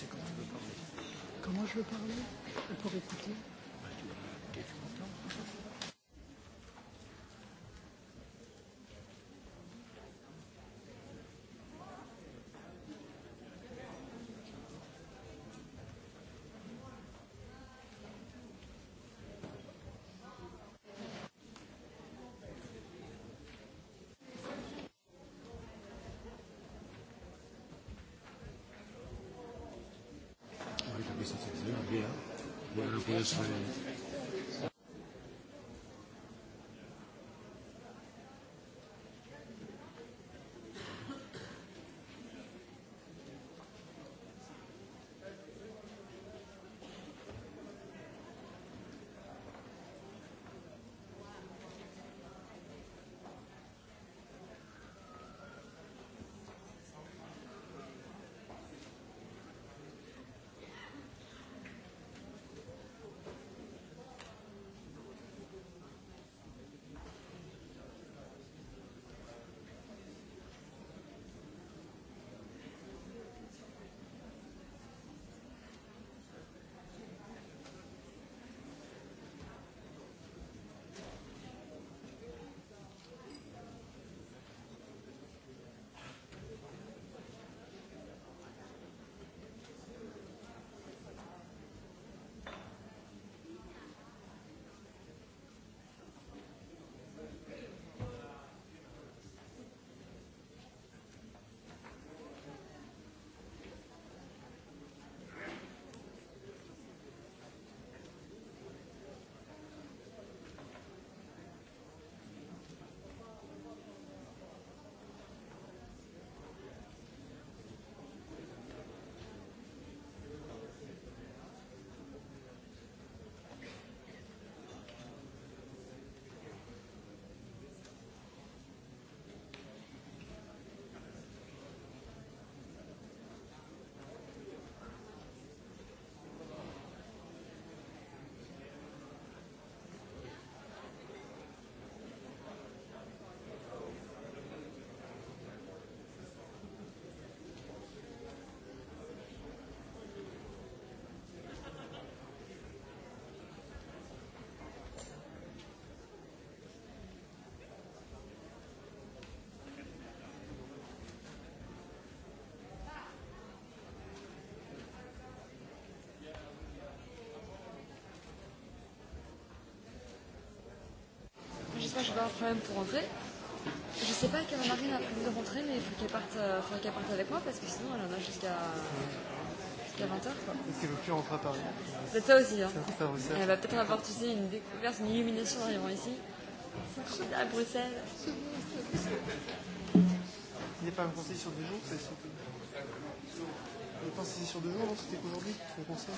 sais comment je veux parler. Comment je veux parler Pour écouter Israel. crois que je vais avoir un problème pour rentrer. Je sais pas à quelle heure Marine a prévu de rentrer, mais il faut qu'elle parte, euh, faudrait qu'elle parte avec moi parce que sinon elle en a jusqu'à jusqu'à 20h. Quoi. Parce qu'elle veut plus rentrer à Paris. C'est ça aussi. Hein. Ça, ça, ça. Elle va peut-être avoir tu sais, une découverte, une illumination en arrivant ici. C'est à Bruxelles. Il n'est pas un conseil sur deux jours, c'est surtout. Je pense que c'est sur deux jours, non C'était qu'aujourd'hui ton conseil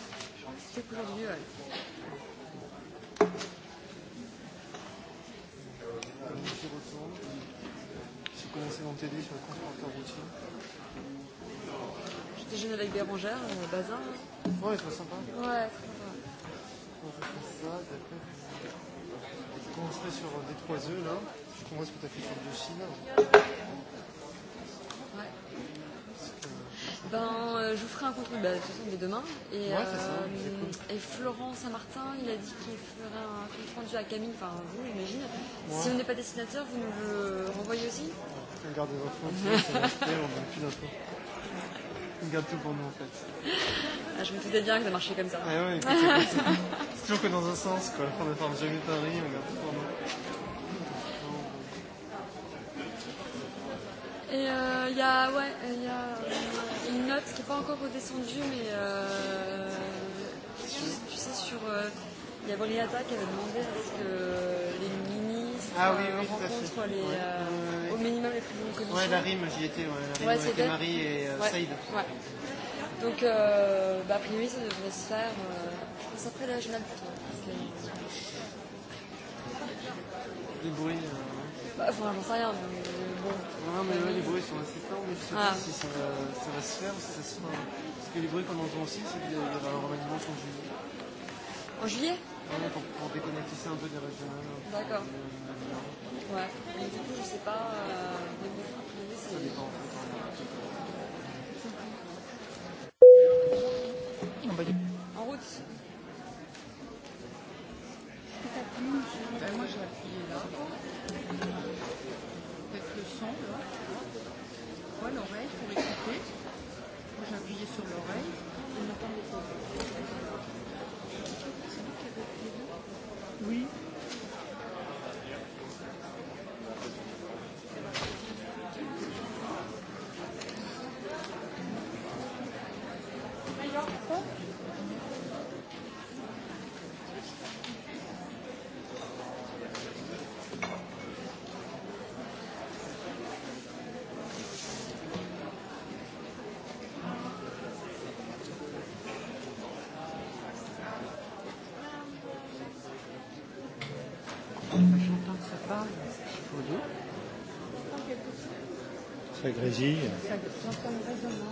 C'était qu'aujourd'hui, ouais. t'aider sur le transporteur routier. Je déjeune avec Bérangère, euh, Bazin. Ouais, très sympa. Ouais, très sympa. On va faire ça, d'accord. Je commencerai sur des trois œufs, là. Je comprends ce que tu as fait sur le Chine. Ouais. Ben, euh, je vous ferai un compte bah, de toute façon dès demain. Et, ouais, euh, ça, cool. et Florent Saint-Martin, il a dit qu'il ferait un compte rendu à Camille, enfin vous, j'imagine. Ouais. Si on n'est pas destinateur, vous nous le renvoyez aussi c'est une garde des enfants, c'est un aspect, on n'a plus d'enfants. On garde tout pour nous en fait. Ah, je me disais bien que ça marchait comme ça. Ah, ouais, ouais, c'est toujours que dans un sens, quoi. On ne forme jamais Paris, on garde tout pour nous. Et euh, il euh, y a, ouais, y a euh, une note qui n'est pas encore redescendue, mais euh, tu sais, sur. Euh, il y a Briata qui avait demandé à ce que les ministres ah, oui, oui, euh, rencontrent les. Ouais. Euh, minimum les plus bonnes conditions. Ouais, la rime, j'y étais. Ouais, la rime ouais, avec Marie et euh, ouais. Saïd. Ouais. Donc, euh, bah, a priori, ça devrait se faire, euh, je pense, après la journée plutôt. Parce que... Les bruits. Euh... Bah, enfin, j'en sais rien, mais euh, bon. Non, mais ouais, les bruits sont assez forts, mais je sais ah. pas si ça va, ça va se faire ou si ça se fera. Parce que les bruits qu'on entend aussi, c'est qu'il y aura un remaniement en juillet. En juillet Ouais, pour, pour déconnecter ça un peu des régionales. D'accord. Euh, Ouais. Mais du coup, je sais pas. Euh, a priori, c'est. Ça dépend. En route. Ben, moi, j'ai appuyé là. Peut-être le son, là. Ouais, l'oreille pour écouter. Moi, j'ai appuyé sur l'oreille. On entend les autres. Oui. Ça grésille. Ça, j'entends le raisonnement.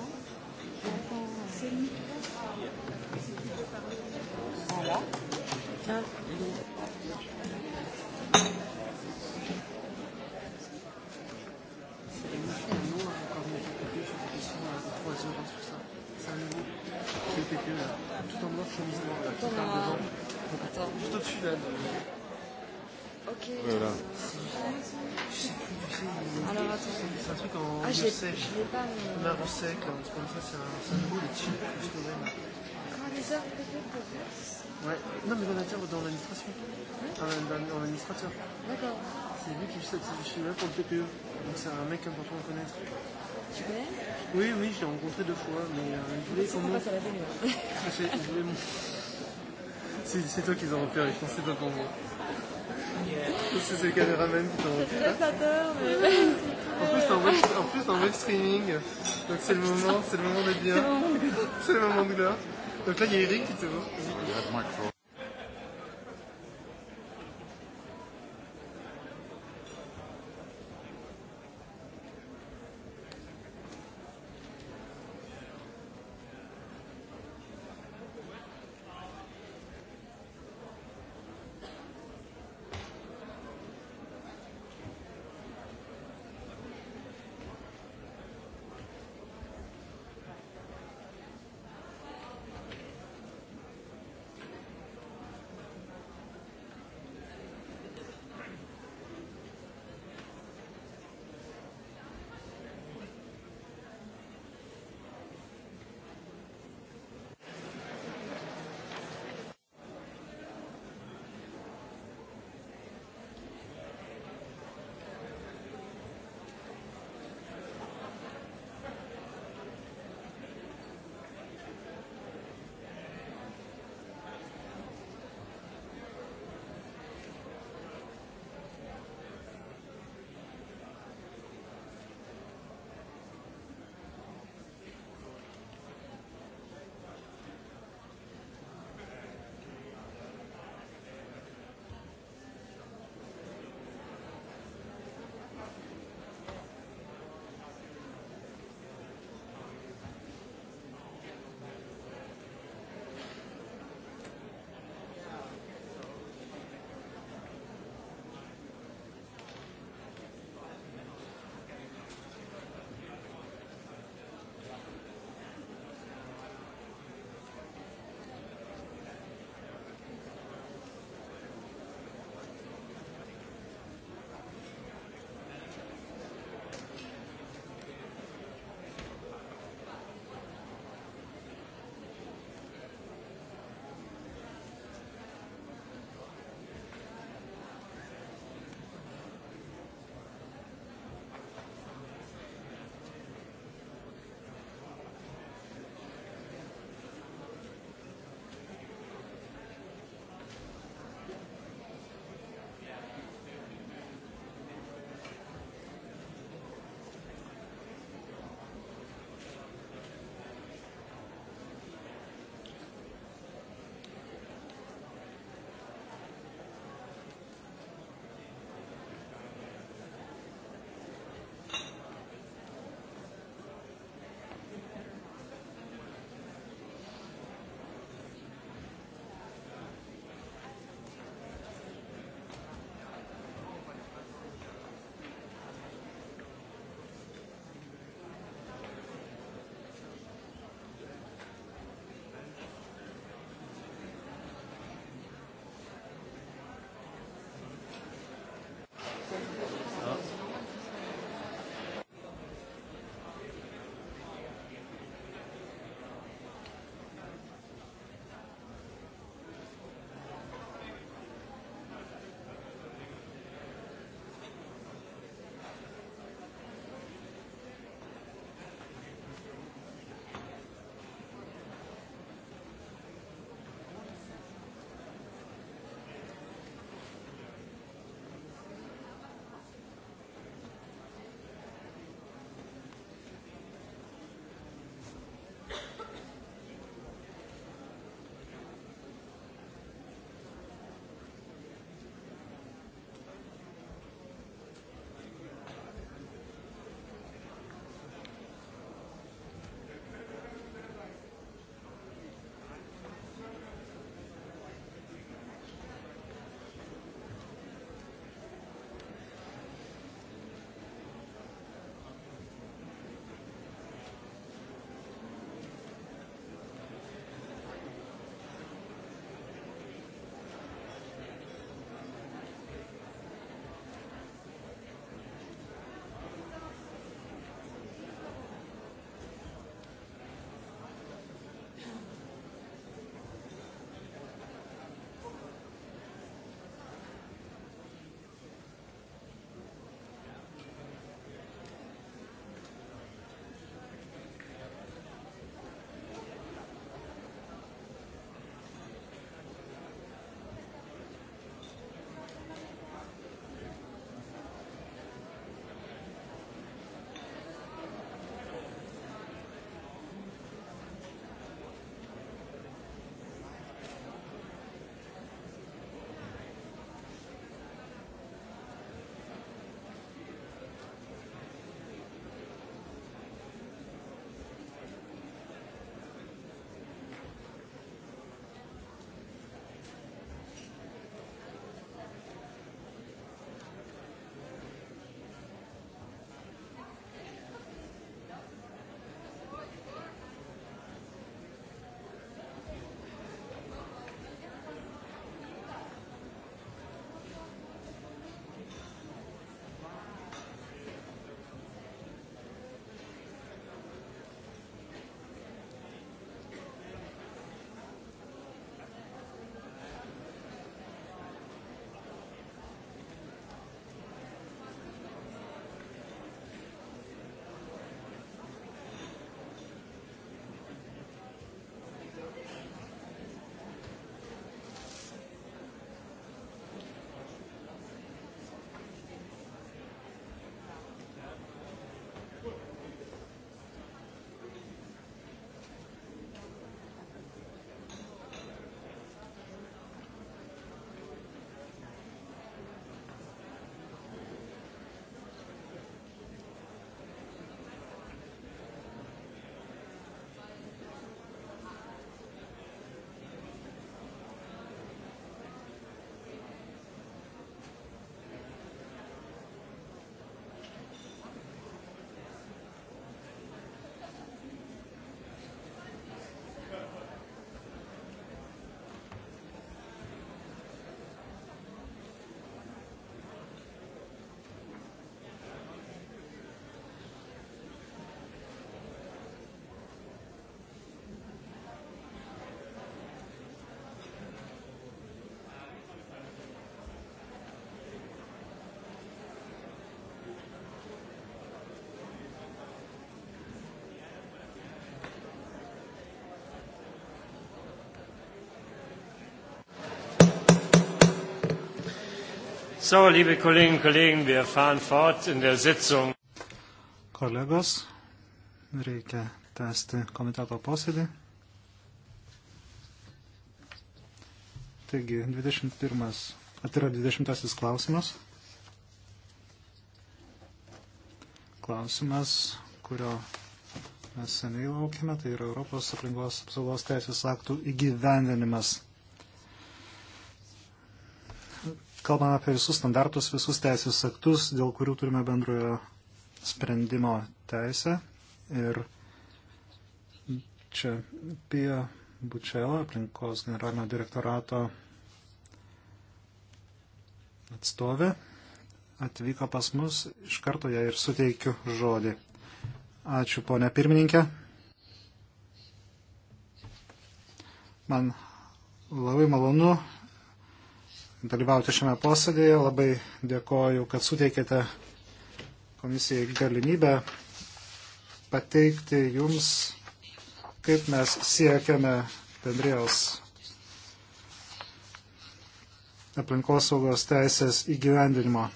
sèche. Le marron sec, là, on se comme ça, c'est un, c'est un boule dessus, je trouvais. Ah, les heures peut-être Ouais, non, mais dans la terre, dans l'administration. Hein en, en, en administrateur. D'accord. C'est lui qui fait, je suis là pour le TPE. Donc c'est un mec important à connaître. Tu connais Oui, oui, je l'ai rencontré deux fois, mais euh, il voulait qu'on monte. Il voulait mon... C'est, c'est toi qui les as repérés, je pense que c'est pas pour moi. Yeah. C'est le caméraman qui t'a repéré. C'est le mais... En plus, c'est en, web, en plus en web streaming. Donc c'est le moment, c'est le moment de bien. C'est le moment de gloire. Donc là, il y a Eric qui te voit. So, liebe Kolleginnen und Kollegen, wir fahren fort in der Sitzung. Kolegos, reikia tęsti komiteto posėdį. Taigi, 21. Atira 20. klausimas. Klausimas, kurio mes seniai laukime, tai yra Europos aplinkos apsaugos teisės aktų įgyvendinimas. kalbame apie visus standartus, visus teisės aktus, dėl kurių turime bendrojo sprendimo teisę. Ir čia Pija Bučela, aplinkos generalinio direktorato atstovė, atvyko pas mus, iš karto ją ir suteikiu žodį. Ačiū, ponė pirmininkė. Man labai malonu dalyvauti šiame posėdėje. Labai dėkoju, kad suteikėte komisijai galimybę pateikti jums, kaip mes siekiame bendrijos aplinkosaugos teisės įgyvendinimo.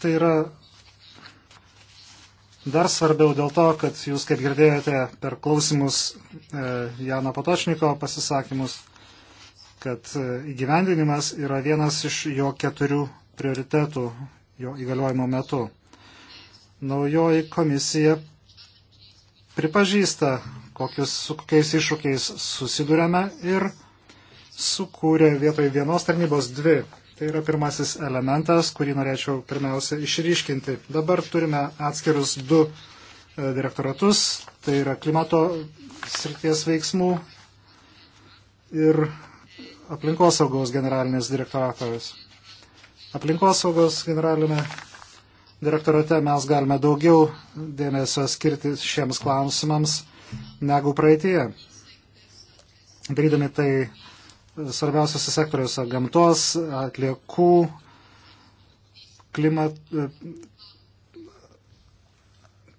Tai yra Dar svarbiau dėl to, kad jūs, kaip girdėjote per klausimus e, Jano Patočniko pasisakymus, kad e, įgyvendinimas yra vienas iš jo keturių prioritetų jo įgaliojimo metu. Naujoji komisija pripažįsta, kokius, su kokiais iššūkiais susidurėme ir sukūrė vietoj vienos tarnybos dvi Tai yra pirmasis elementas, kurį norėčiau pirmiausia išryškinti. Dabar turime atskirus du e, direktoratus, tai yra klimato srities veiksmų ir aplinkosaugos generalinis direktoratorius. Aplinkosaugos generalinė direktorate mes galime daugiau dėmesio skirti šiems klausimams negu praeitie. Darydami tai svarbiausiose sektoriuose - gamtos, atliekų, klimat,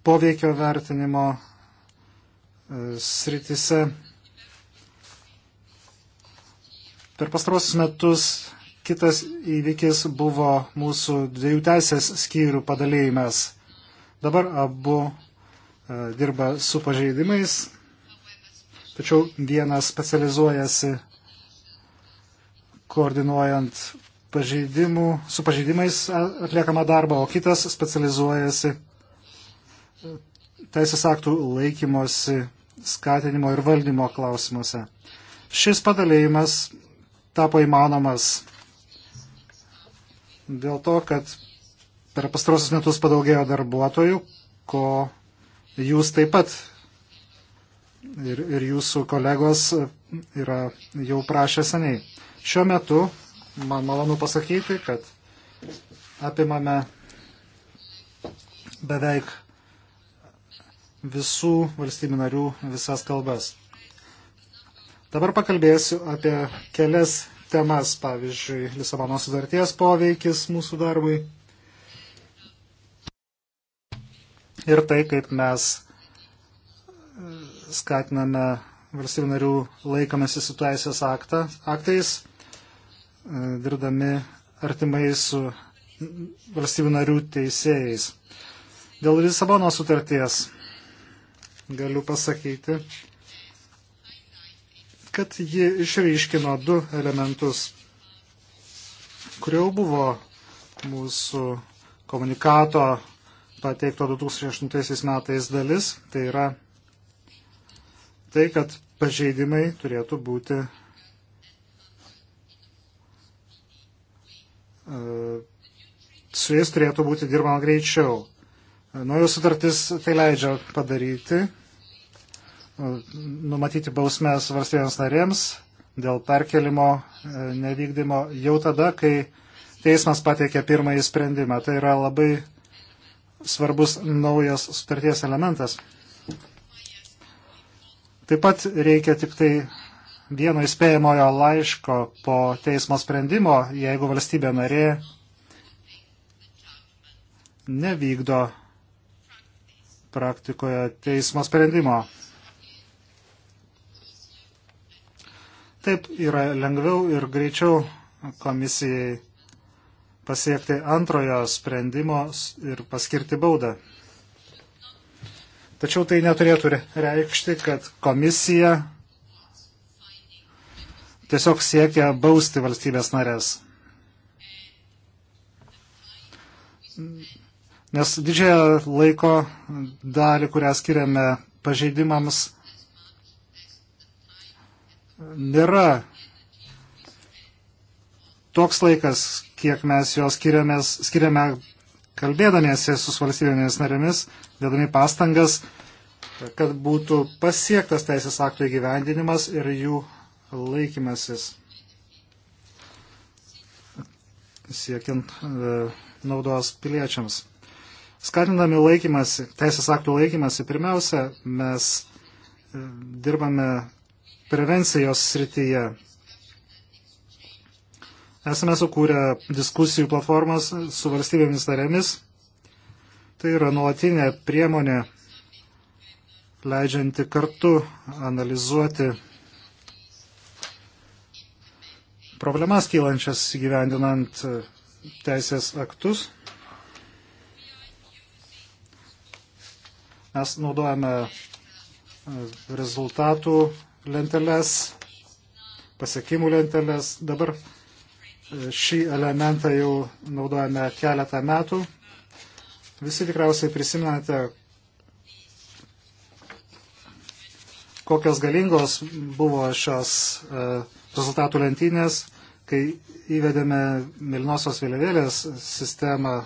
poveikio vertinimo e, sritise. Per pastarosius metus kitas įvykis buvo mūsų dviejų teisės skyrių padalėjimas. Dabar abu e, dirba su pažeidimais, tačiau vienas specializuojasi koordinuojant pažeidimų, su pažeidimais atliekamą darbą, o kitas specializuojasi e, teisės aktų laikymosi, skatinimo ir valdymo klausimuose. Šis padalėjimas tapo įmanomas dėl to, kad per pastarosius metus padaugėjo darbuotojų, ko jūs taip pat ir, ir jūsų kolegos yra jau prašę seniai. Šiuo metu man malonu pasakyti, kad apimame beveik visų valstybių narių visas kalbas. Dabar pakalbėsiu apie kelias temas, pavyzdžiui, Lisabono sudarties poveikis mūsų darbui ir tai, kaip mes skatiname valstybių narių laikomasi su teisės aktą, aktais, e, dirbdami artimai su valstybių narių teisėjais. Dėl Lisabono sutarties galiu pasakyti, kad ji išryškino du elementus, kurie jau buvo mūsų komunikato pateikto 2008 metais dalis, tai yra tai, kad pažeidimai turėtų būti e, su jais turėtų būti dirbama greičiau. Naujų sutartis tai leidžia padaryti, e, numatyti bausmės valstybėms narėms dėl perkelimo e, nevykdymo jau tada, kai teismas pateikė pirmąjį sprendimą. Tai yra labai svarbus naujas sutarties elementas. Taip pat reikia tik tai vieno įspėjamojo laiško po teismo sprendimo, jeigu valstybė narė nevykdo praktikoje teismo sprendimo. Taip yra lengviau ir greičiau komisijai pasiekti antrojo sprendimo ir paskirti baudą. Tačiau tai neturėtų reikšti, kad komisija tiesiog siekia bausti valstybės narės. Nes didžiąją laiko dalį, kurią skiriame pažeidimams, nėra toks laikas, kiek mes jo skiriame kalbėdamiesi su valstybėmis narėmis, dėdami pastangas, kad būtų pasiektas teisės aktų įgyvendinimas ir jų laikymasis, siekiant e, naudos piliečiams. Skatindami laikymasi, teisės aktų laikymasi, pirmiausia, mes e, dirbame prevencijos srityje. Esame sukūrę diskusijų platformas su valstybėmis narėmis. Tai yra nuolatinė priemonė leidžianti kartu analizuoti problemas kylančias gyvendinant teisės aktus. Mes naudojame e, rezultatų lenteles, pasiekimų lenteles. Dabar šį elementą jau naudojame keletą metų. Visi tikriausiai prisimenate, kokios galingos buvo šios e, rezultatų lentynės, kai įvedėme Milinosios vėliavėlės sistemą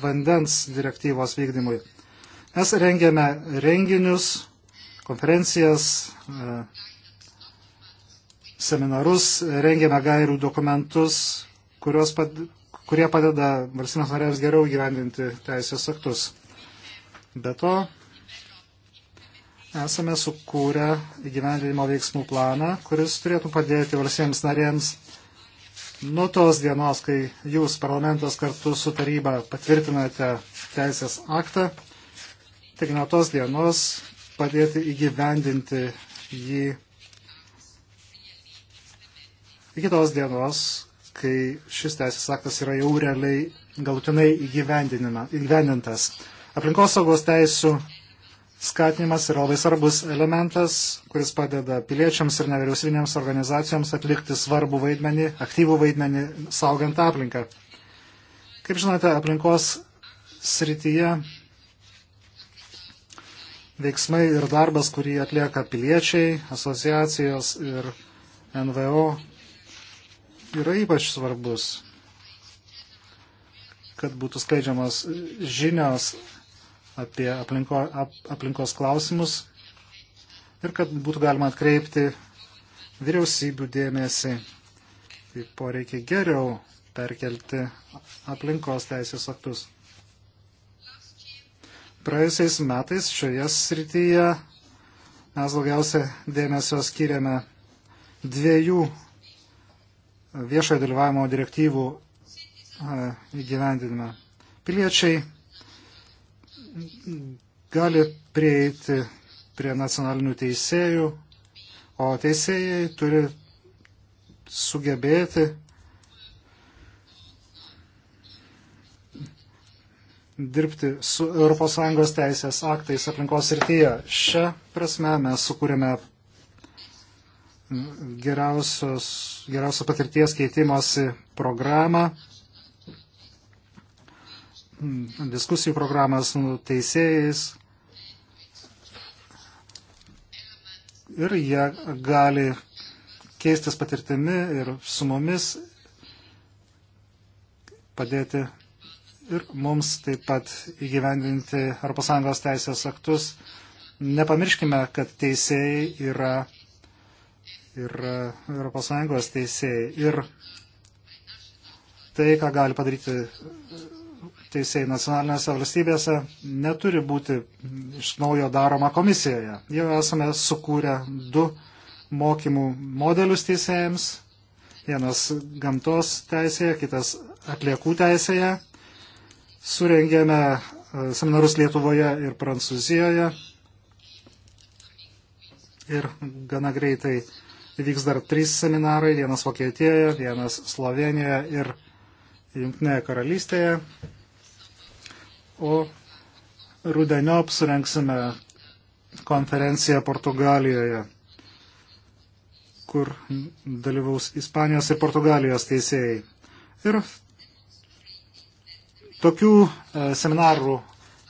vandens direktyvos vykdymui. Mes rengėme renginius, konferencijas, e, seminarus, rengėme gairių dokumentus, kurios pad, kurie padeda valstybės narėms geriau gyvendinti teisės aktus. Be to, esame sukūrę įgyvendinimo veiksmų planą, kuris turėtų padėti valstybėms narėms nuo tos dienos, kai jūs parlamentas kartu su taryba patvirtinate teisės aktą, tik nuo tos dienos padėti įgyvendinti jį iki tos dienos, kai šis teisės aktas yra jau realiai galutinai įgyvendintas. Aplinkosaugos teisų skatinimas yra labai svarbus elementas, kuris padeda piliečiams ir nevyriausybinėms organizacijoms atlikti svarbų vaidmenį, aktyvų vaidmenį saugant aplinką. Kaip žinote, aplinkos srityje veiksmai ir darbas, kurį atlieka piliečiai, asociacijos ir NVO yra ypač svarbus, kad būtų skleidžiamas žinios apie aplinko, ap, aplinkos klausimus ir kad būtų galima atkreipti vyriausybių dėmesį, kaip poreikia geriau perkelti aplinkos teisės aktus. Praėjusiais metais šioje srityje mes daugiausia dėmesio skiriame dviejų viešojo dalyvavimo direktyvų e, įgyvendinime. Piliečiai gali prieiti prie nacionalinių teisėjų, o teisėjai turi sugebėti dirbti su ES teisės aktais aplinkos srityje. Šią prasme mes sukūrėme geriausios, geriausios patirties keitimosi programą, diskusijų programą su teisėjais. Ir jie gali keistis patirtimi ir su mumis padėti ir mums taip pat įgyvendinti ES teisės aktus. Nepamirškime, kad teisėjai yra yra ES teisėjai ir tai, ką gali padaryti teisėjai nacionalinėse valstybėse, neturi būti iš naujo daroma komisijoje. Jau esame sukūrę du mokymų modelius teisėjams. Vienas gamtos teisėje, kitas atliekų teisėje. Surengėme e, seminarus Lietuvoje ir Prancūzijoje. Ir gana greitai uh, Įvyks dar trys seminarai, vienas Vokietijoje, vienas Slovenijoje ir Junktinėje karalystėje. O rudeniop surenksime konferenciją Portugalijoje, kur dalyvaus Ispanijos ir Portugalijos teisėjai. Ir tokių e, seminarų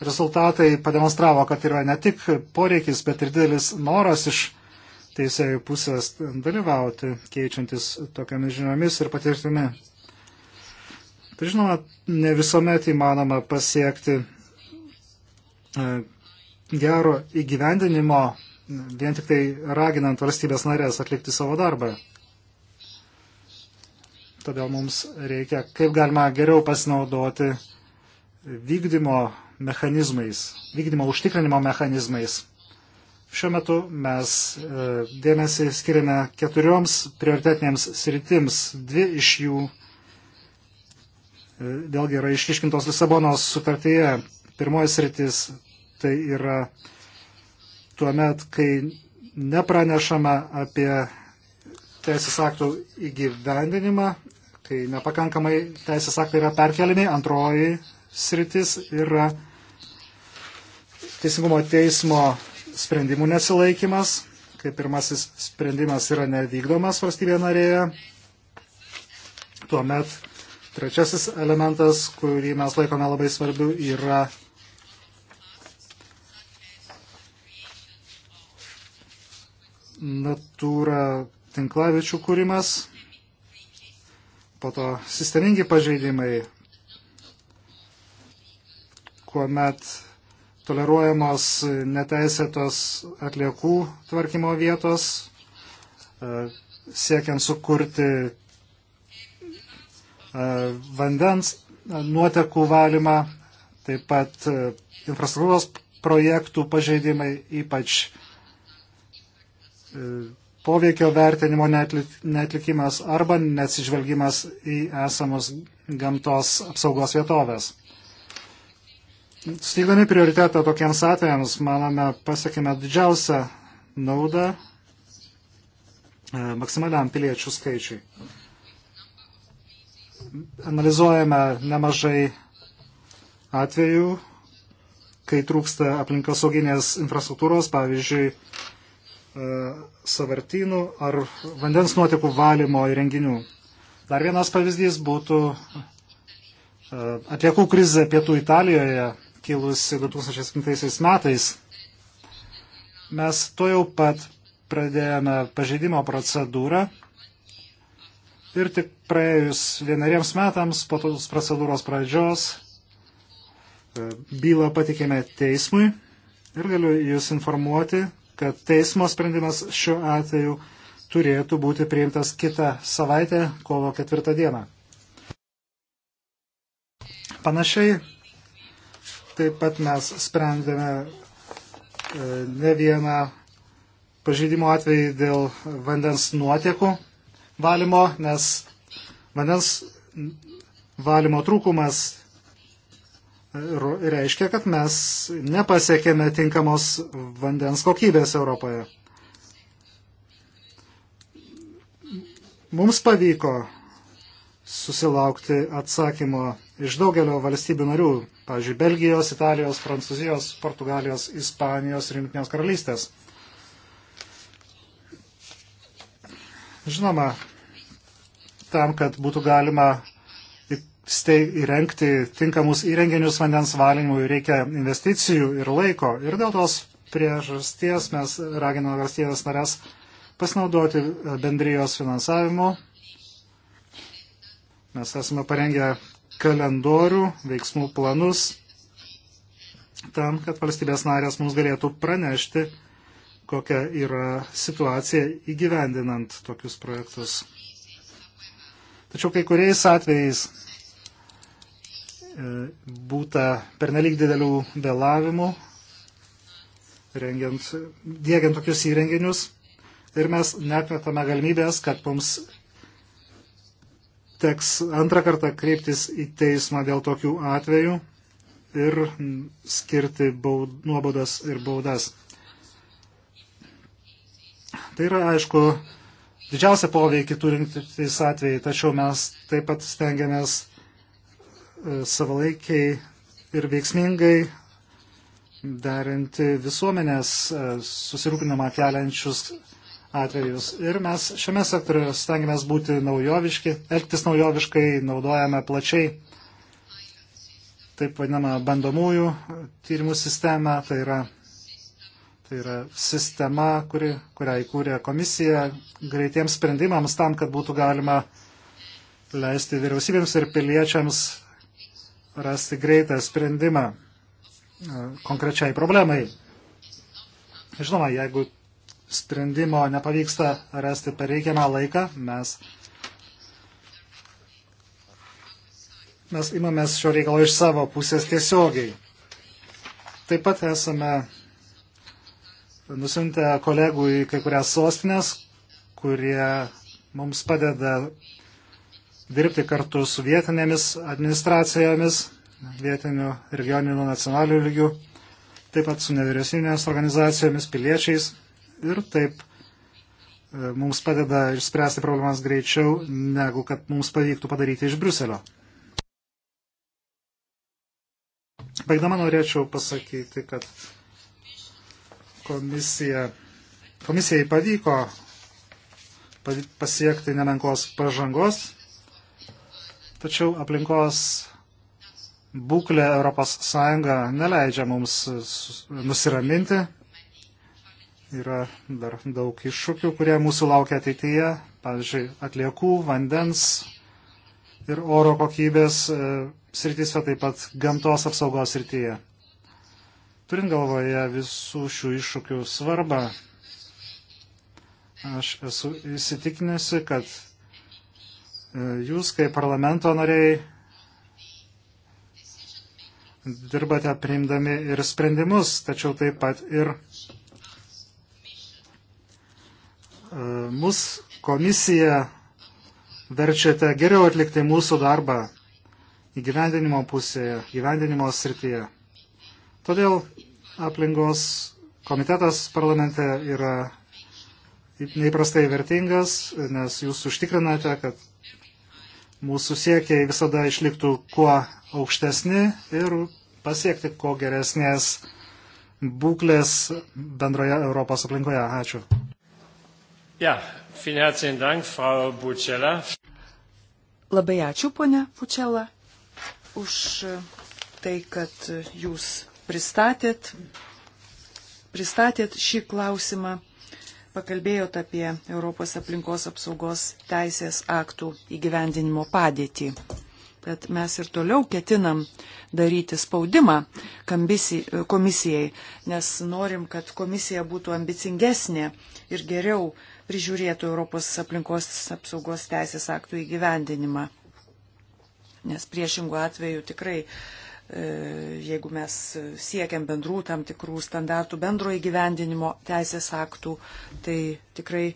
rezultatai pademonstravo, kad yra ne tik poreikis, bet ir didelis noras iš teisėjų pusės dalyvauti, keičiantis tokiamis žiniomis ir patirtimi. Tai žinoma, ne visuomet įmanoma pasiekti e, gero įgyvendinimo, vien tik tai raginant valstybės narės atlikti savo darbą. Todėl mums reikia, kaip galima geriau pasinaudoti vykdymo mechanizmais, vykdymo užtikrinimo mechanizmais. Šiuo metu mes e, dėmesį skiriame keturioms prioritetinėms sritims. Dvi iš jų e, vėlgi yra išriškintos Lisabonos sutartyje. Pirmoji sritis tai yra tuo met, kai nepranešama apie teisės aktų įgyvendinimą, kai nepakankamai teisės aktai yra perkeliami. Antroji sritis yra Teisingumo teismo sprendimų nesilaikimas, kai pirmasis sprendimas yra nevykdomas valstybėje narėje. Tuomet trečiasis elementas, kurį mes laikome labai svarbiu, yra natūra tinklavičių kūrimas, po to sistemingi pažeidimai, kuomet toleruojamos neteisėtos atliekų tvarkymo vietos, e, siekiant sukurti e, vandens e, nuotekų valymą, taip pat infrastruktūros projektų pažeidimai, ypač poveikio vertinimo netlikimas arba neatsižvelgimas į esamus gamtos apsaugos vietovės. Steigdami prioritetą tokiems atvejams, manome, pasiekime didžiausią naudą e, maksimaliam piliečių skaičiui. Analizuojame nemažai atvejų, kai trūksta aplinkosauginės infrastruktūros, pavyzdžiui, e, savartynų ar vandens nuotekų valymo įrenginių. Dar vienas pavyzdys būtų e, atliekų krizė pietų Italijoje kilusi 2007 metais, mes to jau pat pradėjome pažeidimo procedūrą ir tik praėjus vieneriems metams po tos procedūros pradžios e, bylą patikėme teismui ir galiu Jūs informuoti, kad teismo sprendimas šiuo atveju turėtų būti priimtas kitą savaitę, kovo ketvirtą dieną. Panašiai Taip pat mes sprendėme e, ne vieną pažeidimo atvejį dėl vandens nuotekų valymo, nes vandens valymo trūkumas e, reiškia, kad mes nepasiekėme tinkamos vandens kokybės Europoje. Mums pavyko susilaukti atsakymo iš daugelio valstybių narių, pavyzdžiui, Belgijos, Italijos, Prancūzijos, Portugalijos, Ispanijos ir Junktinės karalystės. Žinoma, tam, kad būtų galima įrengti tinkamus įrenginius vandens valymui, reikia investicijų ir laiko. Ir dėl tos priežasties mes raginame valstybės narės pasinaudoti bendrijos finansavimu Mes esame parengę kalendorių, veiksmų planus tam, kad valstybės narės mums galėtų pranešti, kokia yra situacija įgyvendinant tokius projektus. Tačiau kai kuriais atvejais e, būta pernelyg didelių vėlavimų, rengiant, dėgiant tokius įrenginius ir mes netmetame galimybės, kad mums teks antrą kartą kreiptis į teismą dėl tokių atvejų ir skirti baud, nuobodas ir baudas. Tai yra, aišku, didžiausia poveikia turintys atvejai, tačiau mes taip pat stengiamės e, savalaikiai ir veiksmingai derinti visuomenės e, susirūpinimą keliančius atvejus. Ir mes šiame sektoriuje stengiamės būti naujoviški, elgtis naujoviškai, naudojame plačiai taip vadinamą bandomųjų tyrimų sistemą. Tai yra, tai yra sistema, kuri, kurią įkūrė komisija greitiems sprendimams tam, kad būtų galima leisti vyriausybėms ir piliečiams rasti greitą sprendimą e, konkrečiai problemai. Žinoma, jeigu sprendimo nepavyksta rasti per reikiamą laiką, mes, mes imamės šio reikalo iš savo pusės tiesiogiai. Taip pat esame nusintę kolegų į kai kurias sostinės, kurie mums padeda dirbti kartu su vietinėmis administracijomis, vietiniu, regioniniu, nacionaliniu lygiu, taip pat su nevyriausybinėmis organizacijomis, piliečiais ir taip e, mums padeda išspręsti problemas greičiau, negu kad mums pavyktų padaryti iš Bruselio. Baigdama norėčiau pasakyti, kad komisija, komisijai pavyko pasiekti nemenkos pažangos, tačiau aplinkos būklė ES neleidžia mums nusiraminti yra dar daug iššūkių, kurie mūsų laukia ateityje, pavyzdžiui, atliekų, vandens ir oro kokybės e, srityse, taip pat gamtos apsaugos srityje. Turint galvoje visų šių iššūkių svarbą, aš esu įsitikinusi, kad e, jūs kaip parlamento nariai dirbate priimdami ir sprendimus, tačiau taip pat ir mus komisija verčiate geriau atlikti mūsų darbą įgyvendinimo pusėje, įgyvendinimo srityje. Todėl aplinkos komitetas parlamente yra neįprastai vertingas, nes jūs užtikrinate, kad mūsų siekiai visada išliktų kuo aukštesni ir pasiekti kuo geresnės būklės bendroje Europos aplinkoje. Ačiū. Ja, vielen herzlichen Dank, Frau Bucella. Labai ačiū, ponia Pučela, už e, tai, kad e, jūs pristatėt, pristatėt šį klausimą, pakalbėjot apie Europos aplinkos apsaugos teisės aktų įgyvendinimo padėtį. Bet mes ir toliau ketinam daryti spaudimą e, komisijai, nes norim, kad komisija būtų ambicingesnė ir geriau prižiūrėtų Europos aplinkos apsaugos teisės aktų įgyvendinimą. Nes priešingų atveju tikrai, e, jeigu mes siekiam bendrų tam tikrų standartų bendro įgyvendinimo teisės aktų, tai tikrai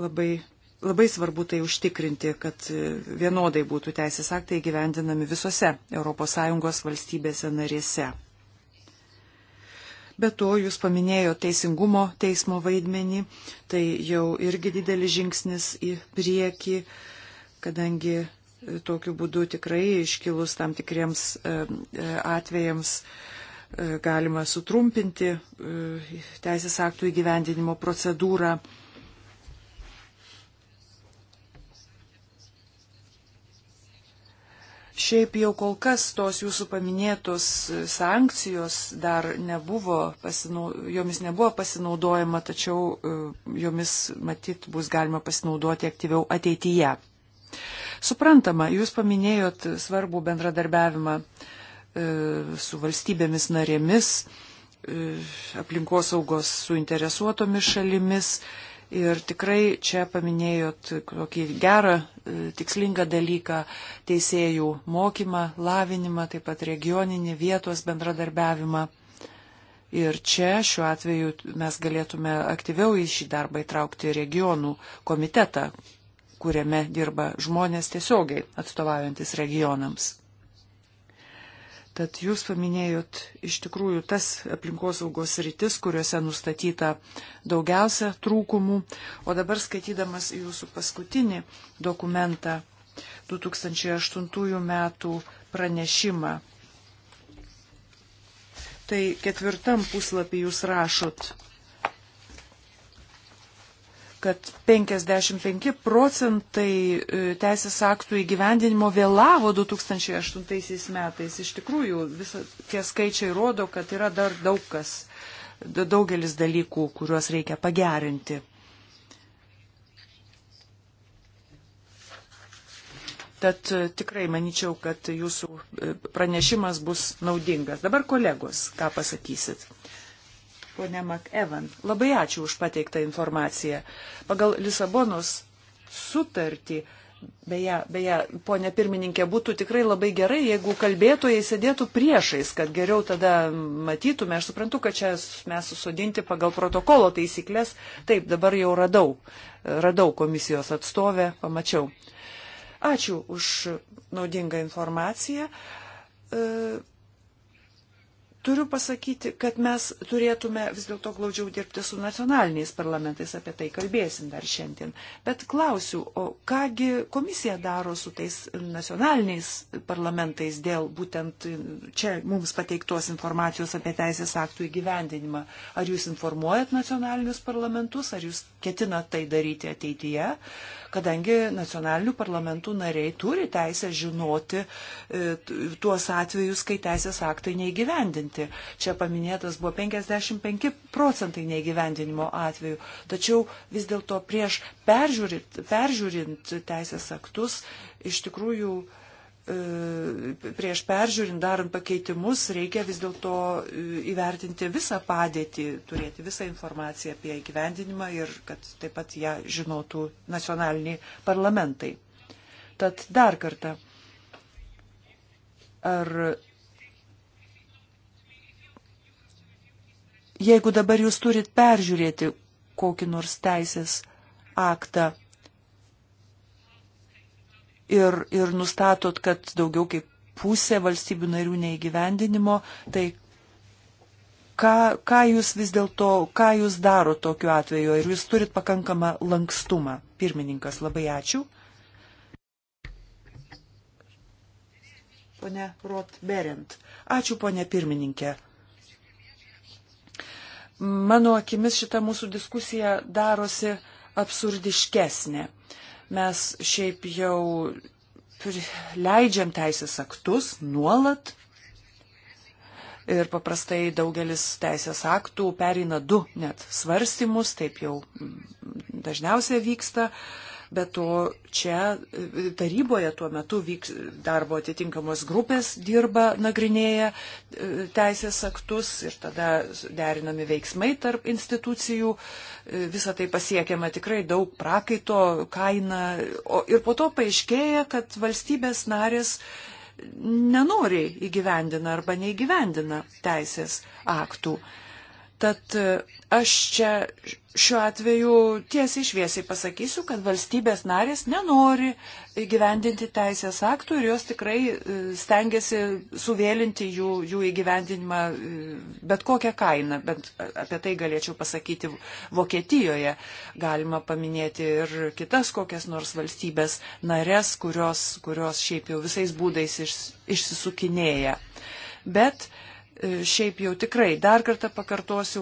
labai, labai svarbu tai užtikrinti, kad e, vienodai būtų teisės aktai įgyvendinami visose ES valstybėse narėse. Be to, jūs paminėjo teisingumo teismo vaidmenį, tai jau irgi didelis žingsnis į priekį, kadangi e, tokiu būdu tikrai iškilus tam tikriems e, e, atvejams galima sutrumpinti teisės aktų įgyvendinimo procedūrą. Šiaip jau kol kas tos jūsų paminėtos sankcijos dar nebuvo, pasinau, jomis nebuvo pasinaudojama, tačiau e, jomis matyt bus galima pasinaudoti aktyviau ateityje. Suprantama, jūs paminėjot svarbų bendradarbiavimą e, su valstybėmis narėmis, e, aplinkosaugos suinteresuotomis šalimis Ir tikrai čia paminėjot tokį gerą, e, tikslingą dalyką - teisėjų mokymą, lavinimą, taip pat regioninį vietos bendradarbiavimą. Ir čia šiuo atveju mes galėtume aktyviau į šį darbą įtraukti regionų komitetą, kuriame dirba žmonės tiesiogiai atstovaujantis regionams. Tad jūs paminėjot iš tikrųjų tas aplinkosaugos rytis, kuriuose nustatyta daugiausia trūkumų. O dabar skaitydamas jūsų paskutinį dokumentą, 2008 metų pranešimą. Tai ketvirtam puslapį jūs rašot kad 55 procentai e, teisės aktų įgyvendinimo vėlavo 2008 metais. Iš tikrųjų, visa, tie skaičiai rodo, kad yra dar daug kas, daugelis dalykų, kuriuos reikia pagerinti. Tad e, tikrai manyčiau, kad jūsų e, pranešimas bus naudingas. Dabar kolegos, ką pasakysit? Pone McEvan, labai ačiū už pateiktą informaciją. Pagal Lisabonos sutartį, beje, beje, ponė pirmininkė, būtų tikrai labai gerai, jeigu kalbėtojai sėdėtų priešais, kad geriau tada matytume. Aš suprantu, kad čia mes susodinti pagal protokolo taisyklės. Taip, dabar jau radau, radau komisijos atstovę, pamačiau. Ačiū už naudingą informaciją. E Turiu pasakyti, kad mes turėtume vis dėlto glaudžiau dirbti su nacionaliniais parlamentais, apie tai kalbėsim dar šiandien. Bet klausiu, o kągi komisija daro su tais nacionaliniais parlamentais dėl būtent čia mums pateiktos informacijos apie teisės aktų įgyvendinimą? Ar jūs informuojat nacionalinius parlamentus, ar jūs ketinat tai daryti ateityje? Kadangi nacionalinių parlamentų nariai turi teisę žinoti e, tuos atvejus, kai teisės aktai neįgyvendinti įgyvendinti. Čia paminėtas buvo 55 procentai neįgyvendinimo atveju. Tačiau vis dėlto prieš peržiūrint, peržiūrint teisės aktus, iš tikrųjų e, prieš peržiūrint, darant pakeitimus, reikia vis dėlto e, įvertinti visą padėtį, turėti visą informaciją apie įgyvendinimą ir kad taip pat ją žinotų nacionaliniai parlamentai. Tad dar kartą, ar jeigu dabar jūs turit peržiūrėti kokį nors teisės aktą ir, ir nustatot, kad daugiau kaip pusė valstybių narių neįgyvendinimo, tai ką, ką jūs vis dėlto, ką jūs daro tokiu atveju ir jūs turit pakankamą lankstumą. Pirmininkas, labai ačiū. Pone Rotberent. Ačiū, ponė pirmininkė. Mano akimis šita mūsų diskusija darosi absurdiškesnė. Mes šiaip jau leidžiam teisės aktus nuolat ir paprastai daugelis teisės aktų pereina du net svarstymus, taip jau dažniausiai vyksta. Uh, Be to, čia e, taryboje tuo metu vyks darbo atitinkamos grupės dirba, nagrinėja e, teisės aktus ir tada derinami veiksmai tarp institucijų. E, Visą tai pasiekiama tikrai daug prakaito kaina. O, ir po to paaiškėja, kad valstybės narės nenori įgyvendina arba neįgyvendina teisės aktų. Tad e, aš čia šiuo atveju tiesiai šviesiai pasakysiu, kad valstybės narės nenori įgyvendinti teisės aktų ir jos tikrai e, stengiasi suvėlinti jų, jų įgyvendinimą e, bet kokią kainą, bet apie tai galėčiau pasakyti Vokietijoje. Galima paminėti ir kitas kokias nors valstybės narės, kurios, kurios šiaip jau visais būdais išsisukinėja. Bet uh, E, šiaip jau tikrai, dar kartą pakartosiu,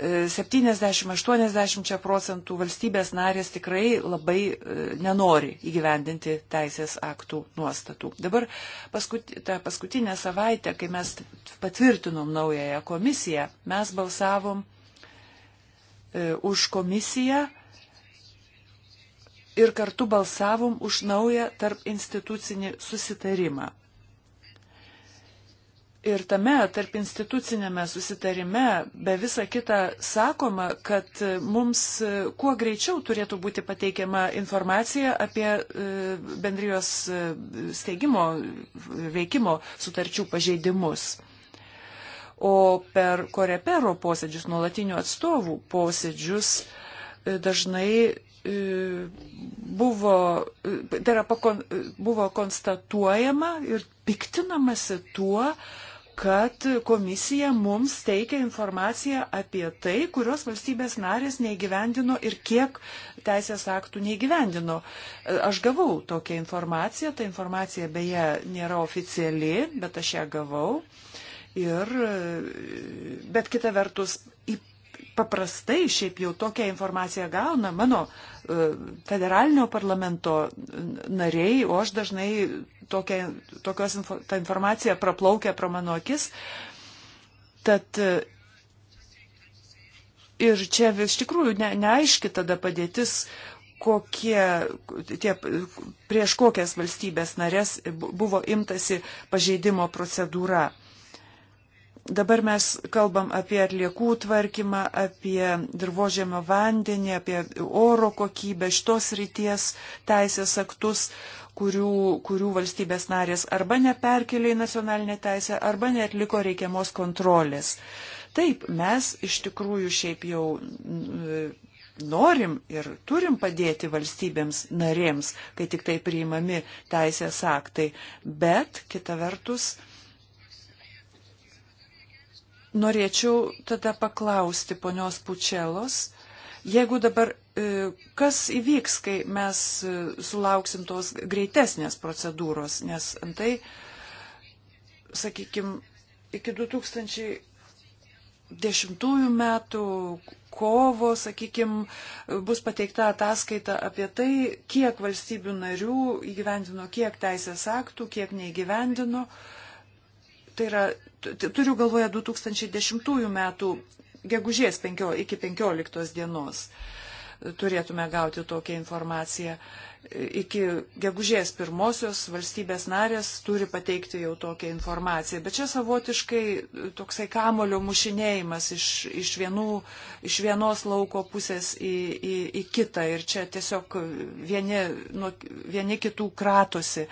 70-80 e, procentų valstybės narės tikrai labai e, nenori įgyvendinti teisės aktų nuostatų. Dabar paskut, tą paskutinę savaitę, kai mes patvirtinom naująją komisiją, mes balsavom už komisiją ir kartu balsavom už naują tarp institucinį susitarimą. Ir tame tarp institucinėme susitarime be visa kita sakoma, kad e, mums e, kuo greičiau turėtų būti pateikiama informacija apie e, bendrijos steigimo veikimo sutarčių pažeidimus. O per korepero posėdžius, nuolatinių atstovų posėdžius dažnai buvo, tai yra, buvo konstatuojama ir piktinamasi tuo, kad komisija mums teikia informaciją apie tai, kurios valstybės narės neįgyvendino ir kiek teisės aktų neįgyvendino. Aš gavau tokią informaciją, ta informacija beje nėra oficiali, bet aš ją gavau. Ir, bet kita vertus, paprastai šiaip jau tokią informaciją gauna mano e, federalinio parlamento nariai, o aš dažnai tokia, tokios info, ta informacija praplaukia pro mano akis. Tad ir čia vis tikrųjų ne, neaiški tada padėtis, kokie, tie, prieš kokias valstybės narės buvo imtasi pažeidimo procedūra. Dabar mes kalbam apie atliekų tvarkymą, apie dirbožėmio vandenį, apie oro kokybę, šitos ryties teisės aktus, kurių, kurių valstybės narės arba neperkelė į nacionalinę teisę, arba neatliko reikiamos kontrolės. Taip, mes iš tikrųjų šiaip jau norim ir turim padėti valstybėms narėms, kai tik tai priimami teisės aktai, bet kita vertus, norėčiau tada paklausti ponios Pučelos, jeigu dabar E, kas įvyks, kai mes e, sulauksim tos greitesnės procedūros, nes antai, sakykime, iki 2010 metų kovo, sakykime, bus pateikta ataskaita apie tai, kiek valstybių narių įgyvendino, kiek teisės aktų, kiek neįgyvendino. Tai yra, turiu galvoje 2010 metų gegužės 5, iki 15 dienos. Uh, turėtume gauti tokią informaciją. Iki gegužės pirmosios valstybės narės turi pateikti jau tokią informaciją. Bet čia savotiškai toksai kamulio mušinėjimas iš, iš, vienų, iš vienos lauko pusės į, į, į kitą ir čia tiesiog vieni, nu, vieni kitų kratosi.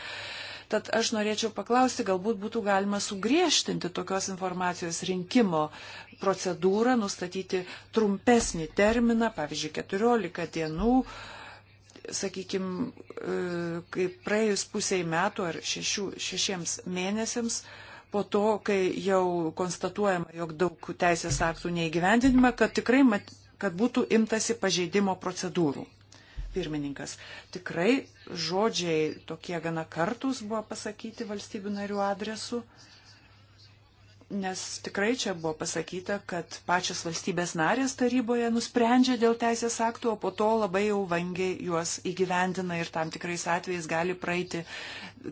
Tad aš norėčiau paklausti, galbūt būtų galima sugriežtinti tokios informacijos rinkimo procedūrą, nustatyti trumpesnį terminą, pavyzdžiui, 14 dienų, sakykime, kai praėjus pusiai metų ar šešių, šešiems mėnesiams, po to, kai jau konstatuojama, jog daug teisės aktų neįgyvendinima, kad tikrai mat, kad būtų imtasi pažeidimo procedūrų. Pirmininkas, tikrai žodžiai tokie gana kartus buvo pasakyti valstybių narių adresu. Uh, nes tikrai čia buvo pasakyta, kad pačios valstybės narės taryboje nusprendžia dėl teisės aktų, o po to labai jau vangiai juos įgyvendina ir tam tikrais atvejais gali praeiti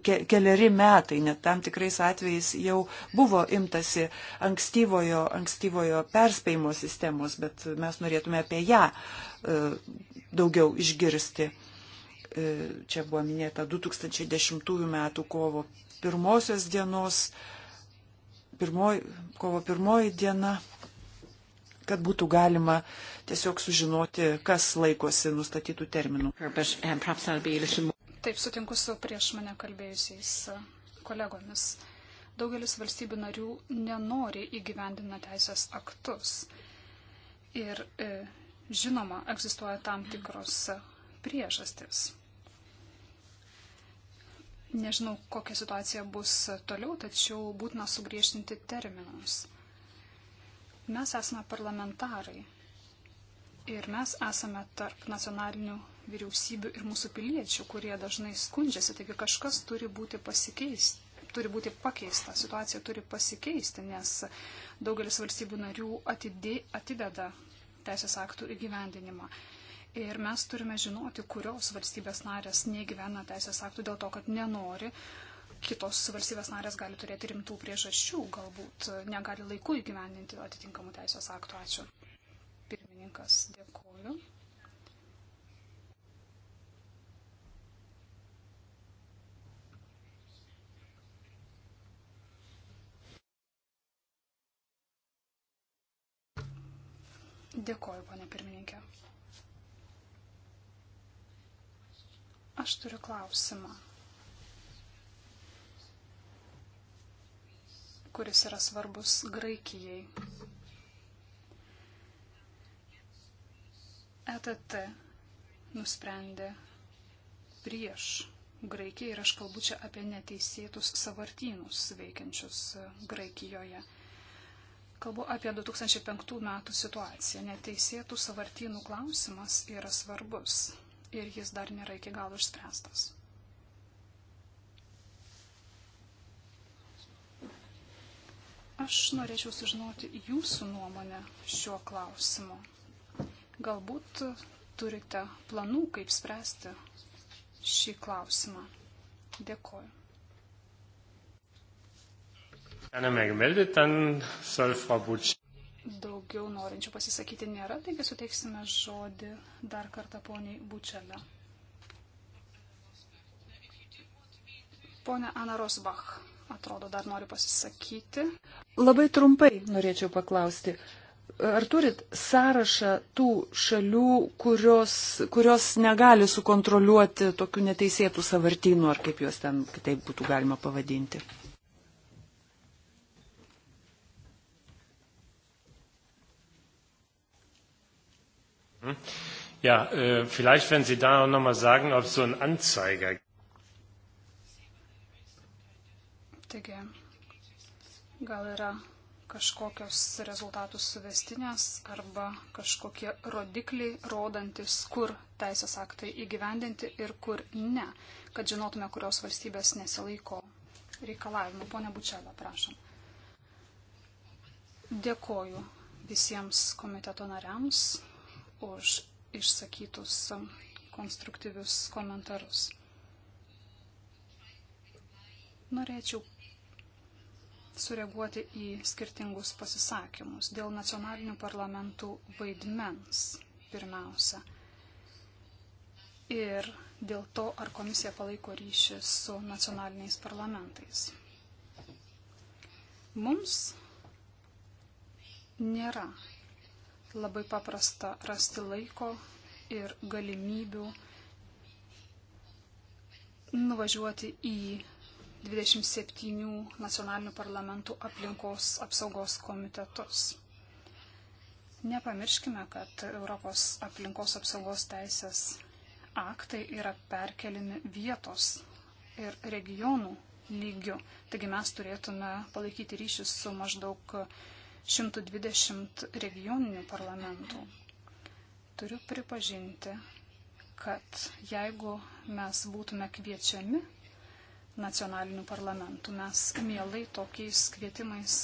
ke keliari metai, net tam tikrais atvejais jau buvo imtasi ankstyvojo, ankstyvojo perspėjimo sistemos, bet mes norėtume apie ją e, daugiau išgirsti. E, čia buvo minėta 2010 m. kovo pirmosios dienos pirmoj, kovo pirmoji diena, kad būtų galima tiesiog sužinoti, kas laikosi nustatytų terminų. Taip sutinku su prieš mane kalbėjusiais kolegomis. Daugelis valstybių narių nenori įgyvendina teisės aktus. Ir e, žinoma, egzistuoja tam tikros priežastis. Nežinau, kokia situacija bus toliau, tačiau būtina sugriežtinti terminus. Mes esame parlamentarai ir mes esame tarp nacionalinių vyriausybių ir mūsų piliečių, kurie dažnai skundžiasi, taigi kažkas turi būti pasikeisti turi būti pakeista, situacija turi pasikeisti, nes daugelis valstybių narių atidė, atideda teisės aktų įgyvendinimą. Ir mes turime žinoti, kurios valstybės narės neįgyvena teisės aktų dėl to, kad nenori. Kitos valstybės narės gali turėti rimtų priežasčių, galbūt negali laiku įgyvendinti atitinkamų teisės aktų. Ačiū. Pirmininkas, dėkoju. Dėkoju, ponė pirmininkė. Aš turiu klausimą, kuris yra svarbus Graikijai. ETT nusprendė prieš Graikiją ir aš kalbu čia apie neteisėtus savartynus veikiančius Graikijoje. Kalbu apie 2005 metų situaciją. Neteisėtų savartynų klausimas yra svarbus ir jis dar nėra iki galo išspręstas. Aš norėčiau sužinoti jūsų nuomonę šiuo klausimu. Galbūt turite planų, kaip spręsti šį klausimą. Dėkoju. Keiner mehr gemeldet, dann soll Frau Butsch. Daugiau norinčių pasisakyti nėra, taigi suteiksime žodį dar kartą poniai Bučelė. Pone Ana Rosbach, atrodo, dar nori pasisakyti. Labai trumpai norėčiau paklausti. Ar turit sąrašą tų šalių, kurios, kurios negali sukontroliuoti tokių neteisėtų savartynų, ar kaip juos ten kitaip būtų galima pavadinti? Hm? Ja, äh, vielleicht, wenn Sie da nochmal sagen, ob so ein Anzeiger. Taigi, gal yra kažkokios rezultatų suvestinės arba kažkokie rodikliai, rodantis, kur teisės aktai įgyvendinti ir kur ne, kad žinotume, kurios valstybės nesilaiko reikalavimų. Pone Bučelė, prašom. Dėkoju visiems komiteto nariams už išsakytus konstruktyvius komentarus. Norėčiau sureaguoti į skirtingus pasisakymus dėl nacionalinių parlamentų vaidmens pirmiausia. Ir dėl to, ar komisija palaiko ryšį su nacionaliniais parlamentais. Mums nėra labai paprasta rasti laiko ir galimybių nuvažiuoti į 27 nacionalinių parlamentų aplinkos apsaugos komitetus. Nepamirškime, kad Europos aplinkos apsaugos teisės aktai yra perkelimi vietos ir regionų lygiu. Taigi mes turėtume palaikyti ryšius su maždaug 120 regioninių parlamentų. Turiu pripažinti, kad jeigu mes būtume kviečiami nacionalinių parlamentų, mes mielai tokiais kvietimais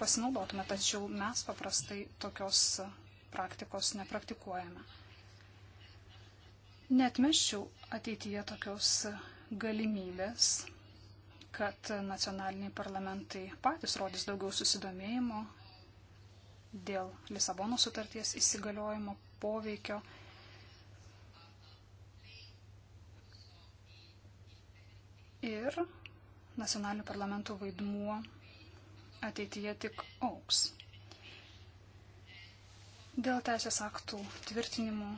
pasinaudotume, tačiau mes paprastai tokios praktikos nepraktikuojame. Netmeščiau ateityje tokios galimybės, kad nacionaliniai parlamentai patys rodys daugiau susidomėjimo dėl Lisabono sutarties įsigaliojimo poveikio. Ir nacionalinių parlamentų vaidmuo ateityje tik auks. Dėl teisės aktų tvirtinimo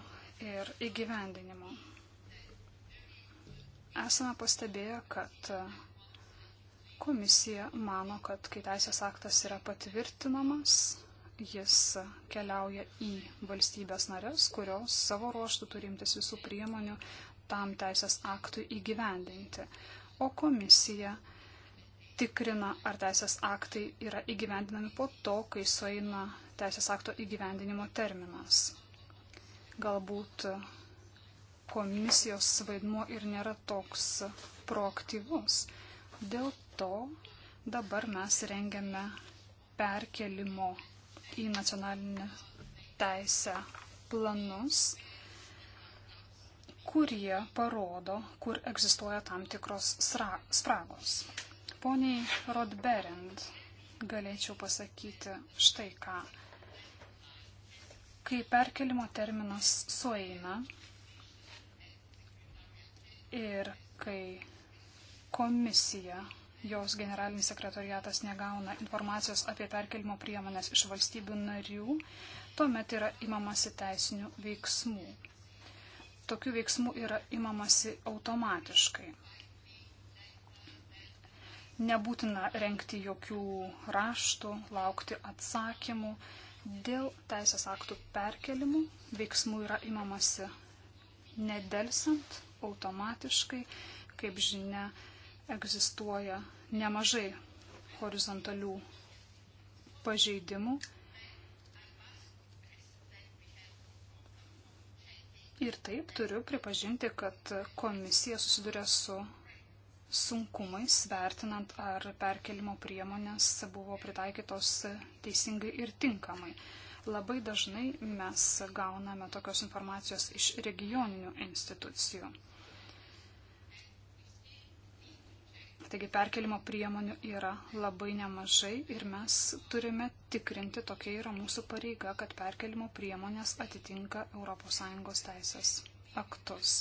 ir įgyvendinimo. Esame pastebėję, kad komisija mano, kad kai teisės aktas yra patvirtinamas, jis keliauja į valstybės narės, kurios savo ruoštų turimtis visų priemonių tam teisės aktui įgyvendinti. O komisija tikrina, ar teisės aktai yra įgyvendinami po to, kai sueina teisės akto įgyvendinimo terminas. Galbūt komisijos vaidmuo ir nėra toks proaktyvus. Dėl to dabar mes rengiame perkelimo į nacionalinę teisę planus, kurie parodo, kur egzistuoja tam tikros spragos. Poniai Rodberend galėčiau pasakyti štai ką. Kai perkelimo terminas sueina ir kai komisija jos generalinis sekretariatas negauna informacijos apie perkelimo priemonės iš valstybių narių, tuomet yra imamasi teisinių veiksmų. Tokių veiksmų yra imamasi automatiškai. Nebūtina renkti jokių raštų, laukti atsakymų. Dėl teisės aktų perkelimų veiksmų yra imamasi nedelsant, automatiškai, kaip žinia, egzistuoja nemažai horizontalių pažeidimų. Ir taip turiu pripažinti, kad komisija susiduria su sunkumais, vertinant, ar perkelimo priemonės buvo pritaikytos teisingai ir tinkamai. Labai dažnai mes gauname tokios informacijos iš regioninių institucijų. Taigi perkelimo priemonių yra labai nemažai ir mes turime tikrinti, tokia yra mūsų pareiga, kad perkelimo priemonės atitinka ES teisės aktus.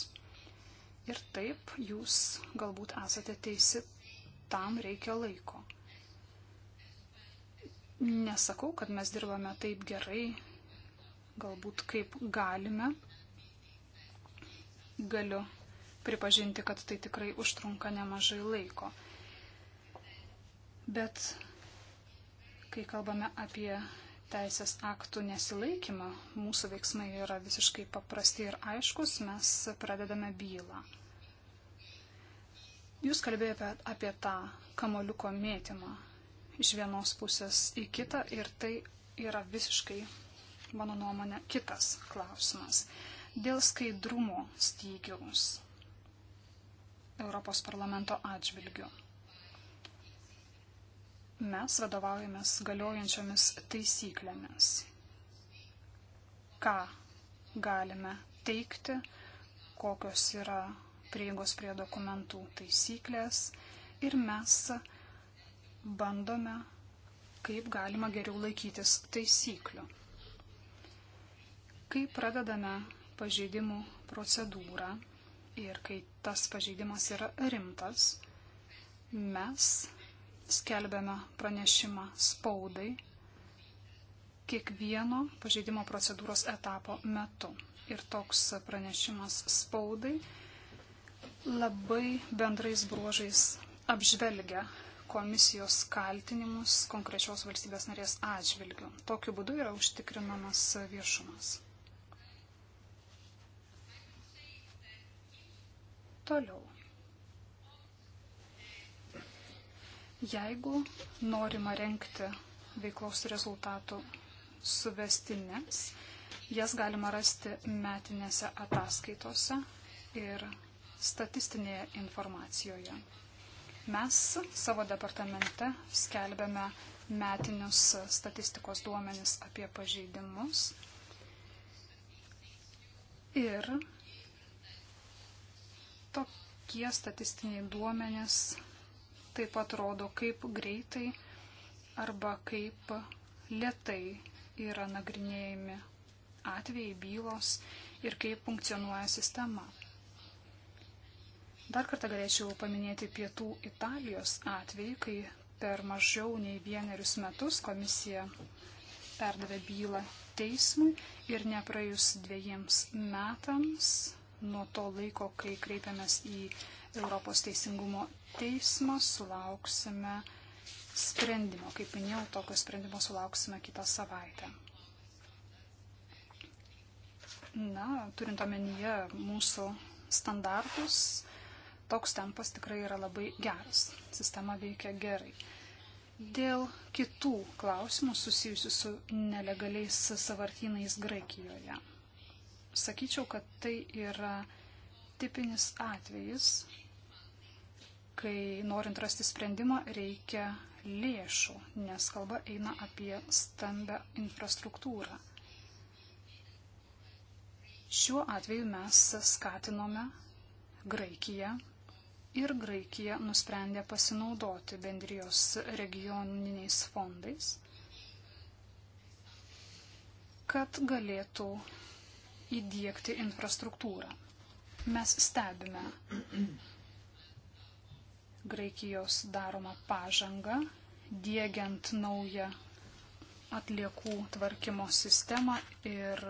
Ir taip, jūs galbūt esate teisi, tam reikia laiko. Nesakau, kad mes dirbame taip gerai, galbūt kaip galime. Galiu pripažinti, kad tai tikrai užtrunka nemažai laiko. Bet kai kalbame apie teisės aktų nesilaikymą, mūsų veiksmai yra visiškai paprasti ir aiškus, mes pradedame bylą. Jūs kalbėjote apie tą kamoliuko mėtymą iš vienos pusės į kitą ir tai yra visiškai, mano nuomonė, kitas klausimas. Dėl skaidrumo stygiaus Europos parlamento atžvilgiu. Mes vadovaujamės galiojančiomis taisyklėmis. Ką galime teikti, kokios yra prieigos prie dokumentų taisyklės ir mes bandome, kaip galima geriau laikytis taisyklių. Kai pradedame pažeidimų procedūrą, ir kai tas pažeidimas yra rimtas, mes skelbiame pranešimą spaudai kiekvieno pažeidimo procedūros etapo metu. Ir toks pranešimas spaudai labai bendrais bruožais apžvelgia komisijos kaltinimus konkrečios valstybės narės atžvilgiu. Tokiu būdu yra užtikrinamas viešumas. Toliau. Jeigu norima renkti veiklos rezultatų suvestinės, jas galima rasti metinėse ataskaitose ir statistinėje informacijoje. Mes savo departamente skelbėme metinius statistikos duomenis apie pažeidimus ir Tokie statistiniai duomenės taip pat rodo, kaip greitai arba kaip lietai yra nagrinėjami atvejai, bylos ir kaip funkcionuoja sistema. Dar kartą galėčiau paminėti pietų Italijos atvejį, kai per mažiau nei vienerius metus komisija perdavė bylą teismui ir nepraėjus dviejiems metams nuo to laiko, kai kreipiamės į Europos teisingumo teismą, sulauksime sprendimo. Kaip minėjau, tokio sprendimo sulauksime kitą savaitę. Na, turint omenyje mūsų standartus, toks tempas tikrai yra labai geras. Sistema veikia gerai. Dėl kitų klausimų susijusių su nelegaliais savartynais Graikijoje. Sakyčiau, kad tai yra tipinis atvejis, kai norint rasti sprendimą reikia lėšų, nes kalba eina apie stambę infrastruktūrą. Šiuo atveju mes skatinome Graikiją ir Graikija nusprendė pasinaudoti bendrijos regioniniais fondais, kad galėtų įdėkti infrastruktūrą. Mes stebime Graikijos daromą pažangą, dėgiant naują atliekų tvarkymo sistemą ir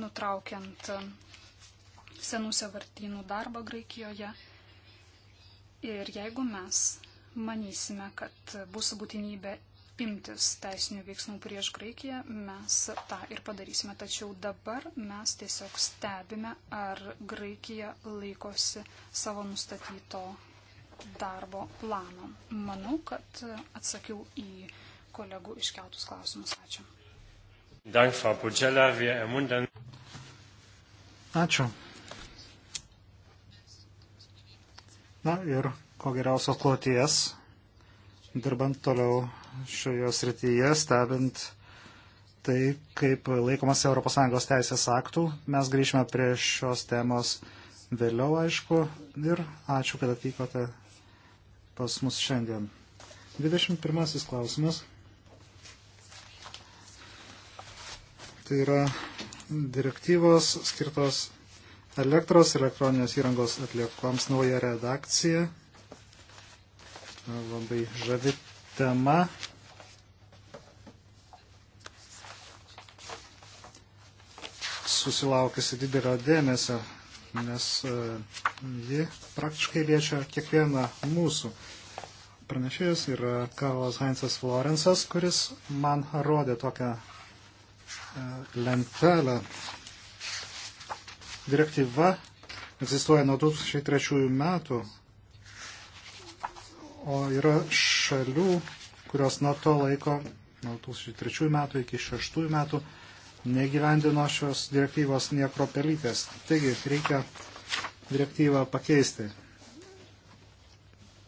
nutraukiant senų savartynų darbą Graikijoje. Ir jeigu mes manysime, kad bus būtinybė imtis teisinių veiksmų prieš Graikiją, mes tą ir padarysime. Tačiau dabar mes tiesiog stebime, ar Graikija laikosi savo nustatyto darbo plano. Manau, kad atsakiau į kolegų iškeltus klausimus. Ačiū. Ačiū. Na ir ko geriausios kloties, dirbant toliau šioje srityje, stebint tai, kaip laikomas ES teisės aktų. Mes grįžime prie šios temos vėliau, aišku, ir ačiū, kad atvykote pas mus šiandien. 21 klausimas. Tai yra direktyvos skirtos elektros elektroninės įrangos atliekoms nauja redakcija. Labai žavi tema. susilaukusi didelio dėmesio, nes e, ji praktiškai liečia kiekvieną mūsų. Pranešėjas yra Karlas Heinzas Florensas, kuris man rodė tokią e, lentelę. Direktyva egzistuoja nuo 2003 metų o yra šalių, kurios nuo to laiko, nuo 2003 metų iki 2006 metų, negyvendino šios direktyvos niekropelytės. Taigi reikia direktyvą pakeisti.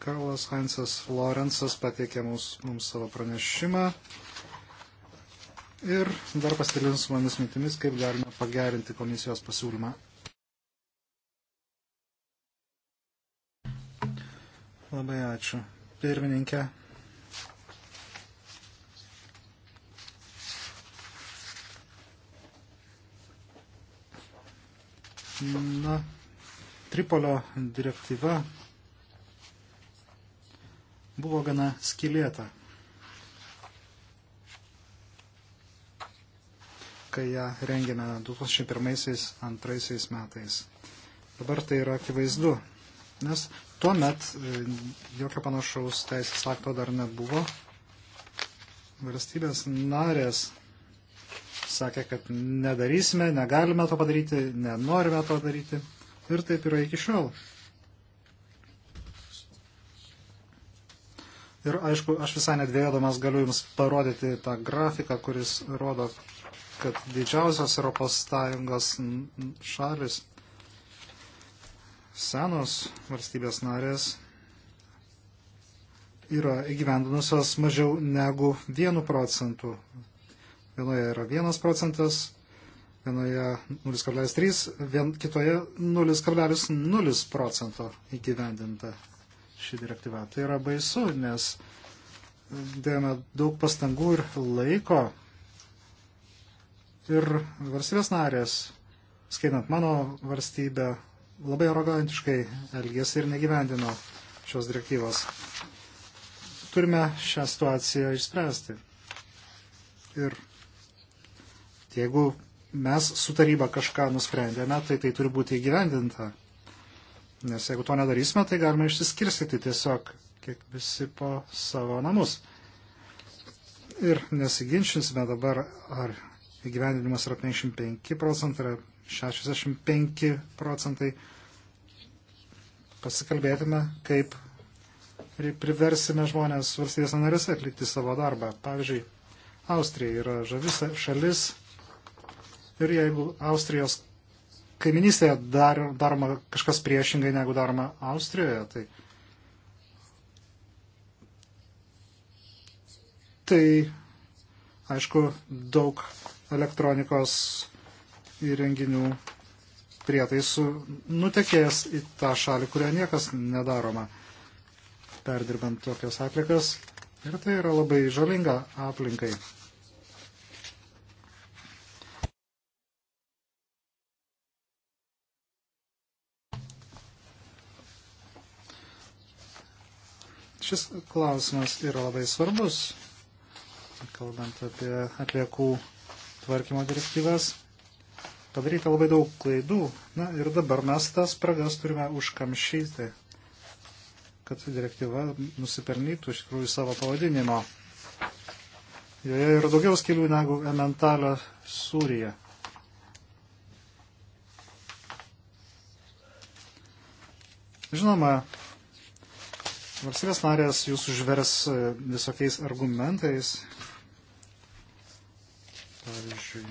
Karlas Heinzas Lorenzas pateikė mums, mums savo pranešimą ir dar pasidalins su mumis mintimis, kaip galime pagerinti komisijos pasiūlymą. Labai ačiū. Pirmininkė. Na, Tripolio direktyva buvo gana skilėta. kai ją rengėme 2001-2002 metais. Dabar tai yra akivaizdu, nes Tuomet e, jokio panašaus teisės akto dar nebuvo. Valstybės narės sakė, kad nedarysime, negalime to padaryti, nenorime to daryti. Ir taip yra iki šiol. Ir aišku, aš visai nedvėjodamas galiu Jums parodyti tą grafiką, kuris rodo, kad didžiausios ES šalis senos valstybės narės yra įgyvendinusios mažiau negu 1 procentų. Vienoje yra 1 procentas, vienoje 0,3, vien, kitoje 0,0 procento įgyvendinta ši direktyva. Tai yra baisu, nes dėjome daug pastangų ir laiko. Ir valstybės narės, skaitant mano valstybę, labai arogantiškai elgėsi ir negyvendino šios direktyvos. Turime šią situaciją išspręsti. Ir jeigu mes su taryba kažką nusprendėme, tai tai turi būti įgyvendinta. Nes jeigu to nedarysime, tai galime išsiskirstyti tiesiog, kiek visi po savo namus. Ir nesiginčinsime dabar, ar įgyvendinimas yra 55 procentai, ar 65 procentai. Pasikalbėtume, kaip priversime žmonės valstybės narėse atlikti savo darbą. Pavyzdžiui, Austrija yra žavis šalis ir jeigu Austrijos kaiminystėje dar, daroma kažkas priešingai negu daroma Austrijoje, tai, tai aišku, daug elektronikos įrenginių prietaisų nutekės į tą šalį, kurioje niekas nedaroma, perdirbant tokias atlikas. Ir tai yra labai žalinga aplinkai. Šis klausimas yra labai svarbus, kalbant apie atliekų tvarkymo direktyvas. Padaryta labai daug klaidų. Na ir dabar mes tas spragas turime užkamšyti, kad direktyva nusipelnytų iš tikrųjų savo pavadinimo. Joje yra daugiau skilių negu ementalio sūryje. Žinoma, valstybės narės jūs užvers e, visokiais argumentais. Pavyzdžiui,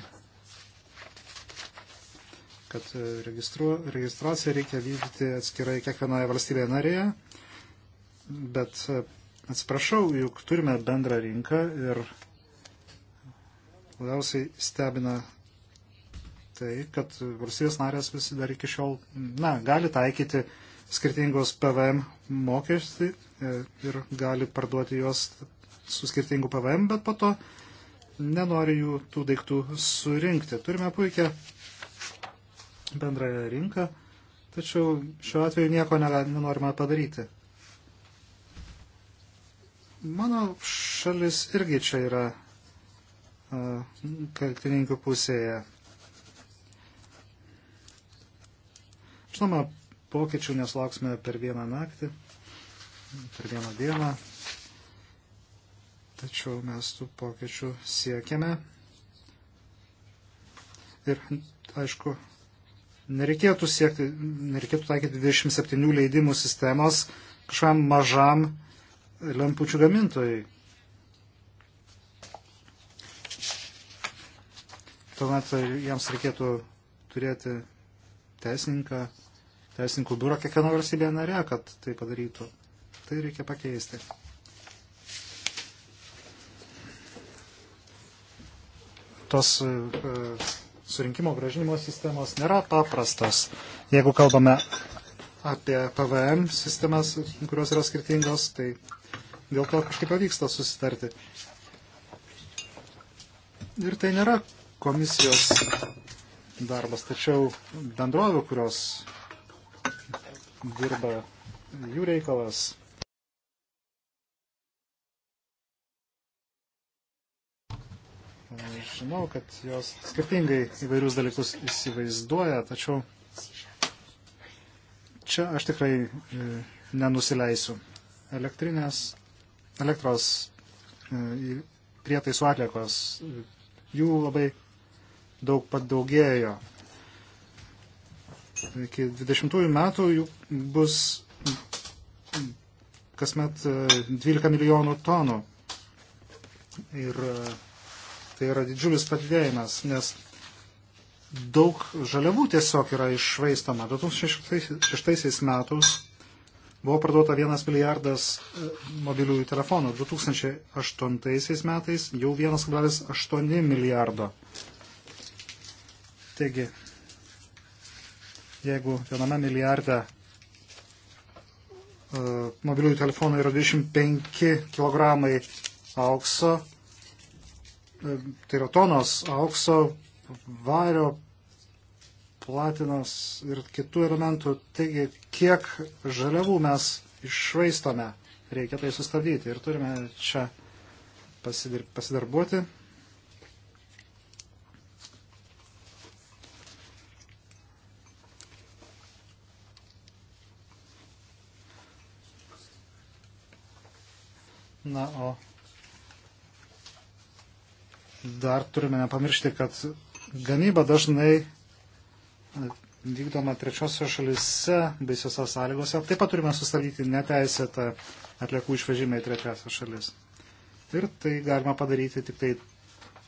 kad e, registru, registraciją reikia vykdyti atskirai kiekvienoje valstybėje narėje, bet e, atsiprašau, juk turime bendrą rinką ir labiausiai stebina tai, kad valstybės narės visi dar iki šiol, na, gali taikyti skirtingos PVM mokestį e, ir gali parduoti juos su skirtingu PVM, bet po to nenori jų tų daiktų surinkti. Turime puikią bendrąją rinką, tačiau šiuo atveju nieko nenorima padaryti. Mano šalis irgi čia yra kaltininkų pusėje. Žinoma, pokyčių neslauksime per vieną naktį, per vieną dieną, tačiau mes tų pokyčių siekiame. Ir, aišku, Nereikėtų, siekti, nereikėtų taikyti 27 leidimų sistemos kažkam mažam lempučių gamintojai. Tuomet jiems reikėtų turėti teisininką, teisininkų biurą kiekvieno valstybėje nare, kad tai padarytų. Tai reikia pakeisti. Tos uh, surinkimo gražinimo sistemos nėra paprastos. Jeigu kalbame apie PVM sistemas, kurios yra skirtingos, tai dėl to kažkaip pavyksta susitarti. Ir tai nėra komisijos darbas, tačiau bendrovių, kurios dirba jų reikalas žinau, kad jos skirtingai įvairius dalykus įsivaizduoja, tačiau čia aš tikrai e, nenusileisiu. Elektrinės, elektros e, prietaisų atliekos, e, jų labai daug padaugėjo. Iki 20 metų jų bus kasmet 12 milijonų tonų. Ir Tai yra didžiulis padidėjimas, nes daug žaliavų tiesiog yra iššvaistama. 2006 metus buvo parduota 1 milijardas e, mobiliųjų telefonų, 2008 metais jau 1,8 milijardo. Taigi, jeigu viename milijarde e, mobiliųjų telefonų yra 25 kg aukso, E, tai yra tonos aukso, vario, platinos ir kitų elementų. Taigi, kiek žaliavų mes iššvaistome, reikia tai sustabdyti ir turime čia pasidir pasidarbuoti. Na, o dar turime nepamiršti, kad gamyba dažnai e, vykdoma trečiosios šalise, baisiose sąlygose. Taip pat turime sustabdyti neteisėtą atliekų išvežimą į trečiosios šalis. Ir tai galima padaryti tik tai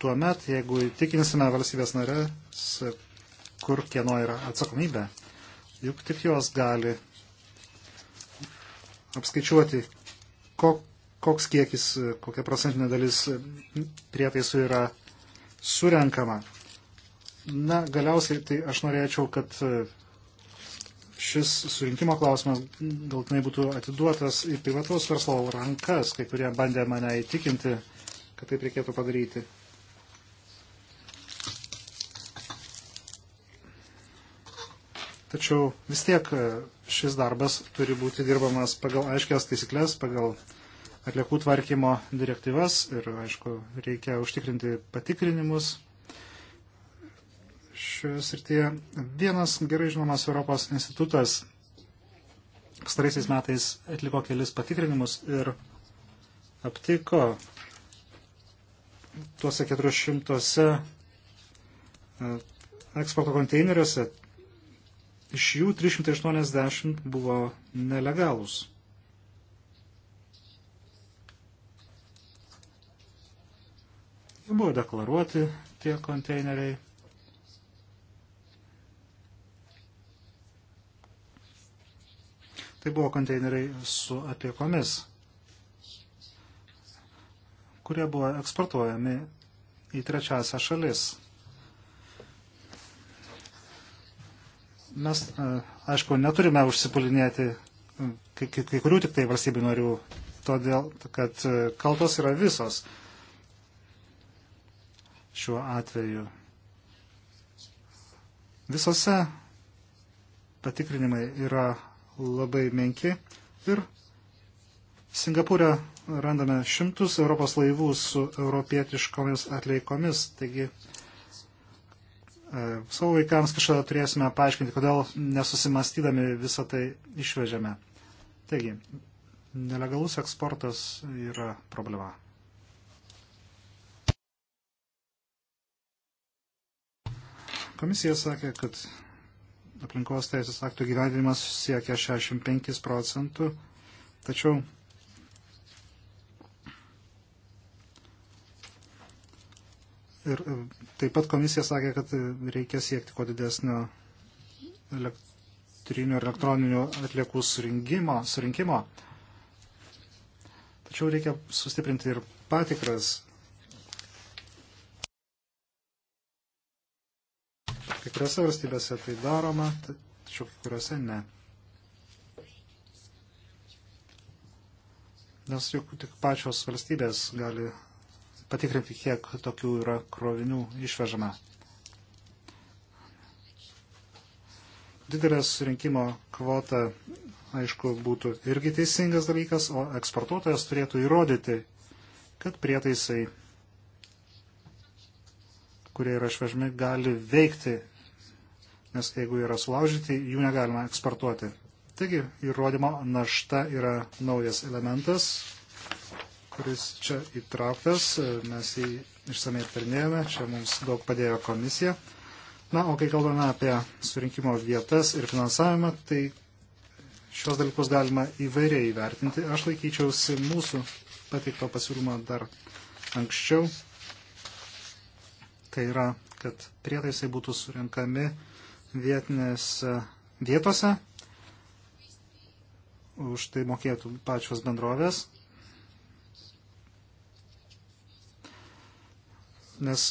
tuo met, jeigu įtikinsime valstybės narės, kur kieno yra atsakomybė. Juk tik jos gali apskaičiuoti, kokią koks kiekis, kokia procentinė dalis prietaisų yra surenkama. Na, galiausiai tai aš norėčiau, kad šis surinkimo klausimas galtinai būtų atiduotas į privataus verslo rankas, kai kurie bandė mane įtikinti, kad taip reikėtų padaryti. Tačiau vis tiek šis darbas turi būti dirbamas pagal aiškias taisyklės, pagal uh, atliekų tvarkymo direktyvas ir, aišku, reikia užtikrinti patikrinimus šioje srityje. Vienas gerai žinomas Europos institutas pastaraisiais metais atliko kelis patikrinimus ir aptiko tuose 400 e, eksporto konteineriuose, iš jų 380 buvo nelegalus. Buvo deklaruoti tie konteineriai. Tai buvo konteineriai su atliekomis, kurie buvo eksportuojami į trečiąsią šalis. Mes, e, aišku, neturime užsipulinėti kai, kai, kai kurių tik tai valstybių norių, todėl kad e, kaltos yra visos šiuo atveju. Visose patikrinimai yra labai menki ir Singapūrė randame šimtus Europos laivų su europietiškomis atleikomis, taigi e, savo vaikams kažkada turėsime paaiškinti, kodėl nesusimastydami visą tai išvežėme. Taigi, nelegalus eksportas yra problema. Komisija sakė, kad aplinkos teisės aktų gyvenimas siekia 65 procentų, tačiau ir e, taip pat komisija sakė, kad reikia siekti kuo didesnio elektrinių ir elektroninių atliekų surinkimo, surinkimo. Tačiau reikia sustiprinti ir patikras Kai kuriuose valstybėse tai daroma, tačiau kai kuriuose ne. Nes juk tik pačios valstybės gali patikrinti, kiek tokių yra krovinių išvežama. Didelės rinkimo kvota, aišku, būtų irgi teisingas dalykas, o eksportuotojas turėtų įrodyti, kad prietaisai, kurie yra išvežami, gali veikti nes jeigu yra sulaužyti, jų negalima eksportuoti. Taigi įrodymo našta yra naujas elementas, kuris čia įtrauktas, mes jį išsamei aptarnėjome, čia mums daug padėjo komisija. Na, o kai kalbame apie surinkimo vietas ir finansavimą, tai šios dalykus galima įvairiai įvertinti. Aš laikyčiausi mūsų pateikto pasiūlymo dar anksčiau. Tai yra, kad prietaisai būtų surinkami vietinėse vietose. Už tai mokėtų pačios bendrovės. Nes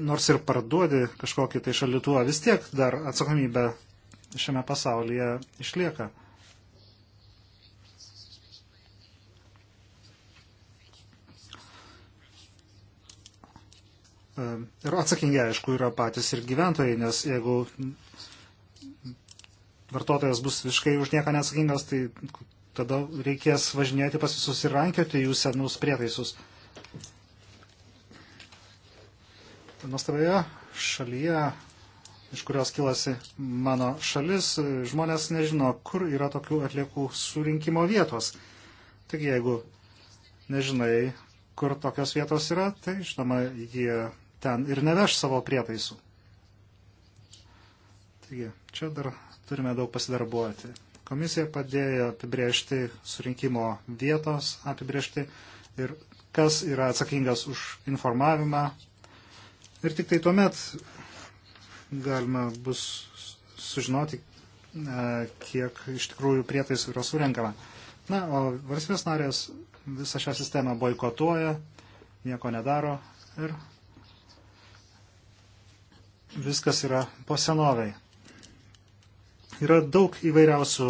nors ir parduodi kažkokį tai šalituo, vis tiek dar atsakomybė šiame pasaulyje išlieka. Ehm, ir atsakingi, aišku, yra patys ir gyventojai, nes jeigu vartotojas bus visiškai už nieką neatsakingas, tai tada reikės važinėti pas visus ir rankioti jų senus prietaisus. Nuostabioje šalyje, iš kurios kilasi mano šalis, žmonės nežino, kur yra tokių atliekų surinkimo vietos. Taigi, jeigu nežinai, kur tokios vietos yra, tai žinoma, jie ten ir neveš savo prietaisų. Taigi, čia dar turime daug pasidarbuoti. Komisija padėjo apibriežti surinkimo vietos, apibriežti ir kas yra atsakingas už informavimą. Ir tik tai tuomet galima bus sužinoti, e, kiek iš tikrųjų prietaisų yra surenkama. Na, o valstybės narės visą šią sistemą boikotuoja, nieko nedaro ir viskas yra po senoviai. Yra daug įvairiausių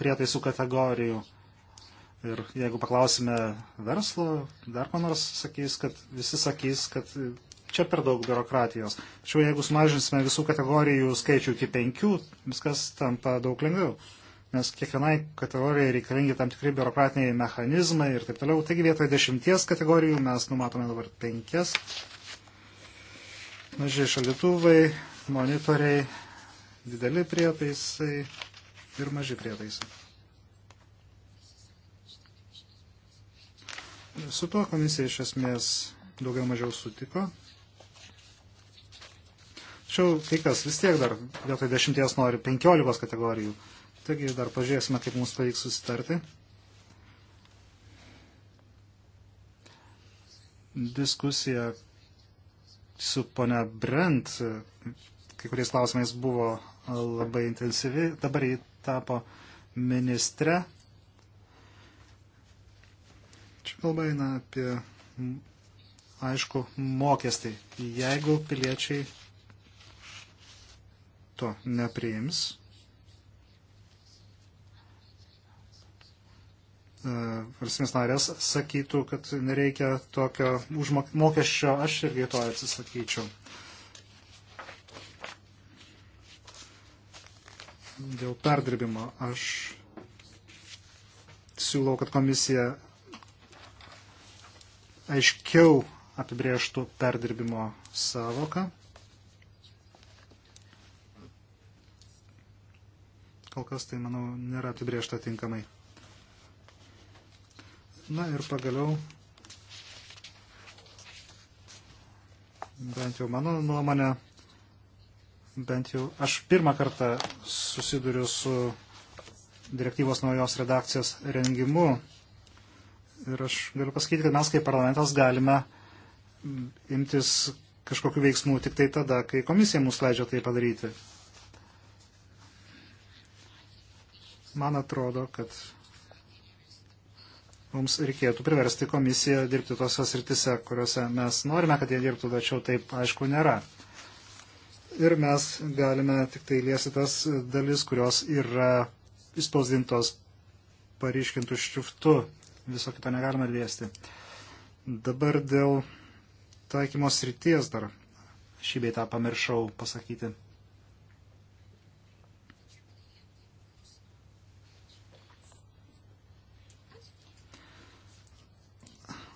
prietaisų kategorijų. Ir jeigu paklausime verslo, dar man nors sakys, kad visi sakys, kad čia per daug biurokratijos. Tačiau jeigu sumažinsime visų kategorijų skaičių iki penkių, viskas tampa daug lengviau. Nes kiekvienai kategorijai reikalingi tam tikri biurokratiniai mechanizmai ir taip toliau. Taigi vietoj dešimties kategorijų mes numatome dabar penkias maži šalituvai, monitoriai, dideli prietaisai ir maži prietaisai. Su tuo komisija iš esmės daugiau mažiau sutiko. Tačiau kai kas vis tiek dar vietoj dešimties nori penkiolikos kategorijų. Taigi dar pažiūrėsime, kaip mums pavyks susitarti. Diskusija su ponia Brent kai kuriais klausimais buvo labai intensyvi. Dabar jį tapo ministre. Čia kalba eina apie, aišku, mokestį. Jeigu piliečiai to nepriims, E, valstybės narės sakytų, kad nereikia tokio užmokesčio, aš irgi to atsisakyčiau. Dėl perdirbimo aš siūlau, kad komisija aiškiau apibrėžtų perdirbimo savoką. Kol kas tai, manau, nėra apibrėžta tinkamai. Na ir pagaliau, bent jau mano nuomonė, bent jau aš pirmą kartą susiduriu su direktyvos naujos redakcijos rengimu. Ir aš galiu pasakyti, kad mes kaip parlamentas galime imtis kažkokiu veiksmu tik tai tada, kai komisija mus leidžia tai padaryti. Man atrodo, kad mums reikėtų priversti komisiją dirbti tose sritise, kuriuose mes norime, kad jie dirbtų, tačiau taip aišku nėra. Ir mes galime tik tai liesti tas dalis, kurios yra įspausdintos paryškintų šriftų, viso kito negalime liesti. Dabar dėl taikymos srities dar šį beitą pamiršau pasakyti.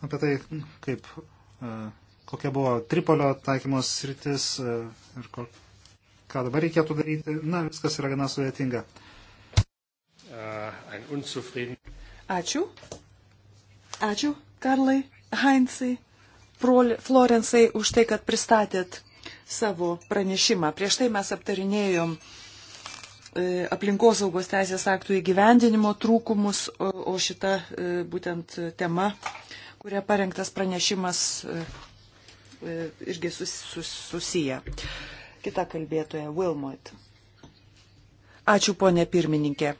apie tai, kaip, e, kokia buvo Tripolio taikymos sritis e, ir ko, ką dabar reikėtų daryti. Na, viskas yra gana sudėtinga. Ačiū. Ačiū, Karlai, Heinzai, Florensai, už tai, kad pristatėt savo pranešimą. Prieš tai mes aptarinėjom e, aplinkosaugos teisės aktų įgyvendinimo trūkumus, o šita būtent tema kurie parengtas pranešimas e, e, irgi sus, sus, susiję. Kita kalbėtoja, Wilmot. Ačiū, ponė pirmininkė.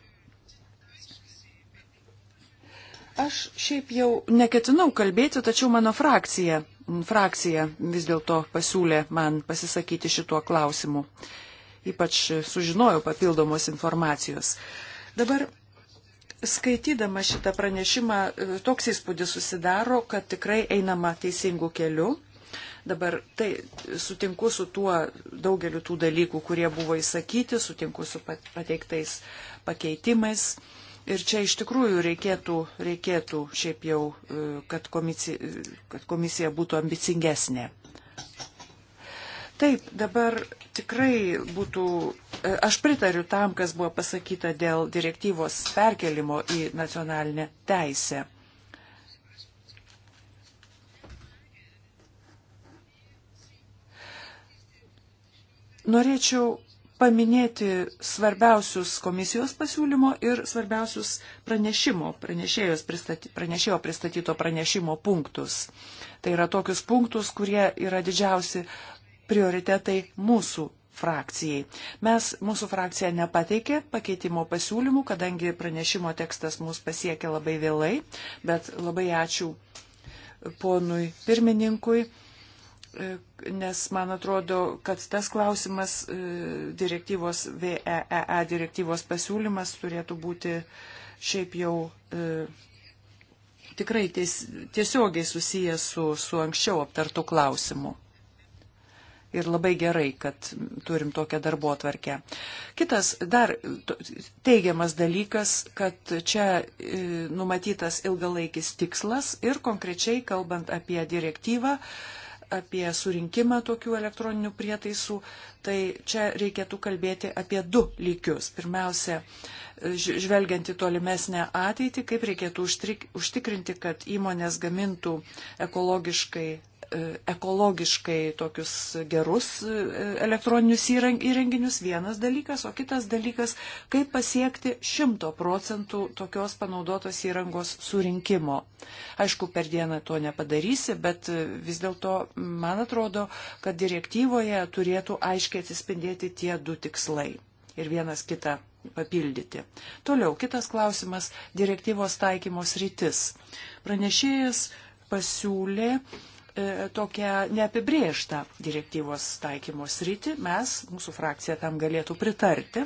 Aš šiaip jau neketinau kalbėti, tačiau mano frakcija, frakcija vis dėlto pasiūlė man pasisakyti šituo klausimu. Ypač sužinojau papildomos informacijos. Dabar Skaitydama šitą pranešimą, e, toks įspūdis susidaro, kad tikrai einama teisingų kelių. Dabar tai sutinku su tuo daugeliu tų dalykų, kurie buvo įsakyti, sutinku su pateiktais pakeitimais. Ir čia iš tikrųjų reikėtų, reikėtų šiaip jau, e, kad komisija, kad komisija būtų ambicingesnė. Taip, dabar tikrai būtų, e, aš pritariu tam, kas buvo pasakyta dėl direktyvos perkelimo į nacionalinę teisę. Norėčiau paminėti svarbiausius komisijos pasiūlymo ir svarbiausius pranešimo, pristaty, pranešėjo pristatyto pranešimo punktus. Tai yra tokius punktus, kurie yra didžiausi prioritetai mūsų frakcijai. Mes, mūsų frakcija nepateikė pakeitimo pasiūlymų, kadangi pranešimo tekstas mus pasiekė labai vėlai, bet labai ačiū ponui pirmininkui, e, nes man atrodo, kad tas klausimas e, direktyvos VEEA e direktyvos pasiūlymas turėtų būti šiaip jau tikrai ties, tiesiogiai susijęs su, su anksčiau aptartų klausimu. Ir labai gerai, kad turim tokią darbo atvarkę. Kitas dar teigiamas dalykas, kad čia e, numatytas ilgalaikis tikslas ir konkrečiai kalbant apie direktyvą, apie surinkimą tokių elektroninių prietaisų, tai čia reikėtų kalbėti apie du lygius. Pirmiausia, e, žvelgiant į tolimesnę ateitį, kaip reikėtų užtikrinti, kad įmonės gamintų ekologiškai E, ekologiškai tokius gerus e, elektroninius įrenginius vienas dalykas, o kitas dalykas, kaip pasiekti 100 procentų tokios panaudotos įrangos surinkimo. Aišku, per dieną to nepadarysi, bet e, vis dėlto man atrodo, kad direktyvoje turėtų aiškiai atsispindėti tie du tikslai ir vienas kitą papildyti. Toliau, kitas klausimas - direktyvos taikymos rytis. Pranešėjas pasiūlė E, tokią neapibrėžtą direktyvos taikymos rytį, mes, mūsų frakcija tam galėtų pritarti.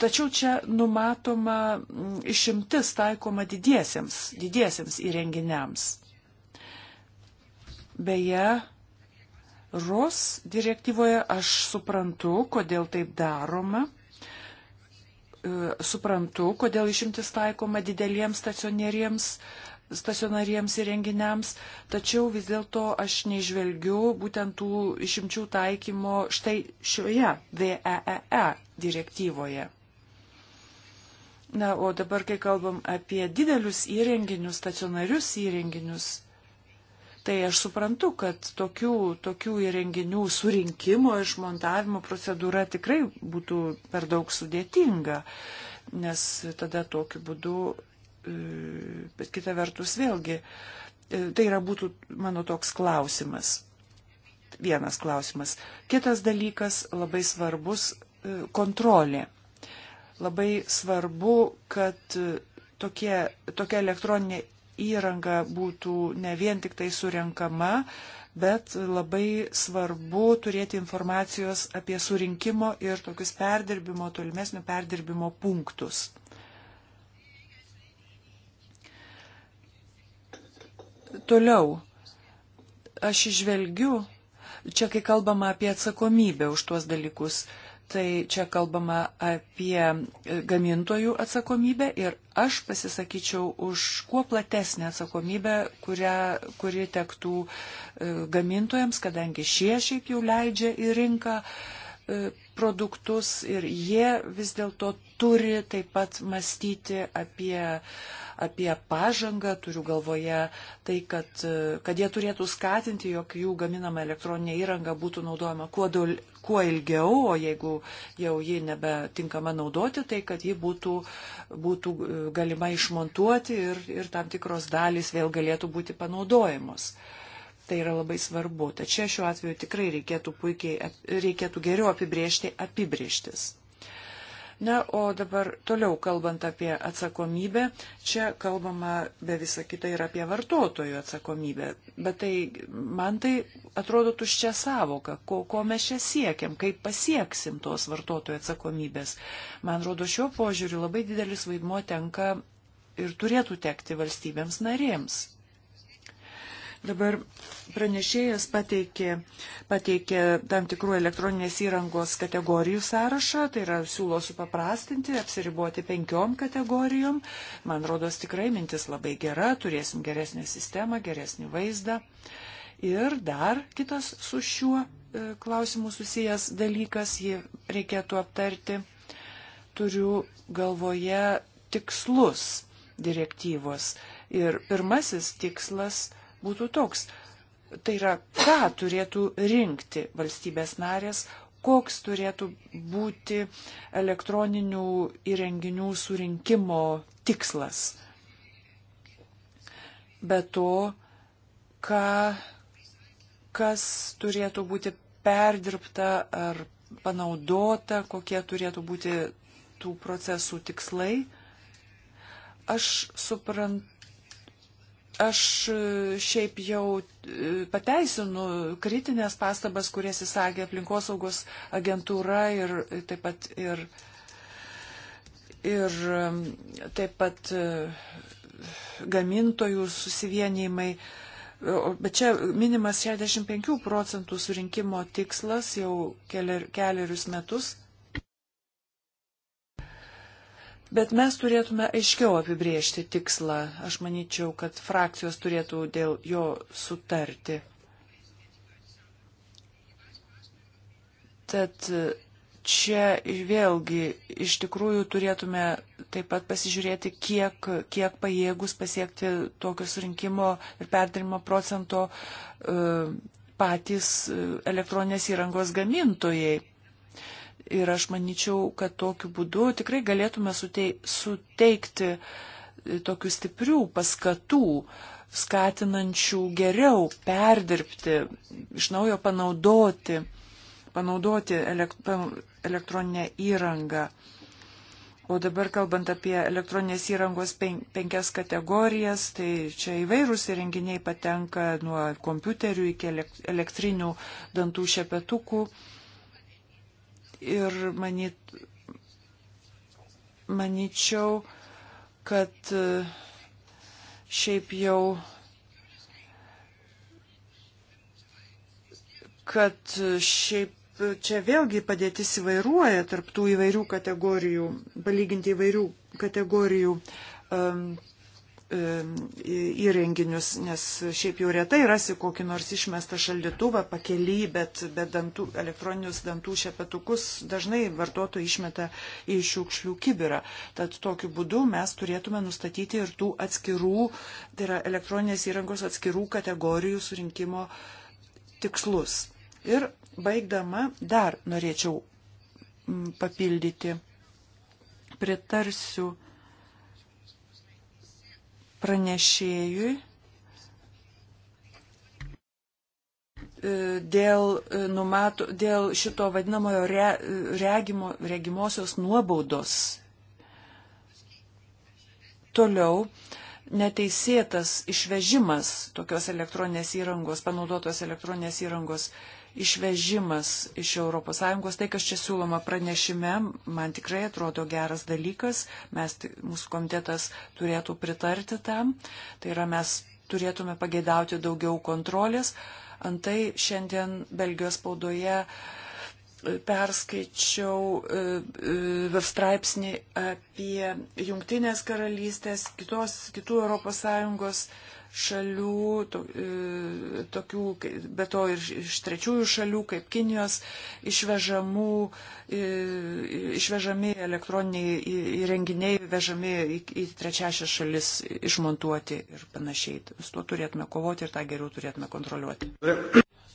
Tačiau čia numatoma išimtis taikoma didiesiems, didiesiems įrenginiams. Beje, ROS direktyvoje aš suprantu, kodėl taip daroma e, suprantu, kodėl išimtis taikoma dideliems stacionieriems stacionariems įrenginiams, tačiau vis dėlto aš neižvelgiu būtent tų išimčių taikymo štai šioje VEEE e e direktyvoje. Na, o dabar, kai kalbam apie didelius įrenginius, stacionarius įrenginius, tai aš suprantu, kad tokių, tokių įrenginių surinkimo, išmontavimo procedūra tikrai būtų per daug sudėtinga nes tada tokiu būdu E, bet kita vertus vėlgi, e, tai yra būtų mano toks klausimas. Vienas klausimas. Kitas dalykas labai svarbus e, - kontrolė. Labai svarbu, kad tokie, tokia elektroninė įranga būtų ne vien tik tai surenkama, bet labai svarbu turėti informacijos apie surinkimo ir tokius perdirbimo, tolimesnio perdirbimo punktus. Toliau, aš išvelgiu, čia kai kalbama apie atsakomybę už tuos dalykus, tai čia kalbama apie e, gamintojų atsakomybę ir aš pasisakyčiau už kuo platesnę atsakomybę, kurią, kuri tektų e, gamintojams, kadangi šie šiaip jau leidžia į rinką e, produktus ir jie vis dėlto turi taip pat mąstyti apie apie pažangą, turiu galvoje tai, kad, kad jie turėtų skatinti, jog jų gaminama elektroninė įranga būtų naudojama kuo, dol, kuo ilgiau, o jeigu jau ji nebetinkama naudoti, tai kad ji būtų, būtų e, galima išmontuoti ir, ir tam tikros dalys vėl galėtų būti panaudojamos. Tai yra labai svarbu. Tačiau šiuo atveju tikrai reikėtų, puikiai, reikėtų geriau apibriežti apibrieštis. Na, o dabar toliau kalbant apie atsakomybę, čia kalbama be visą kitą ir apie vartotojų atsakomybę. Bet tai man tai atrodo tuščia savoka, ko, ko mes čia siekiam, kaip pasieksim tos vartotojų atsakomybės. Man atrodo, šiuo požiūriu labai didelis vaidmuo tenka ir turėtų tekti valstybėms narėms. Dabar pranešėjas pateikė, pateikė tam tikrų elektroninės įrangos kategorijų sąrašą, tai yra siūlo supaprastinti, apsiriboti penkiom kategorijom. Man rodos tikrai mintis labai gera, turėsim geresnę sistemą, geresnį vaizdą. Ir dar kitas su šiuo e, klausimu susijęs dalykas, jį reikėtų aptarti. Turiu galvoje tikslus direktyvos. Ir pirmasis tikslas būtų toks. Tai yra, ką turėtų rinkti valstybės narės, koks turėtų būti elektroninių įrenginių surinkimo tikslas. Be to, ką, kas turėtų būti perdirbta ar panaudota, kokie turėtų būti tų procesų tikslai. Aš suprantu Aš e, šiaip jau e, pateisinu kritinės pastabas, kurias įsakė aplinkosaugos agentūra ir taip pat ir, ir e, taip pat gamintojų susivienijimai. Bet čia minimas 65 procentų surinkimo tikslas jau keler, keliarius metus. Bet mes turėtume aiškiau apibriežti tikslą. Aš manyčiau, kad frakcijos turėtų dėl jo sutarti. Tad e, čia vėlgi iš tikrųjų turėtume taip pat pasižiūrėti, kiek, kiek pajėgus pasiekti tokio surinkimo ir perdirimo procento e, patys e, elektroninės įrangos gamintojai Ir aš manyčiau, kad tokiu būdu tikrai galėtume suteikti e, tokių stiprių paskatų, skatinančių geriau perdirbti, iš naujo panaudoti, panaudoti elektroninę įrangą. O dabar kalbant apie elektroninės įrangos penkias kategorijas, tai čia įvairūs įrenginiai patenka nuo kompiuterių iki elektrinių dantų šepetukų. Ir manyt, manyčiau, kad e, šiaip jau kad e, šiaip čia vėlgi padėtis įvairuoja tarptų įvairių kategorijų, palyginti įvairių kategorijų um, įrenginius, nes šiaip jau retai rasi kokį nors išmestą šaldytuvą pakely, bet, bet dantų, elektroninius dantų šepetukus dažnai vartotojai išmeta į šiukšlių kibirą. Tad tokiu būdu mes turėtume nustatyti ir tų atskirų, tai yra elektroninės įrangos atskirų kategorijų surinkimo tikslus. Ir baigdama dar norėčiau papildyti, pritarsiu pranešėjui e, dėl, e, numato, dėl šito vadinamojo re, regimo, regimosios nuobaudos. Toliau neteisėtas išvežimas tokios elektroninės įrangos, panaudotos elektroninės įrangos išvežimas iš ES. Tai, kas čia siūloma pranešime, man tikrai atrodo geras dalykas. Mes, tai, mūsų komitetas turėtų pritarti tam. Tai yra, mes turėtume pageidauti daugiau kontrolės. Antai šiandien Belgijos spaudoje e, perskaičiau web e, straipsnį apie Jungtinės karalystės, kitos, kitų ES šalių, to, e, tokių, be to ir iš trečiųjų šalių, kaip Kinijos, išvežamų, e, išvežami elektroniniai įrenginiai, vežami į, į trečiąsias šalis išmontuoti ir panašiai. Su tuo turėtume kovoti ir tą geriau turėtume kontroliuoti.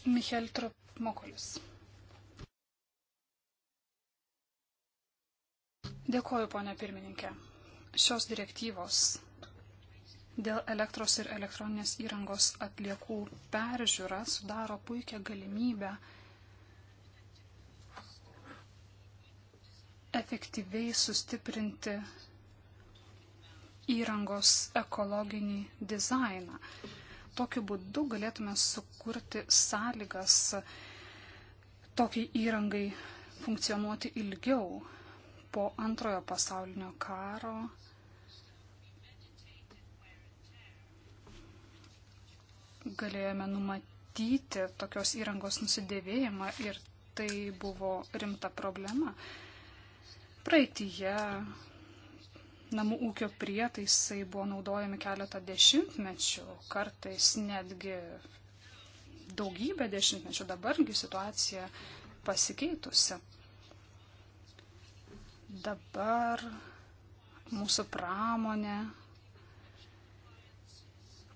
Michael Tropmokolis. Dėkoju, ponia pirmininkė. Šios direktyvos dėl elektros ir elektroninės įrangos atliekų peržiūra sudaro puikią galimybę efektyviai sustiprinti įrangos ekologinį dizainą. Tokiu būdu galėtume sukurti sąlygas tokiai įrangai funkcionuoti ilgiau po antrojo pasaulinio karo galėjome numatyti tokios įrangos nusidėvėjimą ir tai buvo rimta problema. Praeitįje namų ūkio prietaisai buvo naudojami keletą dešimtmečių, kartais netgi daugybę dešimtmečių, dabargi situacija pasikeitusi. Dabar mūsų pramonė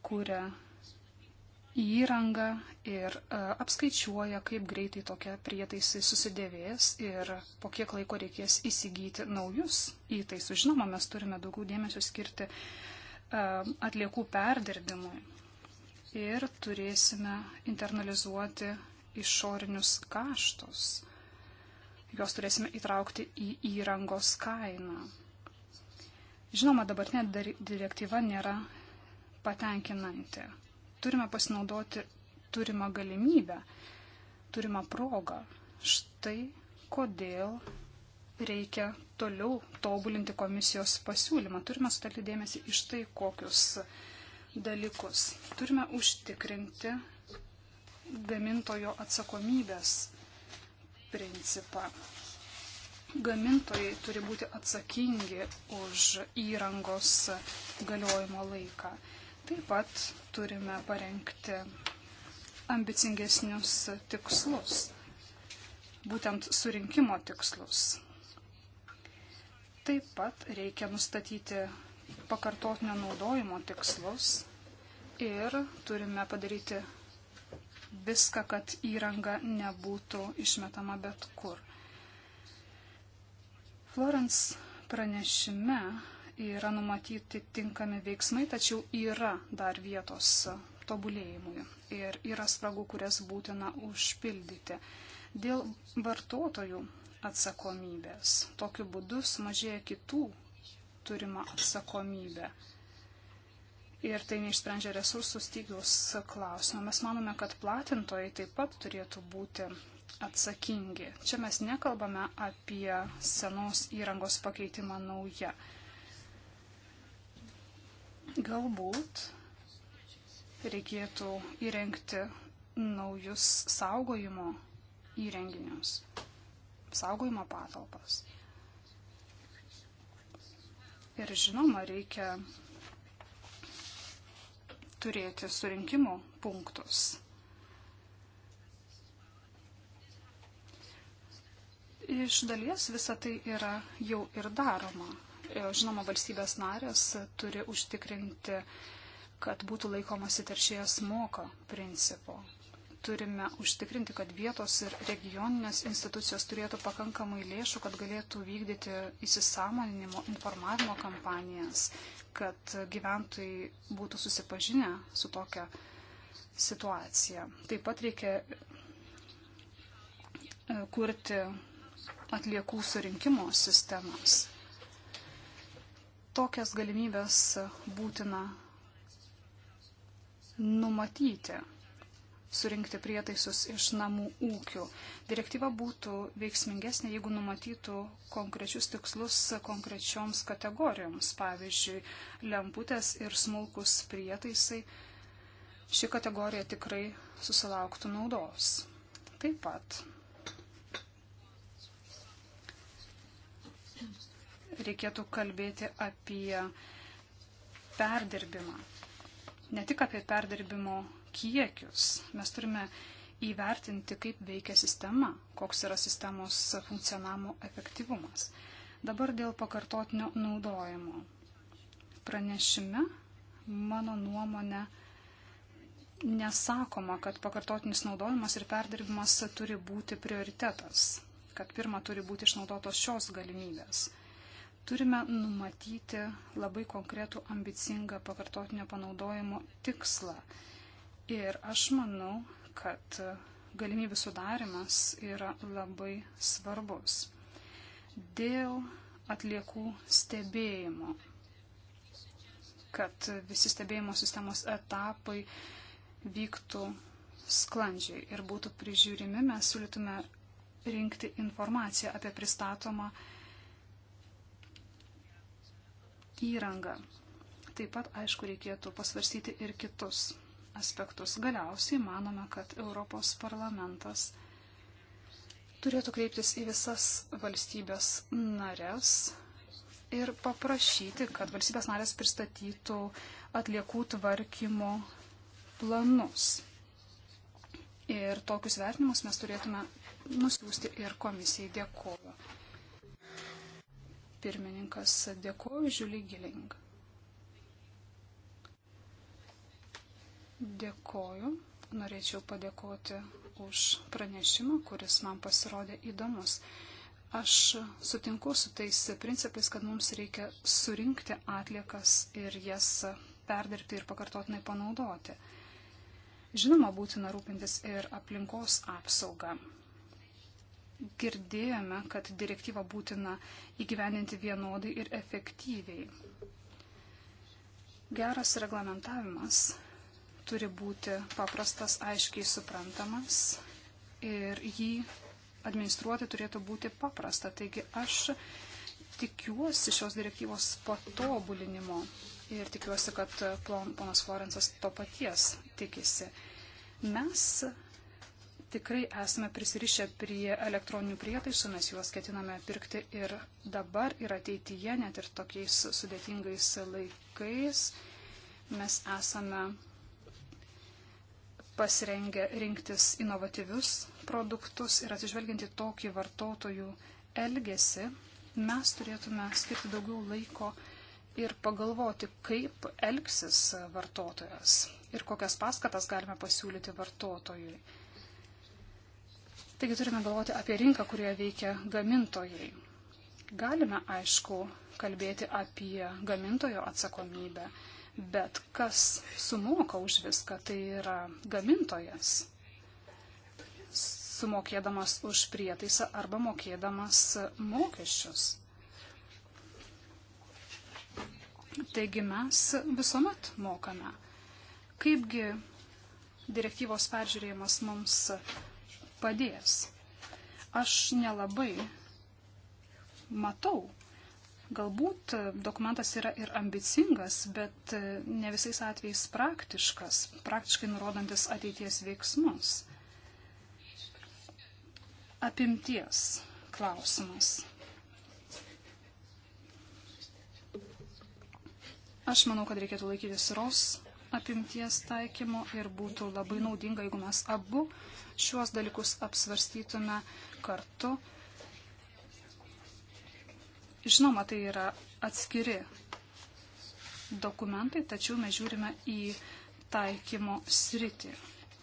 kūrė įrangą ir e, apskaičiuoja, kaip greitai tokie prietaisai susidėvės ir po kiek laiko reikės įsigyti naujus įtaisus. Žinoma, mes turime daugiau dėmesio skirti e, atliekų perdirbimui ir turėsime internalizuoti išorinius kaštus. Juos turėsime įtraukti į įrangos kainą. Žinoma, dabartinė direktyva nėra patenkinanti turime pasinaudoti turimą galimybę, turimą progą. Štai kodėl reikia toliau tobulinti komisijos pasiūlymą. Turime sutelkti dėmesį iš tai, kokius dalykus. Turime užtikrinti gamintojo atsakomybės principą. Gamintojai turi būti atsakingi už įrangos galiojimo laiką. Taip pat turime parengti ambicingesnius tikslus, būtent surinkimo tikslus. Taip pat reikia nustatyti pakartotinio naudojimo tikslus ir turime padaryti viską, kad įranga nebūtų išmetama bet kur. Florence pranešime yra numatyti tinkami veiksmai, tačiau yra dar vietos tobulėjimui ir yra spragų, kurias būtina užpildyti. Dėl vartotojų atsakomybės tokiu būdu sumažėja kitų turima atsakomybė. Ir tai neišsprendžia resursų stygiaus klausimą. Mes manome, kad platintojai taip pat turėtų būti atsakingi. Čia mes nekalbame apie senos įrangos pakeitimą nauja. Galbūt reikėtų įrengti naujus saugojimo įrenginius, saugojimo patalpas. Ir žinoma, reikia turėti surinkimo punktus. Iš dalies visa tai yra jau ir daroma. E, žinoma, valstybės narės turi užtikrinti, kad būtų laikomasi teršėjas moka principo. Turime užtikrinti, kad vietos ir regioninės institucijos turėtų pakankamai lėšų, kad galėtų vykdyti įsisamoninimo informavimo kampanijas, kad gyventojai būtų susipažinę su tokia situacija. Taip pat reikia e, kurti atliekų surinkimo sistemas. Tokias galimybės būtina numatyti, surinkti prietaisus iš namų ūkių. Direktyva būtų veiksmingesnė, jeigu numatytų konkrečius tikslus konkrečioms kategorijoms, pavyzdžiui, lemputės ir smulkus prietaisai. Ši kategorija tikrai susilauktų naudos. Taip pat reikėtų kalbėti apie perdirbimą. Ne tik apie perdirbimo kiekius. Mes turime įvertinti, kaip veikia sistema, koks yra sistemos funkcionavimo efektyvumas. Dabar dėl pakartotinio naudojimo. Pranešime, mano nuomonė, nesakoma, kad pakartotinis naudojimas ir perdirbimas turi būti prioritetas, kad pirmą turi būti išnaudotos šios galimybės. Turime numatyti labai konkretų ambicingą pakartotinio panaudojimo tikslą. Ir aš manau, kad galimybių sudarimas yra labai svarbus. Dėl atliekų stebėjimo, kad visi stebėjimo sistemos etapai vyktų sklandžiai ir būtų prižiūrimi, mes siūlytume rinkti informaciją apie pristatomą įrangą. Taip pat, aišku, reikėtų pasvarstyti ir kitus aspektus. Galiausiai manome, kad Europos parlamentas turėtų kreiptis į visas valstybės narės ir paprašyti, kad valstybės narės pristatytų atliekų tvarkymo planus. Ir tokius vertinimus mes turėtume nusiųsti ir komisijai. Dėkuoju. Pirmininkas dėkoju Žiulį Giling. Dėkoju. Norėčiau padėkoti už pranešimą, kuris man pasirodė įdomus. Aš sutinku su tais principais, kad mums reikia surinkti atliekas ir jas perdirbti ir pakartotinai panaudoti. Žinoma, būtina rūpintis ir aplinkos apsaugą girdėjome, kad direktyvą būtina įgyveninti vienodai ir efektyviai. Geras reglamentavimas turi būti paprastas, aiškiai suprantamas ir jį administruoti turėtų būti paprasta. Taigi aš tikiuosi šios direktyvos patobulinimo ir tikiuosi, kad ponas Florensas to paties tikisi. Mes tikrai esame prisirišę prie elektroninių prietaisų, mes juos ketiname pirkti ir dabar, ir ateityje, net ir tokiais sudėtingais laikais. Mes esame pasirengę rinktis inovatyvius produktus ir atsižvelginti tokį vartotojų elgesį, mes turėtume skirti daugiau laiko ir pagalvoti, kaip elgsis vartotojas ir kokias paskatas galime pasiūlyti vartotojui. Taigi turime galvoti apie rinką, kurioje veikia gamintojai. Galime, aišku, kalbėti apie gamintojo atsakomybę, bet kas sumoka už viską, tai yra gamintojas, sumokėdamas už prietaisą arba mokėdamas mokesčius. Taigi mes visuomet mokame. Kaipgi direktyvos peržiūrėjimas mums padės. Aš nelabai matau. Galbūt dokumentas yra ir ambicingas, bet ne visais atvejais praktiškas, praktiškai nurodantis ateities veiksmus. Apimties klausimas. Aš manau, kad reikėtų laikytis ROS apimties taikymo ir būtų labai naudinga, jeigu mes abu šiuos dalykus apsvarstytume kartu. Žinoma, tai yra atskiri dokumentai, tačiau mes žiūrime į taikymo sritį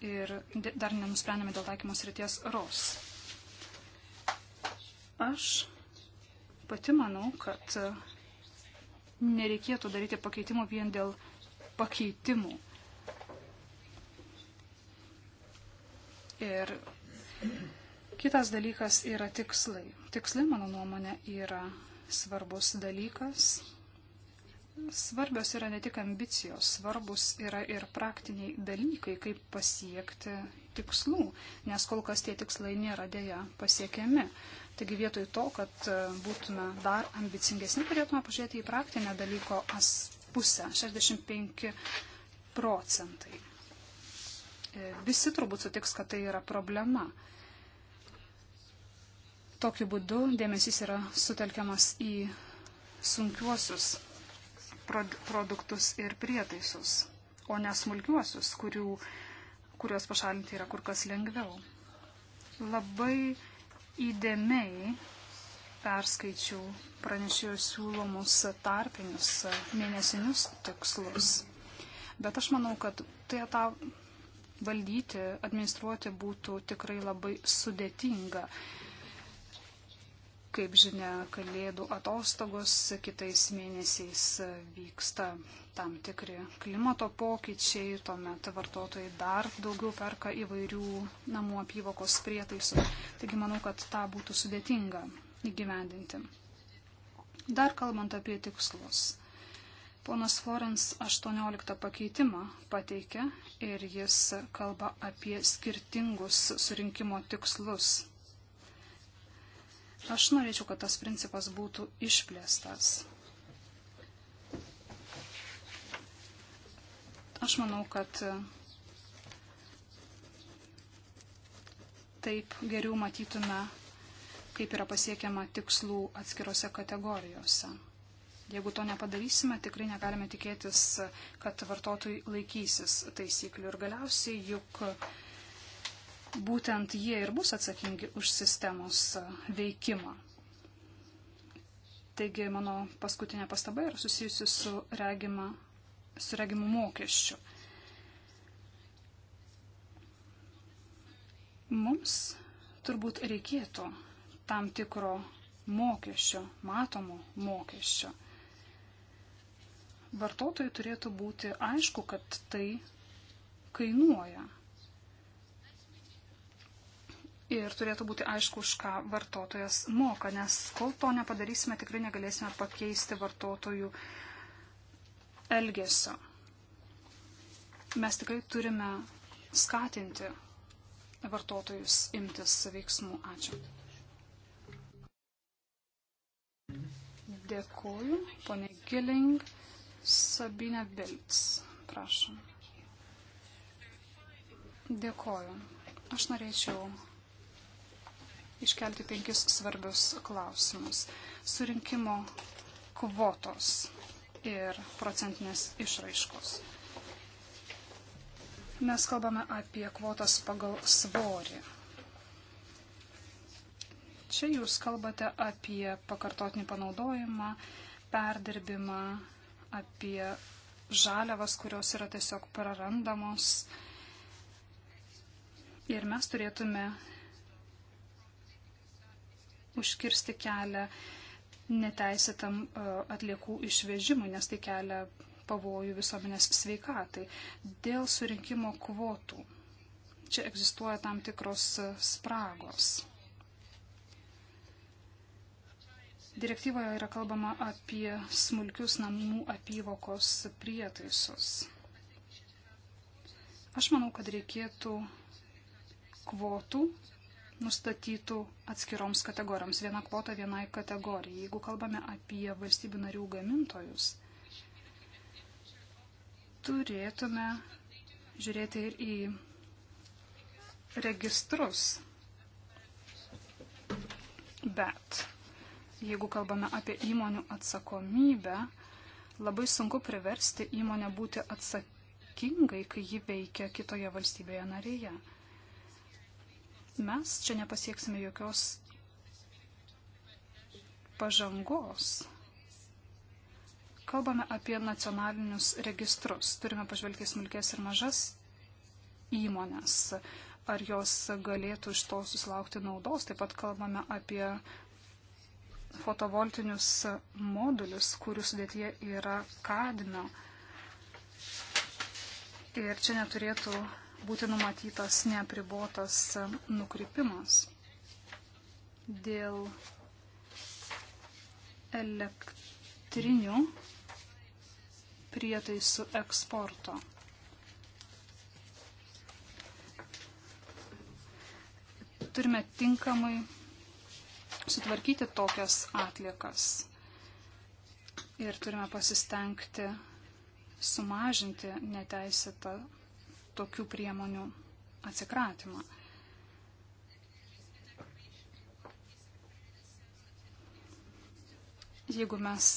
ir dar nenusprendėme dėl taikymo srities ROS. Aš pati manau, kad nereikėtų daryti pakeitimo vien dėl pakeitimų. Ir kitas dalykas yra tikslai. Tikslai, mano nuomonė, yra svarbus dalykas. Svarbios yra ne tik ambicijos, svarbus yra ir praktiniai dalykai, kaip pasiekti tikslų, nes kol kas tie tikslai nėra dėja pasiekiami. Taigi vietoj to, kad būtume dar ambicingesni, turėtume pažiūrėti į praktinę dalyko as, pusę, 65 procentai. E, visi turbūt sutiks, kad tai yra problema. Tokiu būdu dėmesys yra sutelkiamas į sunkiuosius produktus ir prietaisus, o ne smulkiuosius, kurių, kuriuos pašalinti yra kur kas lengviau. Labai įdėmiai perskaičiau pranešėjų siūlomus tarpinius mėnesinius tikslus. Bet aš manau, kad tai tą valdyti, administruoti būtų tikrai labai sudėtinga. Kaip žinia, kalėdų atostogos kitais mėnesiais vyksta tam tikri klimato pokyčiai, tuomet vartotojai dar daugiau perka įvairių namų apyvokos prietaisų. Taigi manau, kad tą būtų sudėtinga įgyvendinti. Dar kalbant apie tikslus. Ponas Florens 18 pakeitimą pateikė ir jis kalba apie skirtingus surinkimo tikslus. Aš norėčiau, kad tas principas būtų išplėstas. Aš manau, kad taip geriau matytume kaip yra pasiekiama tikslų atskirose kategorijose. Jeigu to nepadarysime, tikrai negalime tikėtis, kad vartotojai laikysis taisyklių. Ir galiausiai juk būtent jie ir bus atsakingi už sistemos veikimą. Taigi mano paskutinė pastaba yra susijusi su, regima, su regimu mokesčiu. Mums turbūt reikėtų tam tikro mokesčio, matomo mokesčio. Vartotojai turėtų būti aišku, kad tai kainuoja. Ir turėtų būti aišku, už ką vartotojas moka, nes kol to nepadarysime, tikrai negalėsime pakeisti vartotojų elgesio. Mes tikrai turime skatinti vartotojus imtis veiksmų. Ačiū. Dėkuoju, ponė Giling, Sabina Vilts, prašom. Dėkuoju. Aš norėčiau iškelti penkis svarbius klausimus. Surinkimo kvotos ir procentinės išraiškos. Mes kalbame apie kvotas pagal svorį. Čia jūs kalbate apie pakartotinį panaudojimą, perdirbimą, apie žaliavas, kurios yra tiesiog prarandamos. Ir mes turėtume užkirsti kelią neteisėtam e, atliekų išvežimui, nes tai kelia pavojų visuomenės sveikatai. Dėl surinkimo kvotų. Čia egzistuoja tam tikros spragos. Direktyvoje yra kalbama apie smulkius namų apyvokos prietaisus. Aš manau, kad reikėtų kvotų nustatytų atskiroms kategorijoms. Viena kvota vienai kategorijai. Jeigu kalbame apie valstybių narių gamintojus, turėtume žiūrėti ir į registrus. Bet jeigu kalbame apie įmonių atsakomybę, labai sunku priversti įmonę būti atsakingai, kai ji veikia kitoje valstybėje narėje. Mes čia nepasieksime jokios pažangos. Kalbame apie nacionalinius registrus. Turime pažvelgti smulkės ir mažas įmonės. Ar jos galėtų iš to susilaukti naudos? Taip pat kalbame apie fotovoltinius modulius, kurių sudėtyje yra kadmio. Ir čia neturėtų būti numatytas neapribotas nukrypimas. Dėl elektrinių prietaisų eksporto. Turime tinkamai sutvarkyti tokias atliekas. Ir turime pasistengti sumažinti neteisėtą tokių priemonių atsikratymą. Jeigu mes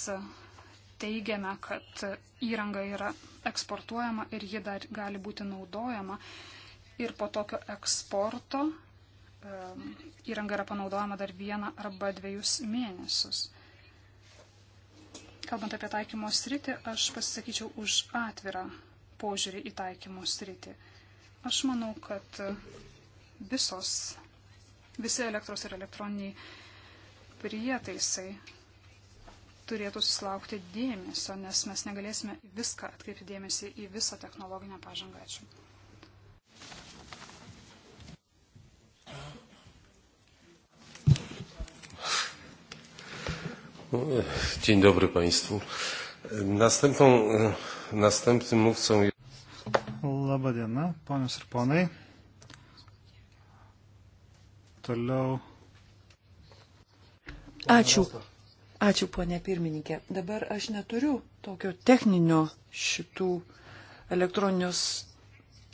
teigiame, kad įranga yra eksportuojama ir ji dar gali būti naudojama, ir po tokio eksporto įranga yra panaudojama dar vieną arba dviejus mėnesius. Kalbant apie taikymo sritį, aš pasisakyčiau už atvirą požiūrį į taikymo sritį. Aš manau, kad visos, visi elektros ir elektroniniai prietaisai turėtų susilaukti dėmesio, nes mes negalėsime viską atkreipti dėmesį į visą technologinę pažangą. Ačiū. Dzień dobry Państwu. Następną, następnym mówcą jest... Labą dieną, ponios ir ponai. Toliau. Ačiū. Ačiū, ponė pirmininkė. Dabar aš neturiu tokio techninio šitų elektroninius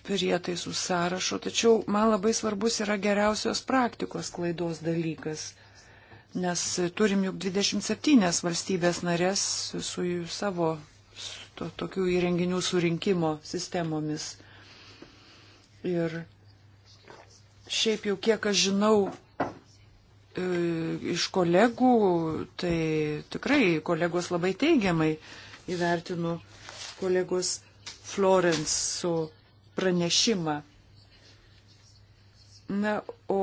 prietaisų sąrašo, tačiau man labai svarbus yra geriausios praktikos klaidos dalykas Nes turim juk 27 valstybės narės su jų savo to, tokių įrenginių surinkimo sistemomis. Ir šiaip jau kiek aš žinau, e, iš kolegų, tai tikrai kolegos labai teigiamai įvertinu kolegos Florence pranešimą. Na, o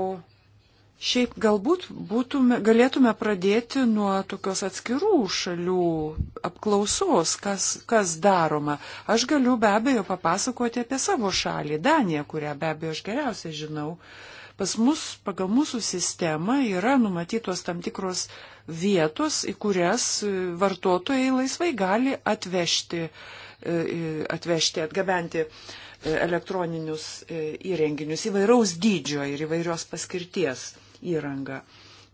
Šiaip galbūt būtume, galėtume pradėti nuo tokios atskirų šalių apklausos, kas, kas daroma. Aš galiu be abejo papasakoti apie savo šalį, Daniją, kurią be abejo aš geriausiai žinau. Pas mus pagal mūsų sistemą yra numatytos tam tikros vietos, į kurias vartotojai laisvai gali atvežti, e, e, atvežti atgabenti e, elektroninius įrenginius įvairaus dydžio ir įvairios paskirties įrangą.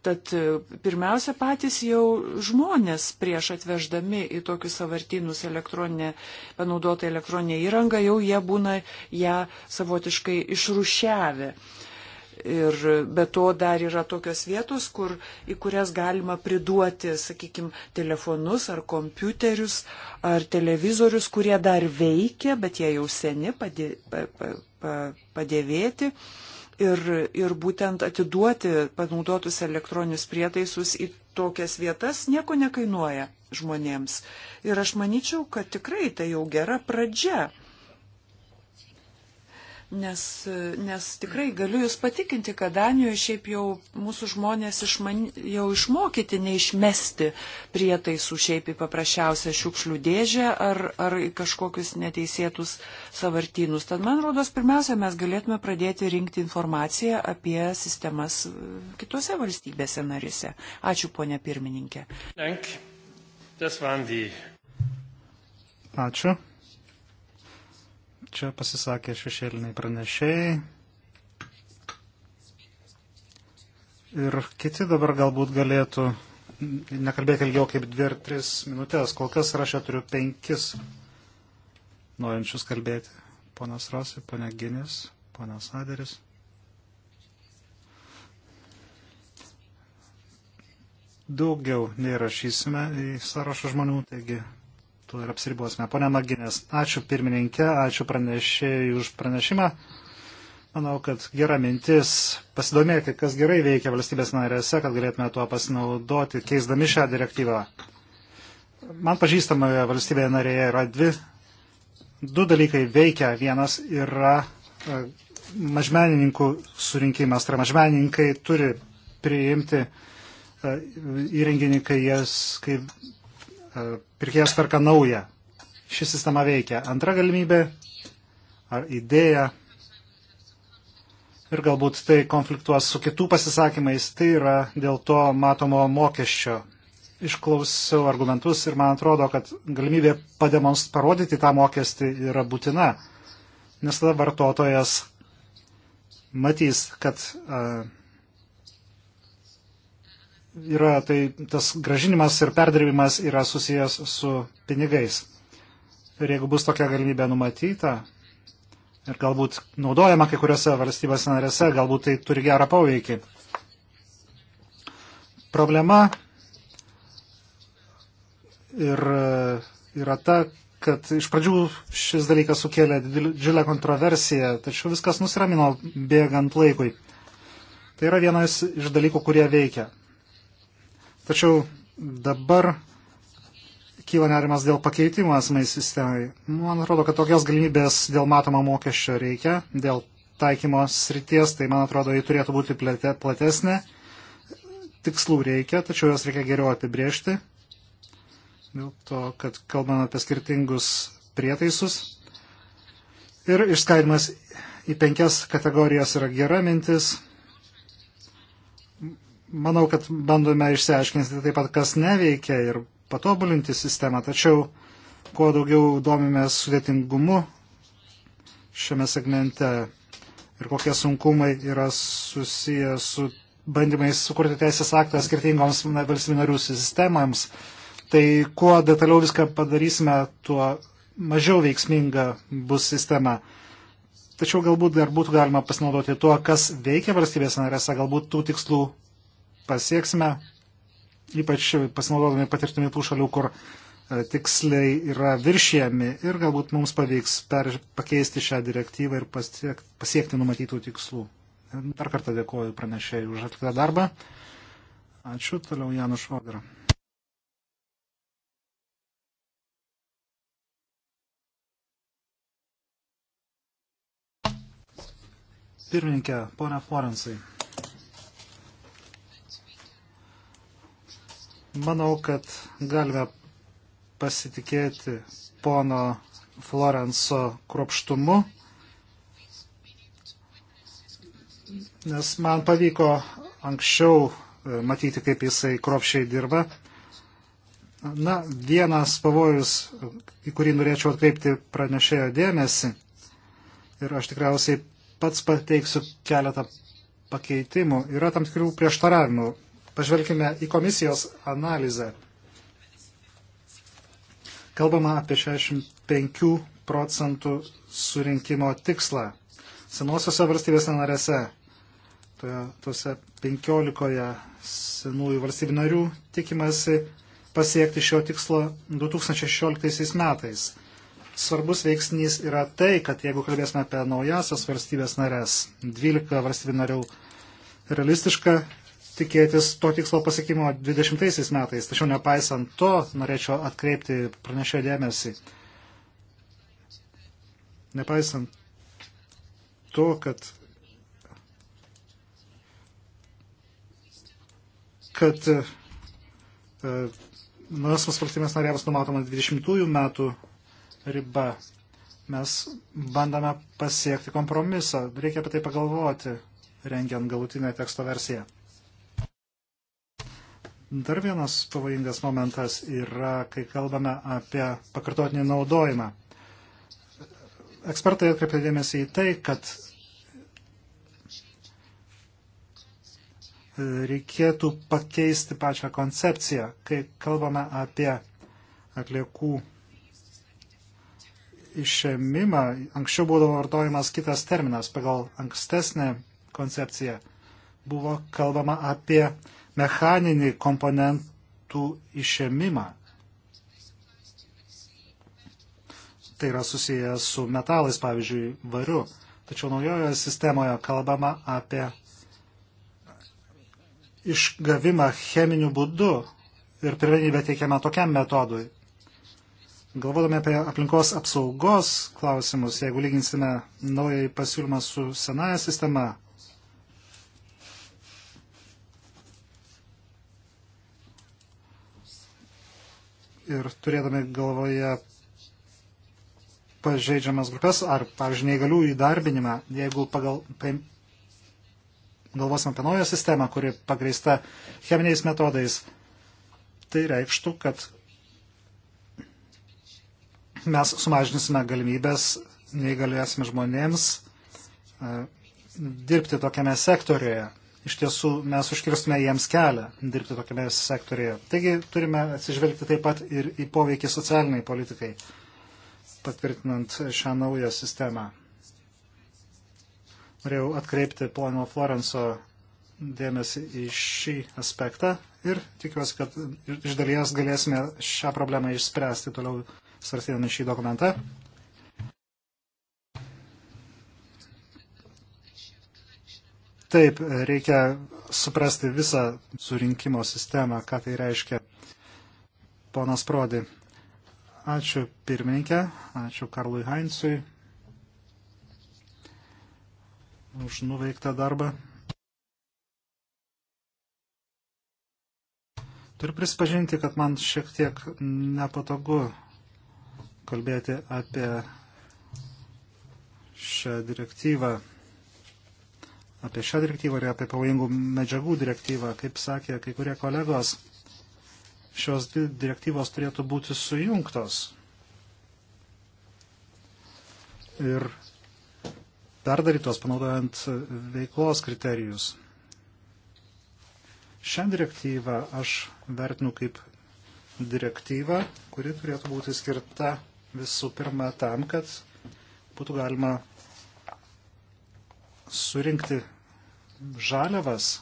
Tad e, pirmiausia, patys jau žmonės prieš atveždami į tokius savartynus elektroninę, panaudotą elektroninę įrangą, jau jie būna ją savotiškai išrušiavę. Ir be to dar yra tokios vietos, kur, į kurias galima priduoti, sakykime, telefonus ar kompiuterius ar televizorius, kurie dar veikia, bet jie jau seni, padė, pa, pa, pa, padėvėti. Pa, ir, ir būtent atiduoti panaudotus elektroninius prietaisus į tokias vietas nieko nekainuoja žmonėms. Ir aš manyčiau, kad tikrai tai jau gera pradžia nes, nes tikrai galiu Jūs patikinti, kad Danijoje šiaip jau mūsų žmonės išman, jau išmokyti neišmesti prietaisų šiaip į paprasčiausią šiukšlių dėžę ar, ar kažkokius neteisėtus savartynus. Tad man rodos, pirmiausia, mes galėtume pradėti rinkti informaciją apie sistemas kitose valstybėse narise. Ačiū, ponė pirmininkė. Dank. Das waren die Ačiū. Čia pasisakė šešėliniai pranešėjai. Ir kiti dabar galbūt galėtų nekalbėti ilgiau kaip dvi ar tris minutės. Kol kas aš čia turiu penkis norinčius kalbėti. Ponas Rosi, ponia Ginis, ponas Aderis. Daugiau neįrašysime į sąrašą žmonių, taigi tuo ir apsiribuosime. Pone Maginės, ačiū pirmininkė, ačiū pranešėjai už pranešimą. Manau, kad gera mintis pasidomėti, kas gerai veikia valstybės narėse, kad galėtume tuo pasinaudoti, keisdami šią direktyvą. Man pažįstamoje valstybėje narėje yra dvi, du dalykai veikia. Vienas yra e, mažmenininkų surinkimas, tai yra mažmenininkai turi priimti e, įrenginį, kai, jas, kai E, pirkėjas perka naują. Ši sistema veikia. Antra galimybė ar idėja ir galbūt tai konfliktuos su kitų pasisakymais, tai yra dėl to matomo mokesčio. Išklausiau argumentus ir man atrodo, kad galimybė pademonst parodyti tą mokestį yra būtina, nes tada vartotojas matys, kad uh, yra, tai tas gražinimas ir perdirbimas yra susijęs su pinigais. Ir jeigu bus tokia galimybė numatyta ir galbūt naudojama kai kuriuose valstybės narėse, galbūt tai turi gerą poveikį. Problema ir yra ta, kad iš pradžių šis dalykas sukėlė didžiulę kontroversiją, tačiau viskas nusiramino bėgant laikui. Tai yra vienas iš dalykų, kurie veikia. Tačiau dabar kyla nerimas dėl pakeitimo esmai sistemai. Man atrodo, kad tokios galimybės dėl matomo mokesčio reikia, dėl taikymo srities, tai man atrodo, jį turėtų būti platesnė. Tikslų reikia, tačiau jos reikia geriau apibriežti. Dėl to, kad kalbame apie skirtingus prietaisus. Ir išskaidimas į penkias kategorijas yra gera mintis manau, kad bandome išsiaiškinti taip pat, kas neveikia ir patobulinti sistemą, tačiau kuo daugiau domimės sudėtingumu šiame segmente ir kokie sunkumai yra susiję su bandymais sukurti teisės aktą skirtingoms valstybių narių sistemams, tai kuo detaliau viską padarysime, tuo mažiau veiksminga bus sistema. Tačiau galbūt dar būtų galima pasinaudoti tuo, kas veikia valstybės narėse, galbūt tų tikslų pasieksime, ypač pasinaudodami patirtimi tų šalių, kur e, tiksliai yra viršėjami ir galbūt mums pavyks per, pakeisti šią direktyvą ir pasiek, pasiekti numatytų tikslų. Dar kartą dėkoju pranešėjai už atliktą darbą. Ačiū, toliau Janus Švodra. Pirmininkė, ponia Forensai. Manau, kad galime pasitikėti pono Florenso kropštumu, nes man pavyko anksčiau e, matyti, kaip jisai kropščiai dirba. Na, vienas pavojus, į kurį norėčiau atkreipti pranešėjo dėmesį, ir aš tikriausiai pats pateiksiu keletą pakeitimų, yra tam tikrų prieštaravimų Pažvelkime į komisijos analizę. Kalbama apie 65 procentų surinkimo tikslą. Senosiose valstybėse narėse, tuose 15 senųjų valstybių narių, tikimasi pasiekti šio tikslo 2016 metais. Svarbus veiksnys yra tai, kad jeigu kalbėsime apie naujasias valstybės narės, 12 valstybių narių realistiška tikėtis to tikslo pasiekimo 20 metais. Tačiau nepaisant to, norėčiau atkreipti pranešio dėmesį. Nepaisant to, kad, kad e, naujosios valstybės narėms numatoma 20 metų riba, mes bandome pasiekti kompromisą. Reikia apie tai pagalvoti rengiant galutinę teksto versiją. Dar vienas pavojingas momentas yra, kai kalbame apie pakartotinį naudojimą. Ekspertai atkreipė dėmesį į tai, kad reikėtų pakeisti pačią koncepciją, kai kalbame apie atliekų išėmimą. Anksčiau būdavo vartojamas kitas terminas. Pagal ankstesnę koncepciją buvo kalbama apie mechaninį komponentų išėmimą. Tai yra susijęs su metalais, pavyzdžiui, variu. Tačiau naujojoje sistemoje kalbama apie išgavimą cheminiu būdu ir pirmenybė teikiama tokiam metodui. Galvodami apie aplinkos apsaugos klausimus, jeigu lyginsime naująjį pasiūlymą su senaja sistema, ir turėdami galvoje pažeidžiamas grupės ar, pavyzdžiui, neįgaliųjų įdarbinimą, jeigu pagal, paim, galvosim apie naują sistemą, kuri pagreista cheminiais metodais, tai reikštų, kad mes sumažinsime galimybės neįgalėsime žmonėms e, dirbti tokiame sektoriuje iš tiesų mes užkirstume jiems kelią dirbti tokiame sektorėje. Taigi turime atsižvelgti taip pat ir į poveikį socialiniai politikai, patvirtinant šią naują sistemą. Norėjau atkreipti pono Florenso dėmesį į šį aspektą ir tikiuosi, kad iš dalies galėsime šią problemą išspręsti toliau svarstydami šį dokumentą. Taip, reikia suprasti visą surinkimo sistemą, ką tai reiškia. Ponas Prodi. Ačiū pirmininkė, ačiū Karlui Heinzui už nuveiktą darbą. Turiu prisipažinti, kad man šiek tiek nepatogu kalbėti apie šią direktyvą apie šią direktyvą ir apie pavojingų medžiagų direktyvą. Kaip sakė kai kurie kolegos, šios direktyvos turėtų būti sujungtos. Ir perdarytos panaudojant veiklos kriterijus. Šią direktyvą aš vertinu kaip direktyvą, kuri turėtų būti skirta visų pirma tam, kad būtų galima surinkti žaliavas,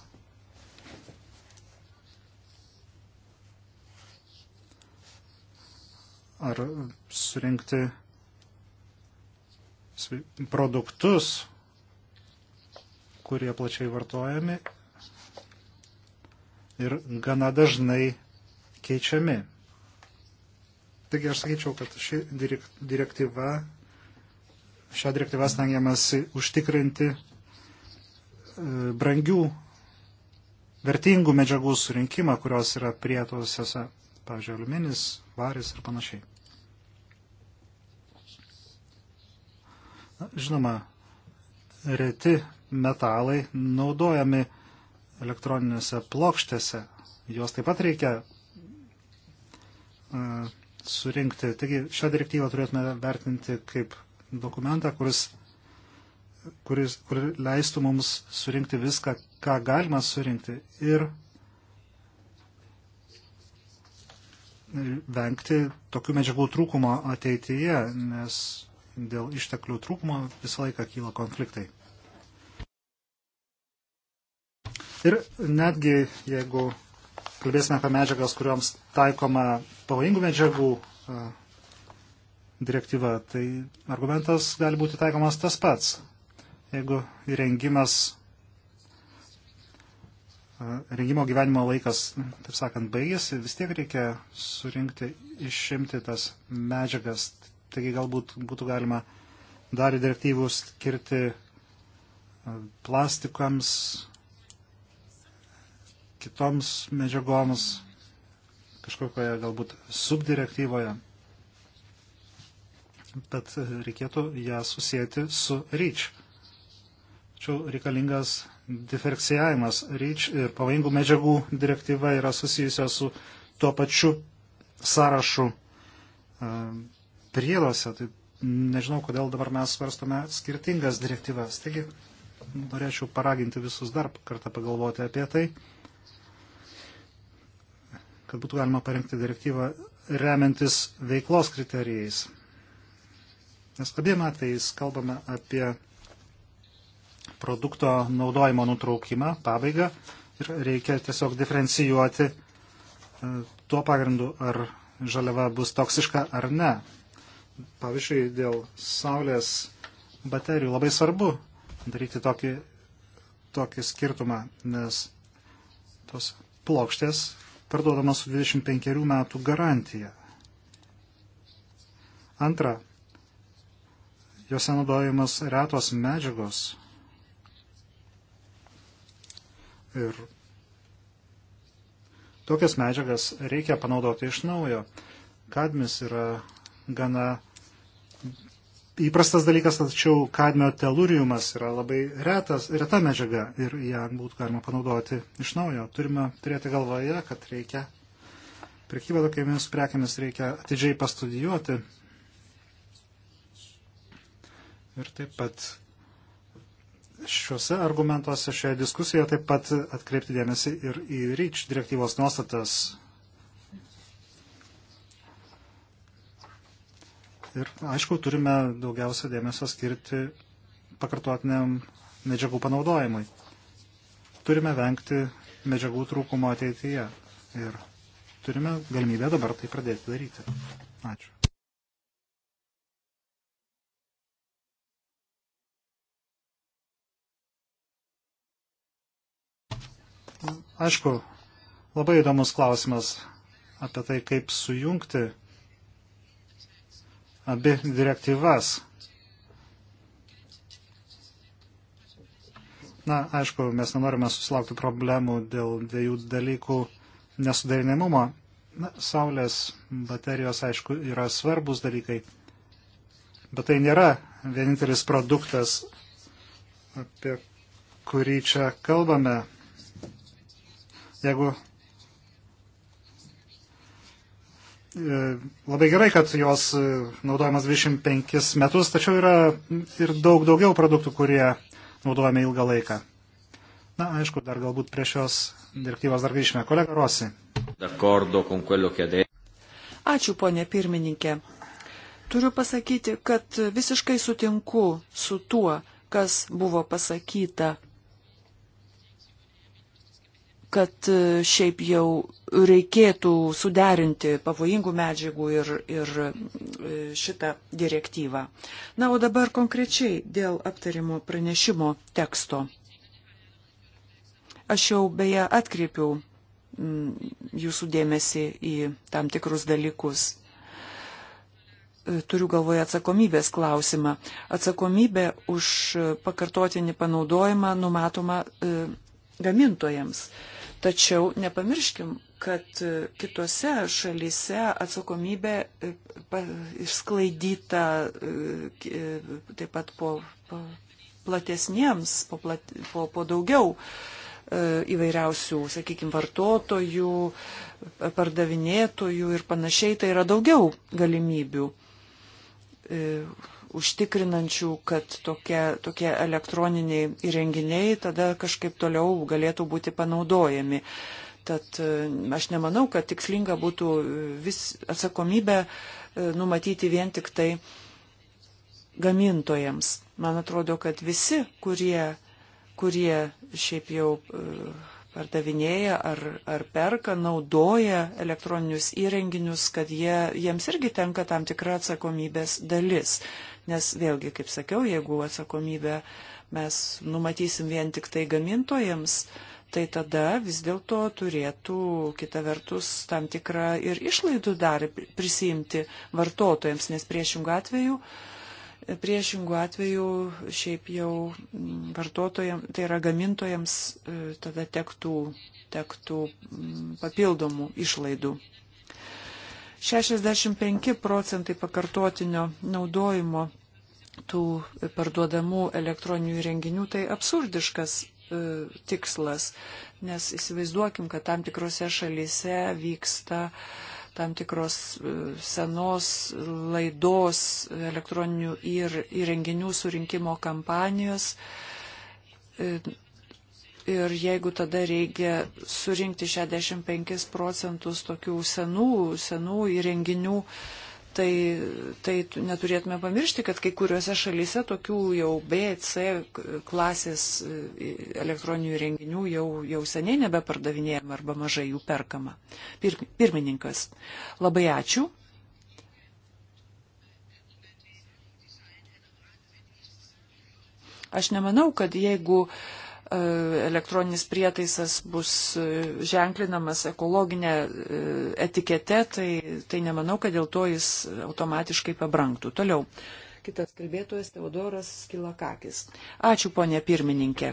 ar surinkti produktus, kurie plačiai vartojami ir gana dažnai keičiami. Taigi aš sakyčiau, kad ši direktyva, šią direktyvą stengiamasi užtikrinti E, brangių, vertingų medžiagų surinkimą, kurios yra prietuose, pavyzdžiui, aliuminis, varis ir panašiai. Na, žinoma, reti metalai naudojami elektroninėse plokštėse. Jos taip pat reikia uh, surinkti. Taigi šią direktyvą turėtume vertinti kaip dokumentą, kuris kuris kur leistų mums surinkti viską, ką galima surinkti ir vengti tokių medžiagų trūkumo ateityje, nes dėl išteklių trūkumo visą laiką kyla konfliktai. Ir netgi jeigu kalbėsime apie medžiagas, kuriuoms taikoma pavojingų medžiagų direktyva, tai argumentas gali būti taikomas tas pats jeigu įrengimas, e, rengimo gyvenimo laikas, taip sakant, baigėsi, vis tiek reikia surinkti, išimti tas medžiagas. Taigi galbūt būtų galima dar direktyvų skirti e, plastikams, kitoms medžiagoms, kažkokioje galbūt subdirektyvoje. Bet e, reikėtų ją susijęti su REACH Tačiau reikalingas diferencijavimas. REACH ir pavojingų medžiagų direktyva yra susijusios su tuo pačiu sąrašu e, prieduose. Tai nežinau, kodėl dabar mes svarstame skirtingas direktyvas. Taigi norėčiau paraginti visus dar kartą pagalvoti apie tai, kad būtų galima parengti direktyvą remiantis veiklos kriterijais. Nes abiem atvejais kalbame apie produkto naudojimo nutraukimą, pabaigą ir reikia tiesiog diferencijuoti e, tuo pagrindu, ar žaliava bus toksiška ar ne. Pavyzdžiui, dėl saulės baterijų labai svarbu daryti tokį, tokį skirtumą, nes tos plokštės parduodamas su 25 metų garantija. Antra, juose naudojamas retos medžiagos, Ir tokias medžiagas reikia panaudoti iš naujo. Kadmis yra gana įprastas dalykas, tačiau kadmio teluriumas yra labai retas, reta medžiaga ir ją būtų galima panaudoti iš naujo. Turime turėti galvoje, kad reikia prekybą tokiamis prekiamis reikia atidžiai pastudijuoti ir taip pat šiuose argumentuose šioje diskusijoje taip pat atkreipti dėmesį ir į REACH direktyvos nuostatas Ir aišku, turime daugiausia dėmesio skirti pakartotiniam medžiagų panaudojimui. Turime vengti medžiagų trūkumo ateityje. Ir turime galimybę dabar tai pradėti daryti. Ačiū. Aišku, labai įdomus klausimas apie tai, kaip sujungti abi direktyvas. Na, aišku, mes nenorime susilaukti problemų dėl dviejų dalykų nesudarinimumo. Na, saulės baterijos, aišku, yra svarbus dalykai, bet tai nėra vienintelis produktas, apie kurį čia kalbame. Jeigu e, labai gerai, kad jos e, naudojamas 25 metus, tačiau yra ir daug daugiau produktų, kurie naudojami ilgą laiką. Na, aišku, dar galbūt prie šios direktyvos dar grįžime. Kolega Rosi. Ačiū, ponė pirmininkė. Turiu pasakyti, kad visiškai sutinku su tuo, kas buvo pasakyta kad e, šiaip jau reikėtų suderinti pavojingų medžiagų ir, ir e, šitą direktyvą. Na, o dabar konkrečiai dėl aptarimo pranešimo teksto. Aš jau beje atkreipiau mm, jūsų dėmesį į tam tikrus dalykus. E, turiu galvoje atsakomybės klausimą. Atsakomybė už pakartotinį panaudojimą numatoma gamintojams. E, Tačiau nepamirškim, kad kitose šalyse atsakomybė e, išsklaidyta e, e, taip pat po, po platesniems, po, plat, po, po daugiau įvairiausių, sakykime, vartotojų, pardavinėtojų ir panašiai, tai yra daugiau galimybių užtikrinančių, kad tokie, tokie elektroniniai įrenginiai tada kažkaip toliau galėtų būti panaudojami. Tad e, aš nemanau, kad tikslinga būtų vis atsakomybę e, numatyti vien tik tai gamintojams. Man atrodo, kad visi, kurie, kurie šiaip jau e, pardavinėja ar, ar perka, naudoja elektroninius įrenginius, kad jie, jiems irgi tenka tam tikra atsakomybės dalis. Nes vėlgi, kaip sakiau, jeigu atsakomybę mes numatysim vien tik tai gamintojams, tai tada vis dėlto turėtų kita vertus tam tikrą ir išlaidų dar prisimti vartotojams, nes priešingų atveju priešingų atveju šiaip jau mm, vartotojams, tai yra gamintojams, e, tada tektų, tektų mm, papildomų išlaidų. 65 procentai pakartotinio naudojimo tų parduodamų elektroninių įrenginių tai absurdiškas e, tikslas, nes įsivaizduokim, kad tam tikrose šalyse vyksta tam tikros e, senos laidos elektroninių ir įrenginių surinkimo kampanijos. E, Ir jeigu tada reikia surinkti 65 procentus tokių senų, senų įrenginių, tai, tai neturėtume pamiršti, kad kai kuriuose šalyse tokių jau B, C klasės e, elektroninių įrenginių jau, jau seniai nebepardavinėjama arba mažai jų perkama. Pir, pirmininkas, labai ačiū. Aš nemanau, kad jeigu uh, E, elektroninis prietaisas bus e, ženklinamas ekologinė e, etikete, tai, tai nemanau, kad dėl to jis automatiškai pabrangtų. Toliau. Kitas kalbėtojas Teodoras Skilakakis. Ačiū, ponė pirmininkė.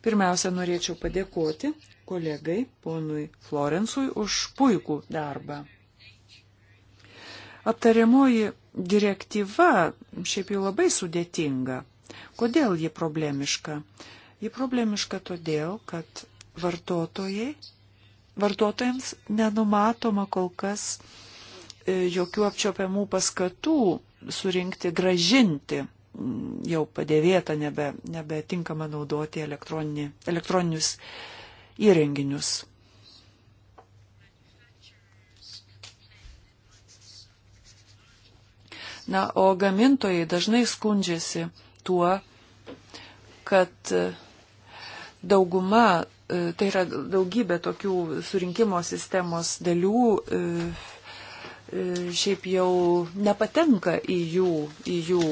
Pirmiausia, norėčiau padėkoti kolegai, ponui Florensui, už puikų darbą. Aptariamoji direktyva šiaip jau labai sudėtinga. Kodėl ji problemiška? Ji problemiška todėl, kad vartotojai, vartotojams nenumatoma kol kas e, jokių apčiopiamų paskatų surinkti, gražinti jau padėvėtą, nebe, nebetinkamą naudoti elektroninį, elektroninius įrenginius. Na, o gamintojai dažnai skundžiasi, tuo, kad dauguma, e, tai yra daugybė tokių surinkimo sistemos dalių, e, e, šiaip jau nepatenka į jų, į jų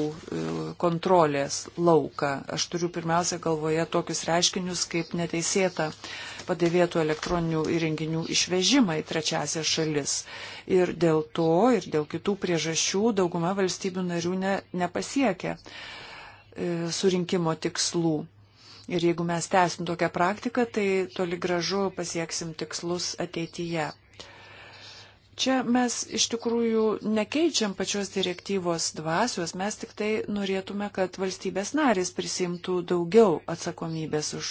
kontrolės lauką. Aš turiu pirmiausia galvoje tokius reiškinius kaip neteisėta padėvėtų elektroninių įrenginių išvežimą į trečiasią šalis. Ir dėl to, ir dėl kitų priežasčių dauguma valstybių narių ne, nepasiekia E, surinkimo tikslų. Ir jeigu mes tęsim tokią praktiką, tai toli gražu pasieksim tikslus ateityje. Čia mes iš tikrųjų nekeičiam pačios direktyvos dvasios, mes tik tai norėtume, kad valstybės narės prisimtų daugiau atsakomybės už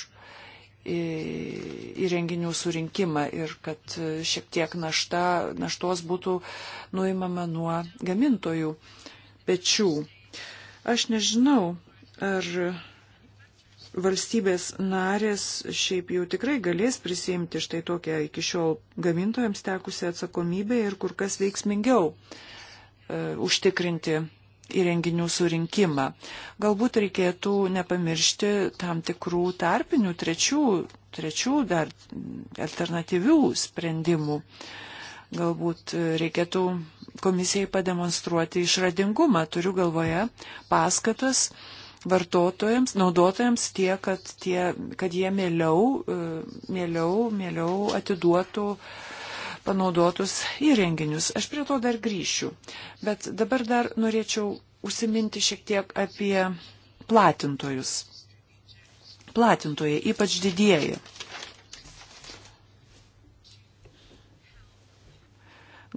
įrenginių surinkimą ir kad šiek tiek našta, naštos būtų nuimama nuo gamintojų pečių. Aš nežinau, ar valstybės narės šiaip jau tikrai galės prisimti štai tokią iki šiol gamintojams tekusią atsakomybę ir kur kas veiksmingiau e, užtikrinti įrenginių surinkimą. Galbūt reikėtų nepamiršti tam tikrų tarpinių trečių, trečių dar alternatyvių sprendimų. Galbūt reikėtų komisijai pademonstruoti išradingumą, turiu galvoje paskatas, vartotojams, naudotojams tie, kad, tie, kad jie mėliau, e, mėliau, mėliau atiduotų panaudotus įrenginius. Aš prie to dar grįšiu. Bet dabar dar norėčiau užsiminti šiek tiek apie platintojus. Platintojai, ypač didieji.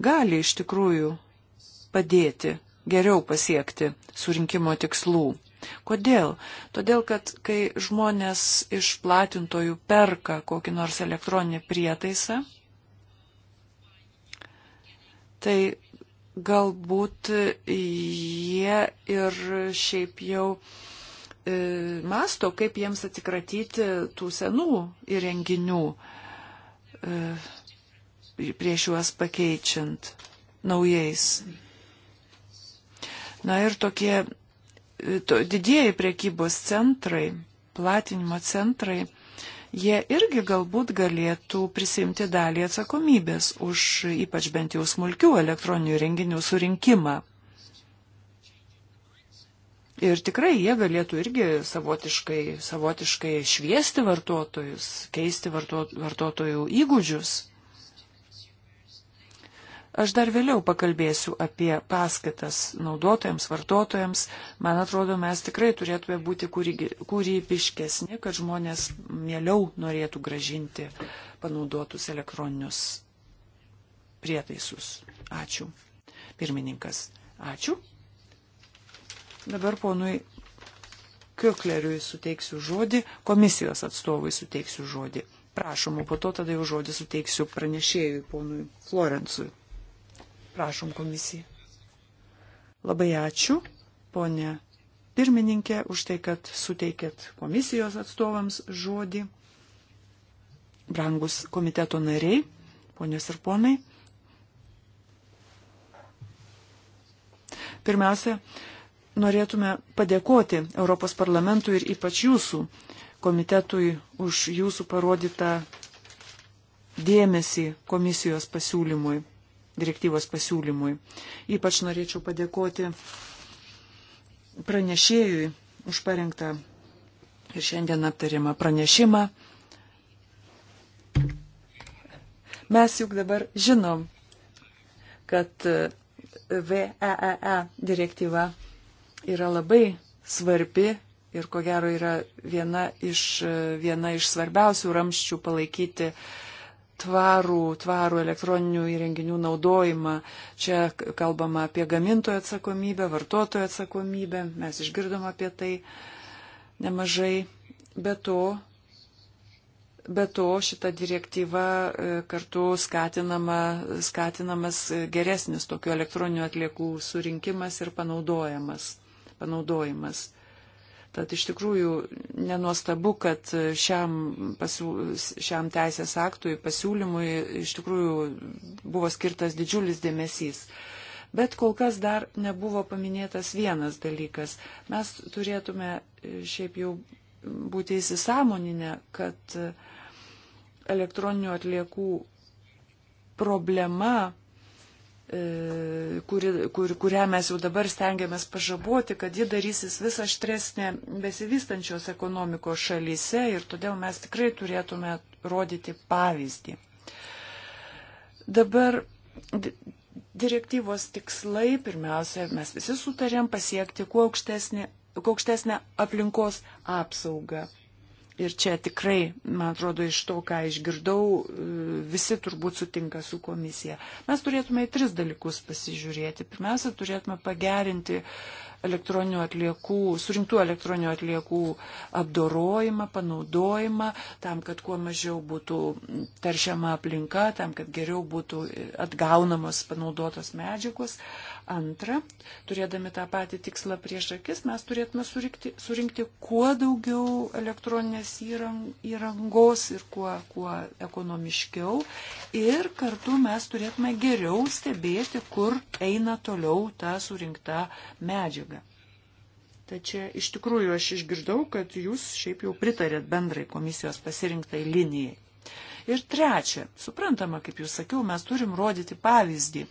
Gali iš tikrųjų padėti geriau pasiekti surinkimo tikslų. Kodėl? Todėl, kad kai žmonės iš platintojų perka kokį nors elektroninį prietaisą, tai galbūt jie ir šiaip jau e, masto, kaip jiems atsikratyti tų senų įrenginių e, prieš juos pakeičiant naujais. Na ir tokie didieji priekybos centrai, platinimo centrai, jie irgi galbūt galėtų prisimti dalį atsakomybės už ypač bent jau smulkių elektroninių renginių surinkimą. Ir tikrai jie galėtų irgi savotiškai, savotiškai šviesti vartotojus, keisti varto, vartotojų įgūdžius. Aš dar vėliau pakalbėsiu apie paskatas naudotojams, vartotojams. Man atrodo, mes tikrai turėtume būti kūrybiškesni, kad žmonės mieliau norėtų gražinti panaudotus elektroninius prietaisus. Ačiū. Pirmininkas, ačiū. Dabar ponui Kiukleriui suteiksiu žodį, komisijos atstovui suteiksiu žodį. Prašom, po to tada jau žodį suteiksiu pranešėjui ponui Florencui. Prašom komisijai. Labai ačiū, ponė pirmininkė, už tai, kad suteikėt komisijos atstovams žodį. Brangus komiteto nariai, ponios ir ponai. Pirmiausia, norėtume padėkoti Europos parlamentui ir ypač jūsų komitetui už jūsų parodytą dėmesį komisijos pasiūlymui direktyvos pasiūlymui. Ypač norėčiau padėkoti pranešėjui už parengtą ir šiandien aptariamą pranešimą. Mes juk dabar žinom, kad VEEE e e direktyva yra labai svarbi ir ko gero yra viena iš, viena iš svarbiausių ramščių palaikyti uh, tvarų, tvarų elektroninių įrenginių naudojimą. Čia kalbama apie gamintojo atsakomybę, vartotojo atsakomybę, mes išgirdom apie tai nemažai. Be to, be to šita direktyva e, kartu skatinama, skatinamas geresnis tokių elektroninių atliekų surinkimas ir panaudojimas. panaudojimas. Tad iš tikrųjų nenuostabu, kad šiam, pasiū, šiam teisės aktui, pasiūlymui iš tikrųjų buvo skirtas didžiulis dėmesys. Bet kol kas dar nebuvo paminėtas vienas dalykas. Mes turėtume šiaip jau būti įsisamoninę, kad elektroninių atliekų problema E, kuri, kur, kurią mes jau dabar stengiamės pažaboti, kad ji darysis vis aštresnė besivystančios ekonomikos šalyse ir todėl mes tikrai turėtume rodyti pavyzdį. Dabar direktyvos tikslai, pirmiausia, mes visi sutarėm pasiekti kuo aukštesnį kuo aukštesnę aplinkos apsaugą. Ir čia tikrai, man atrodo, iš to, ką išgirdau, visi turbūt sutinka su komisija. Mes turėtume į tris dalykus pasižiūrėti. Pirmiausia, turėtume pagerinti elektroninių atliekų, surinktų elektroninių atliekų apdorojimą, panaudojimą, tam, kad kuo mažiau būtų teršiama aplinka, tam, kad geriau būtų atgaunamos panaudotos medžiagos. Uh, Antra, turėdami tą patį tikslą prieš akis, mes turėtume surinkti, surinkti kuo daugiau elektroninės įrangos ir kuo, kuo ekonomiškiau. Ir kartu mes turėtume geriau stebėti, kur eina toliau ta surinkta medžiaga. Tačiau iš tikrųjų aš išgirdau, kad jūs šiaip jau pritarėt bendrai komisijos pasirinktai linijai. Ir trečia, suprantama, kaip jūs sakiau, mes turim rodyti pavyzdį,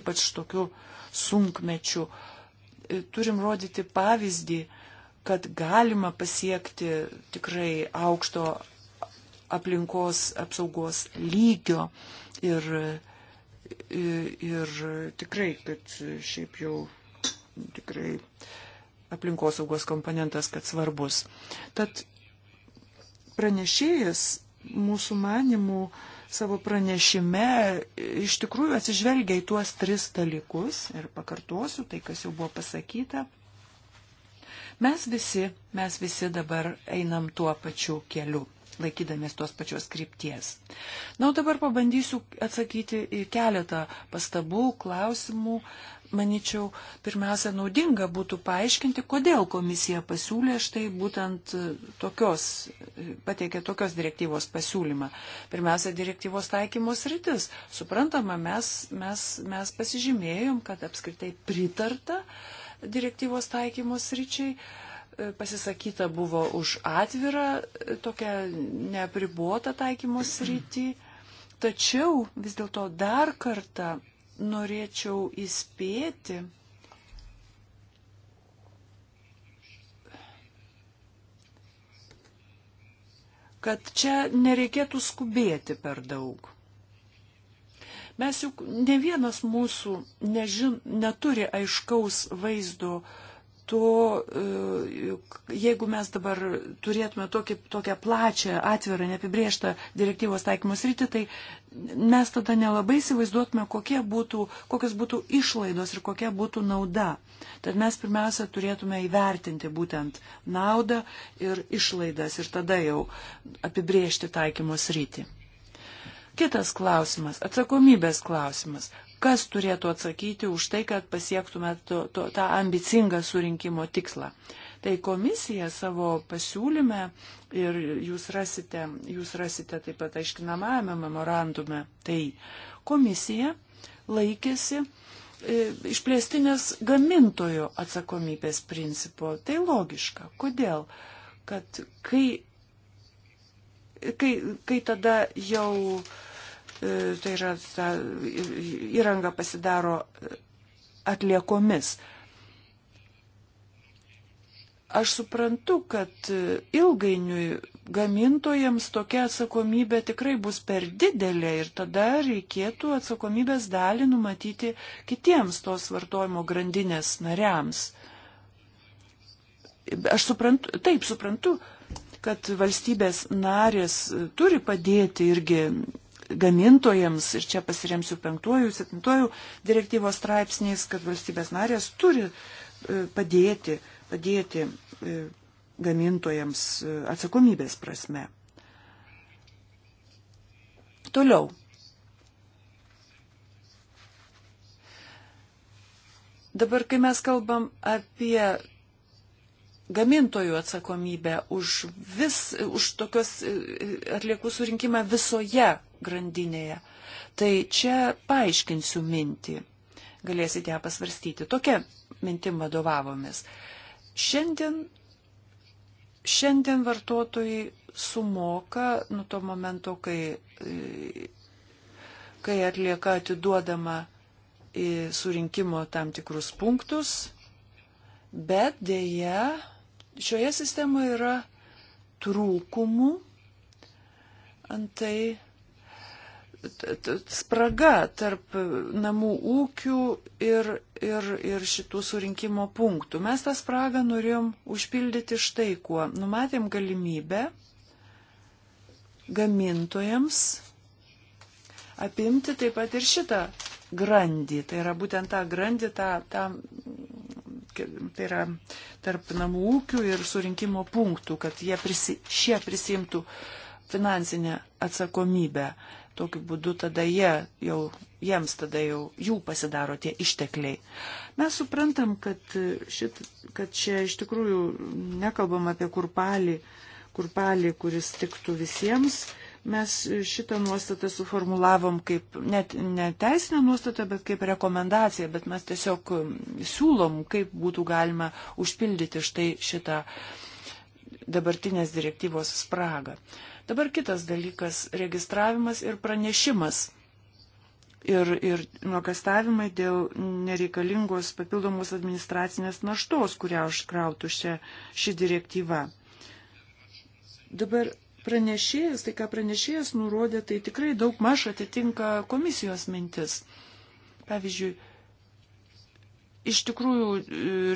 ypač tokiu sunkmečių. E, turim rodyti pavyzdį, kad galima pasiekti tikrai aukšto aplinkos apsaugos lygio ir, ir, e, ir tikrai, kad šiaip jau tikrai aplinkosaugos komponentas, kad svarbus. Tad pranešėjas mūsų manimų uh, savo pranešime iš tikrųjų atsižvelgia į tuos tris dalykus ir pakartosiu tai, kas jau buvo pasakyta. Mes visi, mes visi dabar einam tuo pačiu keliu laikydamės tos pačios krypties. Na, o dabar pabandysiu atsakyti į keletą pastabų, klausimų. Maničiau, pirmiausia, naudinga būtų paaiškinti, kodėl komisija pasiūlė štai būtent e, tokios, e, pateikė tokios direktyvos pasiūlymą. Pirmiausia, direktyvos taikymos rytis. Suprantama, mes, mes, mes pasižymėjom, kad apskritai pritarta direktyvos taikymos ryčiai pasisakyta buvo už atvirą, e, tokią neapribuotą taikymo sritį. Tačiau vis dėlto dar kartą norėčiau įspėti, kad čia nereikėtų skubėti per daug. Mes juk ne vienas mūsų nežin, neturi aiškaus vaizdo, uh, to, e, jeigu mes dabar turėtume tokį, tokią plačią, atvirą, neapibrieštą direktyvos taikymus rytį, tai mes tada nelabai įsivaizduotume, kokie būtų, kokios būtų išlaidos ir kokia būtų nauda. Tad mes pirmiausia turėtume įvertinti būtent naudą ir išlaidas ir tada jau apibriežti taikymus rytį. Kitas klausimas - atsakomybės klausimas kas turėtų atsakyti už tai, kad pasiektume to, to, tą ambicingą surinkimo tikslą. Tai komisija savo pasiūlyme ir jūs rasite, jūs rasite taip pat aiškinamajame memorandume, tai komisija laikėsi e, išplėstinės gamintojo atsakomybės principo. Tai logiška. Kodėl? Kad kai, kai, kai tada jau uh, E, tai yra ta įranga pasidaro atliekomis. Aš suprantu, kad ilgainiui gamintojams tokia atsakomybė tikrai bus per didelė ir tada reikėtų atsakomybės dalį numatyti kitiems tos vartojimo grandinės nariams. Aš suprantu, taip suprantu, kad valstybės narės turi padėti irgi gamintojams, ir čia pasiremsiu penktuoju, septintuoju direktyvos straipsniais, kad valstybės narės turi e, padėti, padėti e, gamintojams e, atsakomybės prasme. Toliau. Dabar, kai mes kalbam apie gamintojų atsakomybę už, vis, už tokios e, atliekų surinkimą visoje grandinėje. Tai čia paaiškinsiu mintį. Galėsite ją pasvarstyti. Tokia mintim vadovavomis. Šiandien, šiandien vartotojai sumoka nuo to momento, kai, e, kai atlieka atiduodama į surinkimo tam tikrus punktus, bet dėja šioje sistemoje yra trūkumų, antai spraga tarp namų ūkių ir, ir, ir šitų surinkimo punktų. Mes tą spragą norėjom užpildyti štai kuo. Numatėm galimybę gamintojams apimti taip pat ir šitą grandį. Tai yra būtent tą grandį, tą, tą tai yra tarp namų ūkių ir surinkimo punktų, kad jie prisi, šie prisimtų finansinę atsakomybę. Tokiu būdu tada jie jau, jiems tada jau jų pasidaro tie ištekliai. Mes suprantam, kad, šit, kad čia iš tikrųjų nekalbam apie kurpalį, kurpalį, kuris tiktų visiems Mes šitą nuostatą suformulavom kaip net ne teisinę nuostatą, bet kaip rekomendaciją, bet mes tiesiog um, siūlom, kaip būtų galima užpildyti štai šitą dabartinės direktyvos spragą. Dabar kitas dalykas - registravimas ir pranešimas ir, ir nuokastavimai dėl nereikalingos papildomos administracinės naštos, kurią užkrautų šia, ši direktyva. Dabar pranešėjas, tai ką pranešėjas nurodė, tai tikrai daug maž atitinka komisijos mintis. Pavyzdžiui, iš tikrųjų e,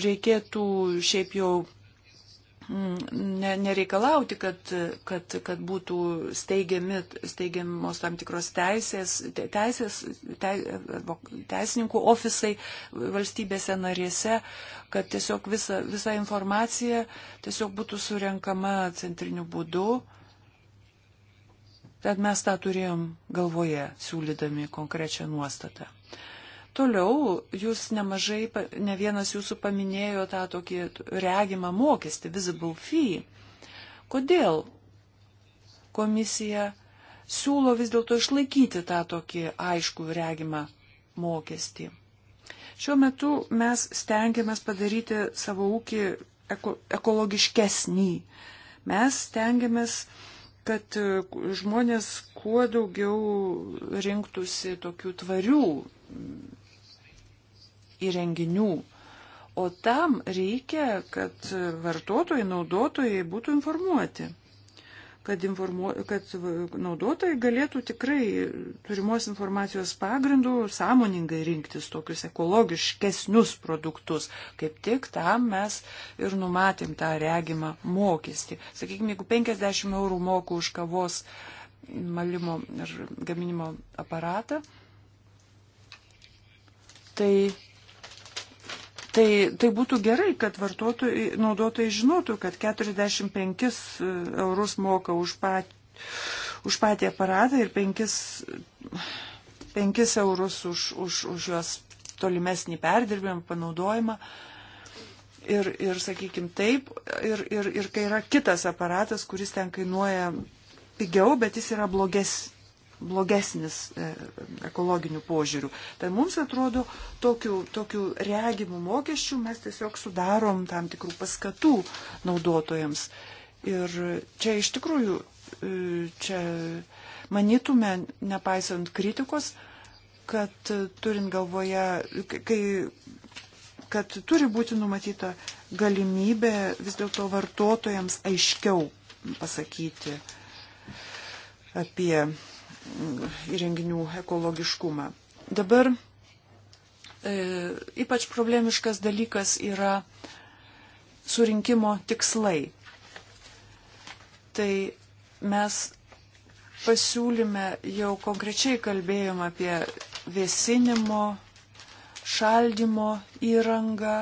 reikėtų šiaip jau mm, ne, nereikalauti, kad, kad, kad būtų steigiami, steigiamos tam tikros teisės, teisės te, teisininkų ofisai valstybėse narėse, kad tiesiog visa, visa informacija tiesiog būtų surenkama centriniu būdu. Tad mes tą turėjom galvoje, siūlydami konkrečią nuostatą. Toliau jūs nemažai, ne vienas jūsų paminėjo tą tokį regimą mokestį, visible fee. Kodėl komisija siūlo vis dėlto išlaikyti tą tokį aiškų regimą mokestį? Šiuo metu mes stengiamės padaryti savo ūkį eko, ekologiškesnį. Mes stengiamės uh, kad e, žmonės kuo daugiau rinktųsi tokių tvarių mm, įrenginių. O tam reikia, kad vartotojai, naudotojai būtų informuoti kad, informuo, kad naudotojai galėtų tikrai turimos informacijos pagrindų sąmoningai rinktis tokius ekologiškesnius produktus. Kaip tik tam mes ir numatėm tą regimą mokestį. Sakykime, jeigu 50 eurų moku už kavos malimo ir gaminimo aparatą, tai Tai, tai būtų gerai, kad vartotojai, naudotojai žinotų, kad 45 e, eurus moka už, pat, už patį aparatą ir 5, 5 eurus už, už, už juos tolimesnį perdirbimą, panaudojimą. Ir, ir sakykime, taip, ir, ir, ir kai yra kitas aparatas, kuris ten kainuoja pigiau, bet jis yra bloges, blogesnis e, ekologinių požiūrių. Tai mums atrodo, tokių, tokių regimų mokesčių mes tiesiog sudarom tam tikrų paskatų naudotojams. Ir čia iš tikrųjų, e, čia manytume, nepaisant kritikos, kad turint galvoje, kai, kad turi būti numatyta galimybė vis dėlto vartotojams aiškiau pasakyti apie įrenginių ekologiškumą. Dabar e, ypač problemiškas dalykas yra surinkimo tikslai. Tai mes pasiūlyme jau konkrečiai kalbėjom apie vėsinimo, šaldimo įrangą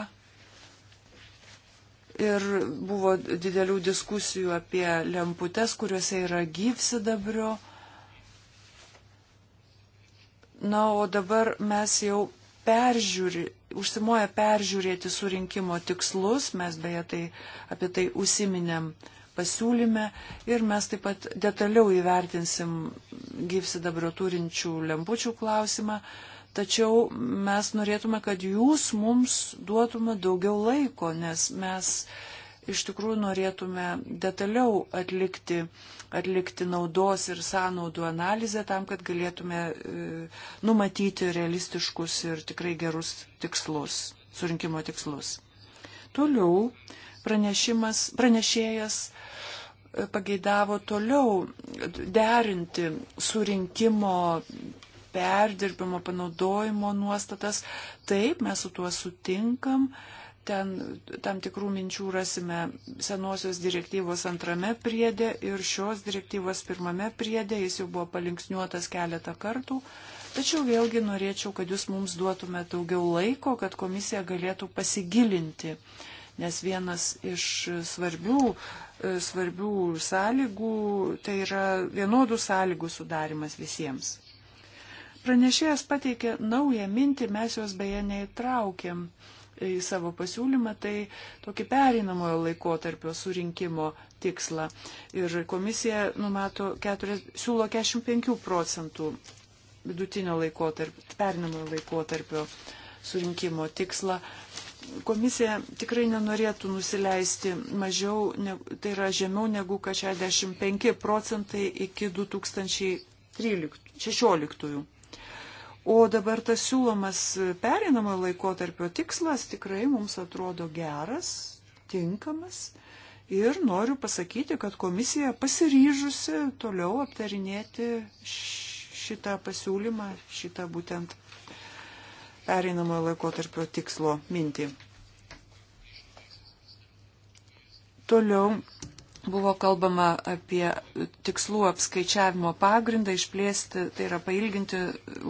ir buvo didelių diskusijų apie lemputes, kuriuose yra gyvsidabrio. dabrio Na, o dabar mes jau peržiūri, užsimoja peržiūrėti surinkimo tikslus, mes beje tai apie tai užsiminėm pasiūlyme ir mes taip pat detaliau įvertinsim gyvsidabrio turinčių lempučių klausimą, tačiau mes norėtume, kad jūs mums duotume daugiau laiko, nes mes uh, iš tikrųjų norėtume detaliau atlikti, atlikti naudos ir sąnaudų analizę tam, kad galėtume e, numatyti realistiškus ir tikrai gerus tikslus, surinkimo tikslus. Toliau pranešėjas e, pageidavo toliau derinti surinkimo perdirbimo, panaudojimo nuostatas. Taip, mes su tuo sutinkam, ten tam tikrų minčių rasime senosios direktyvos antrame priedė ir šios direktyvos pirmame priedė, jis jau buvo palinksniuotas keletą kartų. Tačiau vėlgi norėčiau, kad jūs mums duotumėte daugiau laiko, kad komisija galėtų pasigilinti, nes vienas iš svarbių, e, svarbių sąlygų tai yra vienodų sąlygų sudarimas visiems. Pranešėjas pateikė naują mintį, mes jos beje neįtraukėm. Uh, į savo pasiūlymą, tai tokį pereinamojo laikotarpio surinkimo tikslą. Ir komisija numato, 4, siūlo 45 procentų vidutinio laikotarpio, pereinamojo laikotarpio surinkimo tikslą. Komisija tikrai nenorėtų nusileisti mažiau, ne, tai yra žemiau negu 65 procentai iki 2013. 16. O dabar tas siūlomas perinamojo laikotarpio tikslas tikrai mums atrodo geras, tinkamas. Ir noriu pasakyti, kad komisija pasiryžusi toliau aptarinėti šitą pasiūlymą, šitą būtent pereinamojo laikotarpio tikslo mintį. Toliau buvo kalbama apie tikslų apskaičiavimo pagrindą išplėsti, tai yra pailginti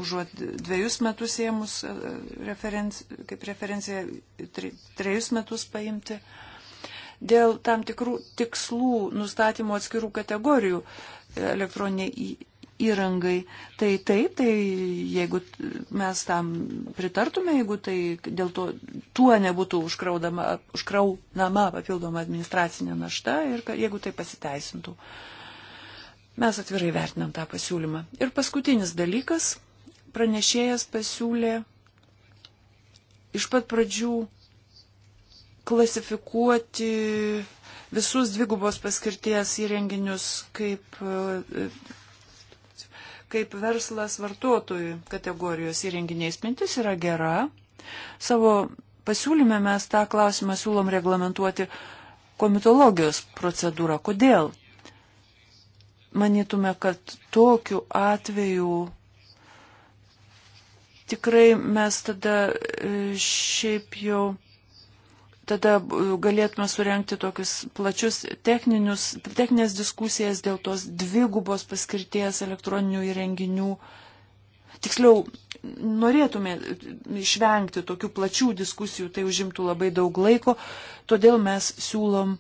užuot dviejus metus ėmus e, referenci, kaip referenciją, tre, trejus metus paimti. Dėl tam tikrų tikslų nustatymo atskirų kategorijų elektroninė įrangai. Tai taip, tai jeigu mes tam pritartume, jeigu tai dėl to tuo nebūtų užkraunama papildoma administracinė našta ir jeigu tai pasiteisintų. Mes atvirai vertinam tą pasiūlymą. Ir paskutinis dalykas, pranešėjas pasiūlė iš pat pradžių klasifikuoti visus dvigubos paskirties įrenginius kaip kaip verslas vartotojų kategorijos įrenginiais. Mintis yra gera. Savo pasiūlyme mes tą klausimą siūlom reglamentuoti komitologijos procedūrą. Kodėl? Manytume, kad tokiu atveju tikrai mes tada e, šiaip jau tada galėtume surenkti tokius plačius techninius, techninės diskusijas dėl tos dvigubos paskirties elektroninių įrenginių. Tiksliau, norėtume išvengti tokių plačių diskusijų, tai užimtų labai daug laiko, todėl mes siūlom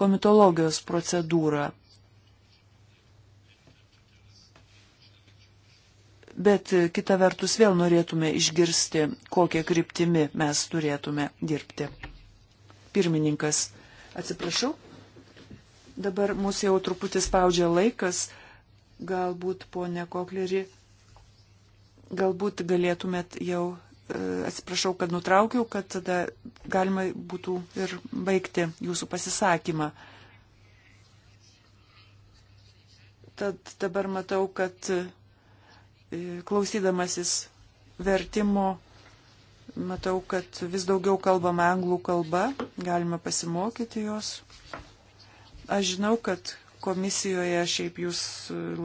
komitologijos procedūrą. Bet kita vertus vėl norėtume išgirsti, kokie kryptimi mes turėtume dirbti. Pirmininkas, atsiprašau, dabar mūsų jau truputį spaudžia laikas, galbūt ponė Kokleri, galbūt galėtumėt jau, e, atsiprašau, kad nutraukiau, kad tada galima būtų ir baigti jūsų pasisakymą. Tad dabar matau, kad e, klausydamasis vertimo Matau, kad vis daugiau kalbama anglų kalba, galima pasimokyti jos. Aš žinau, kad komisijoje šiaip jūs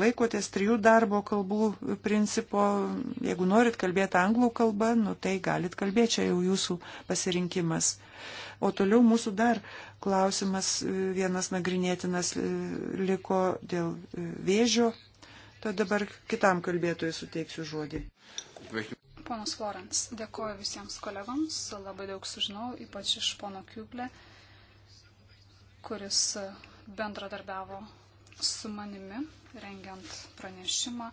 laikotės trijų darbo kalbų principo. Jeigu norit kalbėti anglų kalbą, nu tai galit kalbėti, čia jau jūsų pasirinkimas. O toliau mūsų dar klausimas vienas nagrinėtinas e, liko dėl e, vėžio. Tad dabar kitam kalbėtojui suteiksiu žodį. Ponas Florence, dėkoju visiems kolegoms, labai daug sužinau, ypač iš pono Kiuklė, kuris bendradarbiavo su manimi, rengiant pranešimą.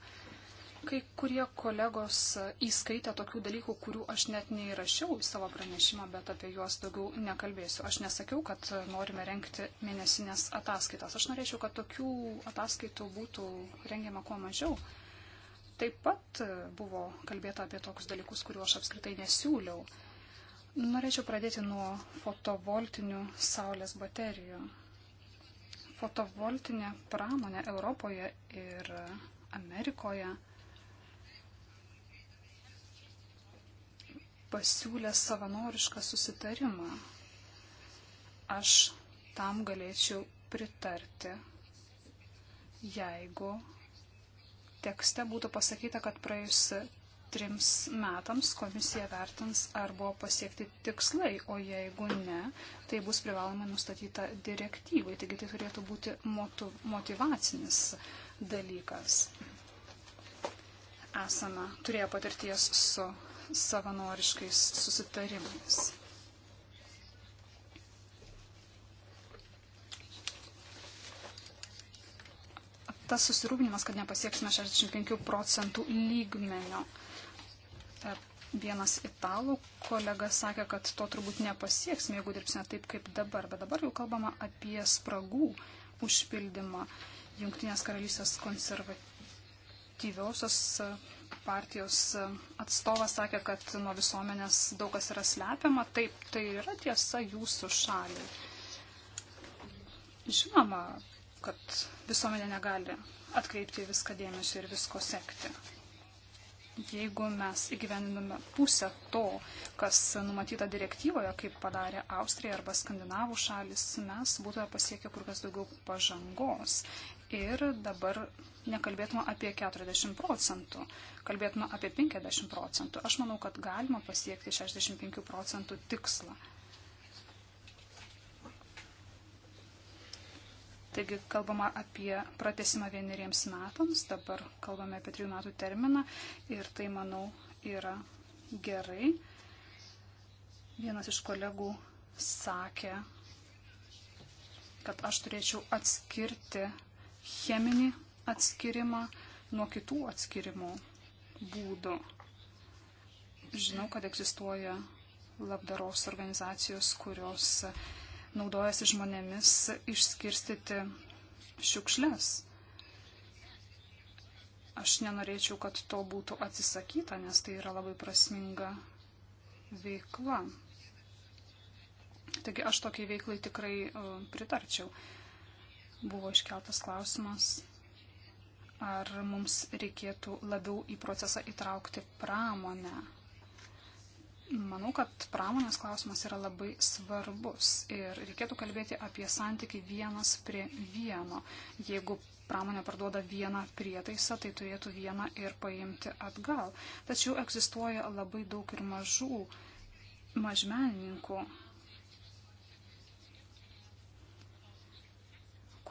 Kai kurie kolegos įskaitė tokių dalykų, kurių aš net neįrašiau į savo pranešimą, bet apie juos daugiau nekalbėsiu. Aš nesakiau, kad norime renkti mėnesinės ataskaitas. Aš norėčiau, kad tokių ataskaitų būtų rengiama kuo mažiau. Taip pat e, buvo kalbėta apie tokius dalykus, kuriuo aš apskritai nesiūliau. Norėčiau pradėti nuo fotovoltinių saulės baterijų. Fotovoltinė pramonė Europoje ir Amerikoje pasiūlė savanorišką susitarimą. Aš tam galėčiau pritarti, jeigu tekste būtų pasakyta, kad praėjus trims metams komisija vertins, ar buvo pasiekti tikslai, o jeigu ne, tai bus privaloma nustatyta direktyvai. Taigi tai turėtų būti motu, motivacinis dalykas. Esame turėję patirties su savanoriškais susitarimais. tas susirūpinimas, kad nepasieksime 65 procentų lygmenio. E, vienas italų kolega sakė, kad to turbūt nepasieksime, jeigu dirbsime taip kaip dabar. Bet dabar jau kalbama apie spragų užpildymą. Junktinės karalystės konservatyviausios partijos atstovas sakė, kad nuo visuomenės daug kas yra slepiama. Taip, tai yra tiesa jūsų šaliai. Žinoma, kad visuomenė negali atkreipti viską dėmesį ir visko sekti. Jeigu mes įgyveniname pusę to, kas numatyta direktyvoje, kaip padarė Austrija arba Skandinavų šalis, mes būtume pasiekę kur kas daugiau pažangos ir dabar nekalbėtume apie 40 procentų, kalbėtume apie 50 procentų. Aš manau, kad galima pasiekti 65 procentų tikslą. Taigi kalbama apie pratesimą vieneriems metams, dabar kalbame apie trijų metų terminą ir tai, manau, yra gerai. Vienas iš kolegų sakė, kad aš turėčiau atskirti cheminį atskirimą nuo kitų atskirimo būdų. Žinau, kad egzistuoja labdaros organizacijos, kurios naudojasi žmonėmis išskirstyti šiukšles. Aš nenorėčiau, kad to būtų atsisakyta, nes tai yra labai prasminga veikla. Taigi aš tokiai veiklai tikrai e, pritarčiau. Buvo iškeltas klausimas, ar mums reikėtų labiau į procesą įtraukti pramonę, Manau, kad pramonės klausimas yra labai svarbus ir reikėtų kalbėti apie santykį vienas prie vieno. Jeigu pramonė parduoda vieną prietaisą, tai turėtų vieną ir paimti atgal. Tačiau egzistuoja labai daug ir mažų mažmenininkų,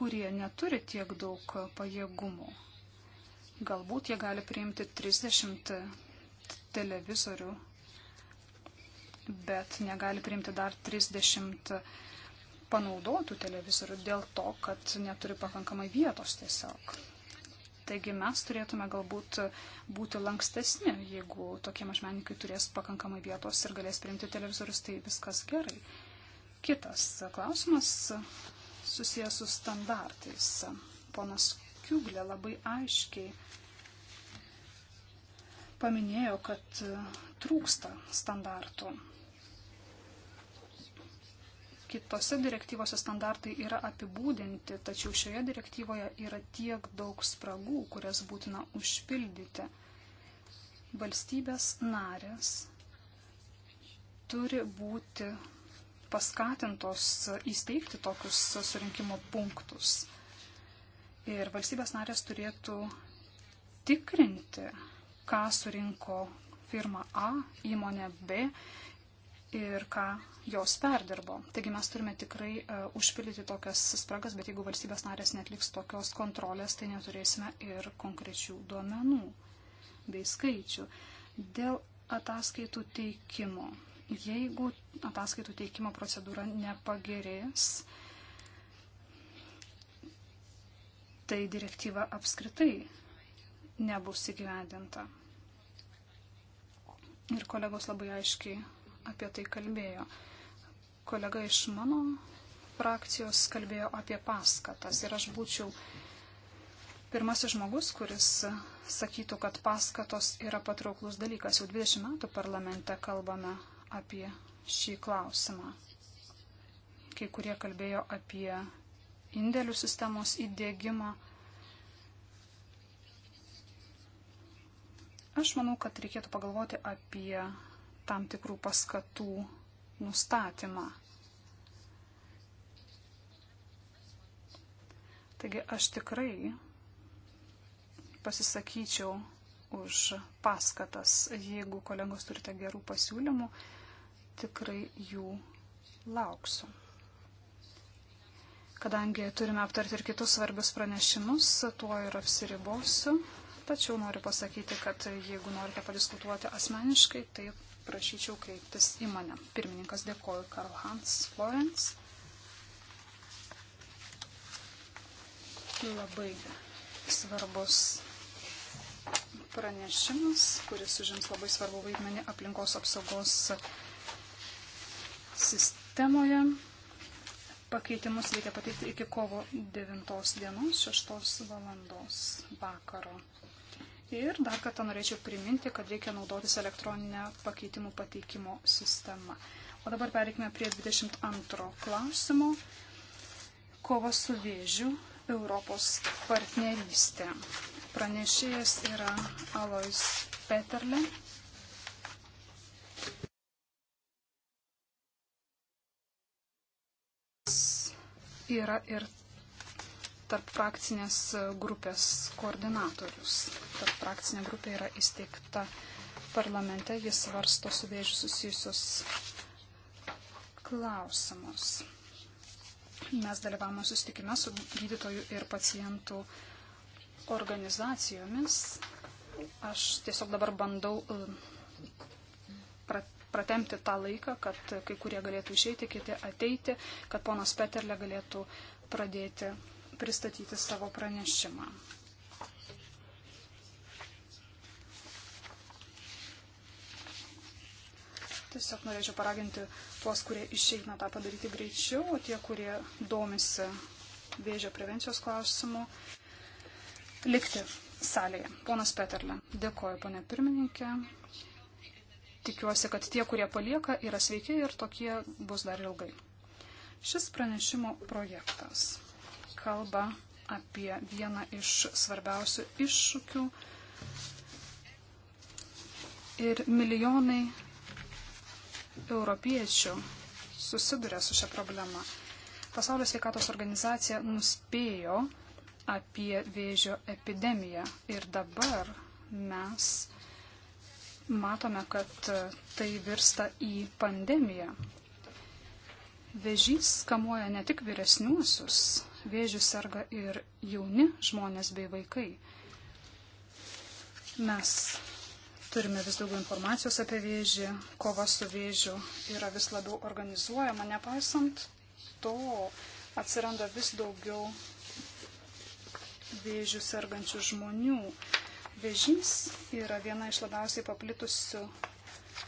kurie neturi tiek daug pajėgumų. Galbūt jie gali priimti 30 televizorių bet negali priimti dar 30 panaudotų televizorių dėl to, kad neturi pakankamai vietos tiesiog. Taigi mes turėtume galbūt būti lankstesni, jeigu tokie mažmenininkai turės pakankamai vietos ir galės priimti televizorius, tai viskas gerai. Kitas klausimas susijęs su standartais. Ponas Kiuglė labai aiškiai paminėjo, kad trūksta standartų. Kitose direktyvose standartai yra apibūdinti, tačiau šioje direktyvoje yra tiek daug spragų, kurias būtina užpildyti. Valstybės narės turi būti paskatintos įsteigti tokius surinkimo punktus. Ir valstybės narės turėtų tikrinti, ką surinko firma A, įmonė B ir ką jos perdirbo. Taigi mes turime tikrai uh, užpildyti tokias spragas, bet jeigu valstybės narės netliks tokios kontrolės, tai neturėsime ir konkrečių duomenų bei skaičių. Dėl ataskaitų teikimo. Jeigu ataskaitų teikimo procedūra nepagerės, tai direktyva apskritai nebus įgyvendinta. Ir kolegos labai aiškiai apie tai kalbėjo. Kolega iš mano frakcijos kalbėjo apie paskatas ir aš būčiau pirmasis žmogus, kuris sakytų, kad paskatos yra patrauklus dalykas. Jau 20 metų parlamente kalbame apie šį klausimą. Kai kurie kalbėjo apie indėlių sistemos įdėgymą. Aš manau, kad reikėtų pagalvoti apie tam tikrų paskatų nustatymą. Taigi aš tikrai pasisakyčiau už paskatas. Jeigu kolegos turite gerų pasiūlymų, tikrai jų lauksiu. Kadangi turime aptarti ir kitus svarbius pranešimus, tuo ir apsiribosiu. Tačiau noriu pasakyti, kad jeigu norite padiskutuoti asmeniškai, tai prašyčiau kreiptis į mane. Pirmininkas dėkoju Karl Hans Florence. Labai svarbus pranešimas, kuris užims labai svarbu vaidmenį aplinkos apsaugos sistemoje. Pakeitimus reikia pateikti iki kovo 9 dienos, 6 valandos vakaro. Ir dar kartą norėčiau priminti, kad reikia naudotis elektroninę pakeitimų pateikimo sistemą. O dabar pereikime prie 22 klausimo. Kova su vėžiu Europos partnerystė. Pranešėjas yra Alois Peterle. Yra ir tarp frakcinės grupės koordinatorius. Tarp frakcinė grupė yra įsteigta parlamente, jis varsto su vėžiu susijusius klausimus. Mes dalyvavome susitikime su gydytojų ir pacientų organizacijomis. Aš tiesiog dabar bandau e, pratemti tą laiką, kad kai kurie galėtų išeiti, kiti ateiti, kad ponas Peterle galėtų pradėti pristatyti savo pranešimą. Tiesiog norėčiau paraginti tuos, kurie išeina tą padaryti greičiau, o tie, kurie domisi vėžio prevencijos klausimu, likti salėje. Ponas Peterle, dėkoju, ponė pirmininkė. Tikiuosi, kad tie, kurie palieka, yra sveiki ir tokie bus dar ilgai. Šis pranešimo projektas kalba apie vieną iš svarbiausių iššūkių. Ir milijonai europiečių susiduria su šia problema. Pasaulio sveikatos organizacija nuspėjo apie vėžio epidemiją ir dabar mes matome, kad tai virsta į pandemiją. Vėžys kamuoja ne tik vyresniuosius, vėžių serga ir jauni žmonės bei vaikai. Mes turime vis daugiau informacijos apie vėžį, kova su vėžiu yra vis labiau organizuojama, nepaisant to atsiranda vis daugiau vėžių sergančių žmonių. Vėžys yra viena iš labiausiai paplitusių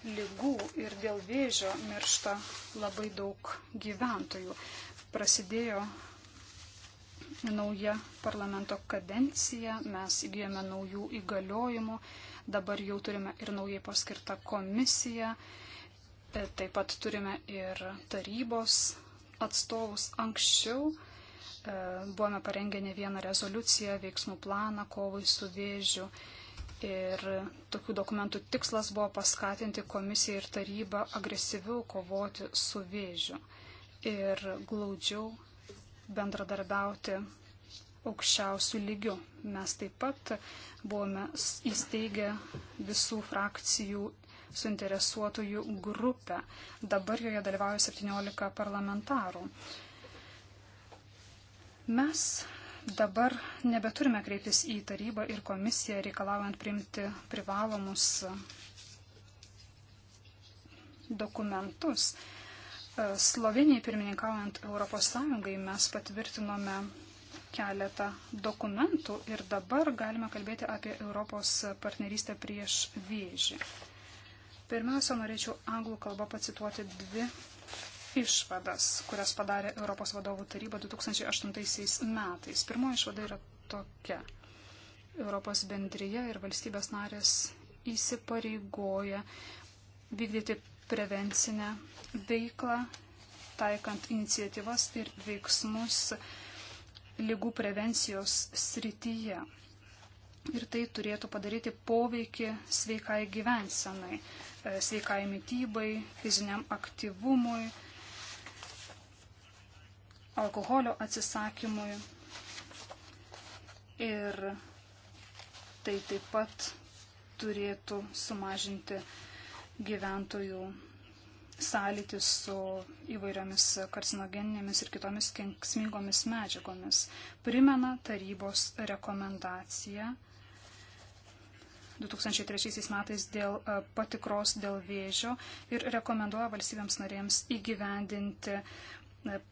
lygų ir dėl vėžio miršta labai daug gyventojų. Prasidėjo nauja parlamento kadencija, mes įgyjame naujų įgaliojimų, dabar jau turime ir naujai paskirtą komisiją, e, taip pat turime ir tarybos atstovus anksčiau e, buvome parengę ne vieną rezoliuciją, veiksmų planą kovai su vėžiu. Ir tokių dokumentų tikslas buvo paskatinti komisiją ir tarybą agresyviau kovoti su vėžiu ir glaudžiau bendradarbiauti aukščiausių lygių. Mes taip pat buvome įsteigę visų frakcijų suinteresuotųjų grupę. Dabar joje dalyvauja 17 parlamentarų. Mes Dabar nebeturime kreiptis į tarybą ir komisiją reikalaujant priimti privalomus dokumentus. E, Slovenijai pirmininkaujant ES mes patvirtinome keletą dokumentų ir dabar galime kalbėti apie Europos partnerystę prieš vėžį. Pirmiausia, norėčiau anglų kalbą pacituoti dvi išvadas, kurias padarė Europos vadovų taryba 2008 metais. Pirmoji išvada yra tokia. Europos bendryje ir valstybės narės įsipareigoja vykdyti prevencinę veiklą, taikant iniciatyvas ir veiksmus lygų prevencijos srityje. Ir tai turėtų padaryti poveikį sveikai gyvensenai, e, sveikai mytybai, fiziniam aktyvumui, alkoholio atsisakymui. Ir tai taip pat turėtų sumažinti gyventojų sąlytį su įvairiomis karcinogeninėmis ir kitomis kenksmingomis medžiagomis. Primena tarybos rekomendaciją 2003 metais dėl e, patikros dėl vėžio ir rekomenduoja valstybėms narėms įgyvendinti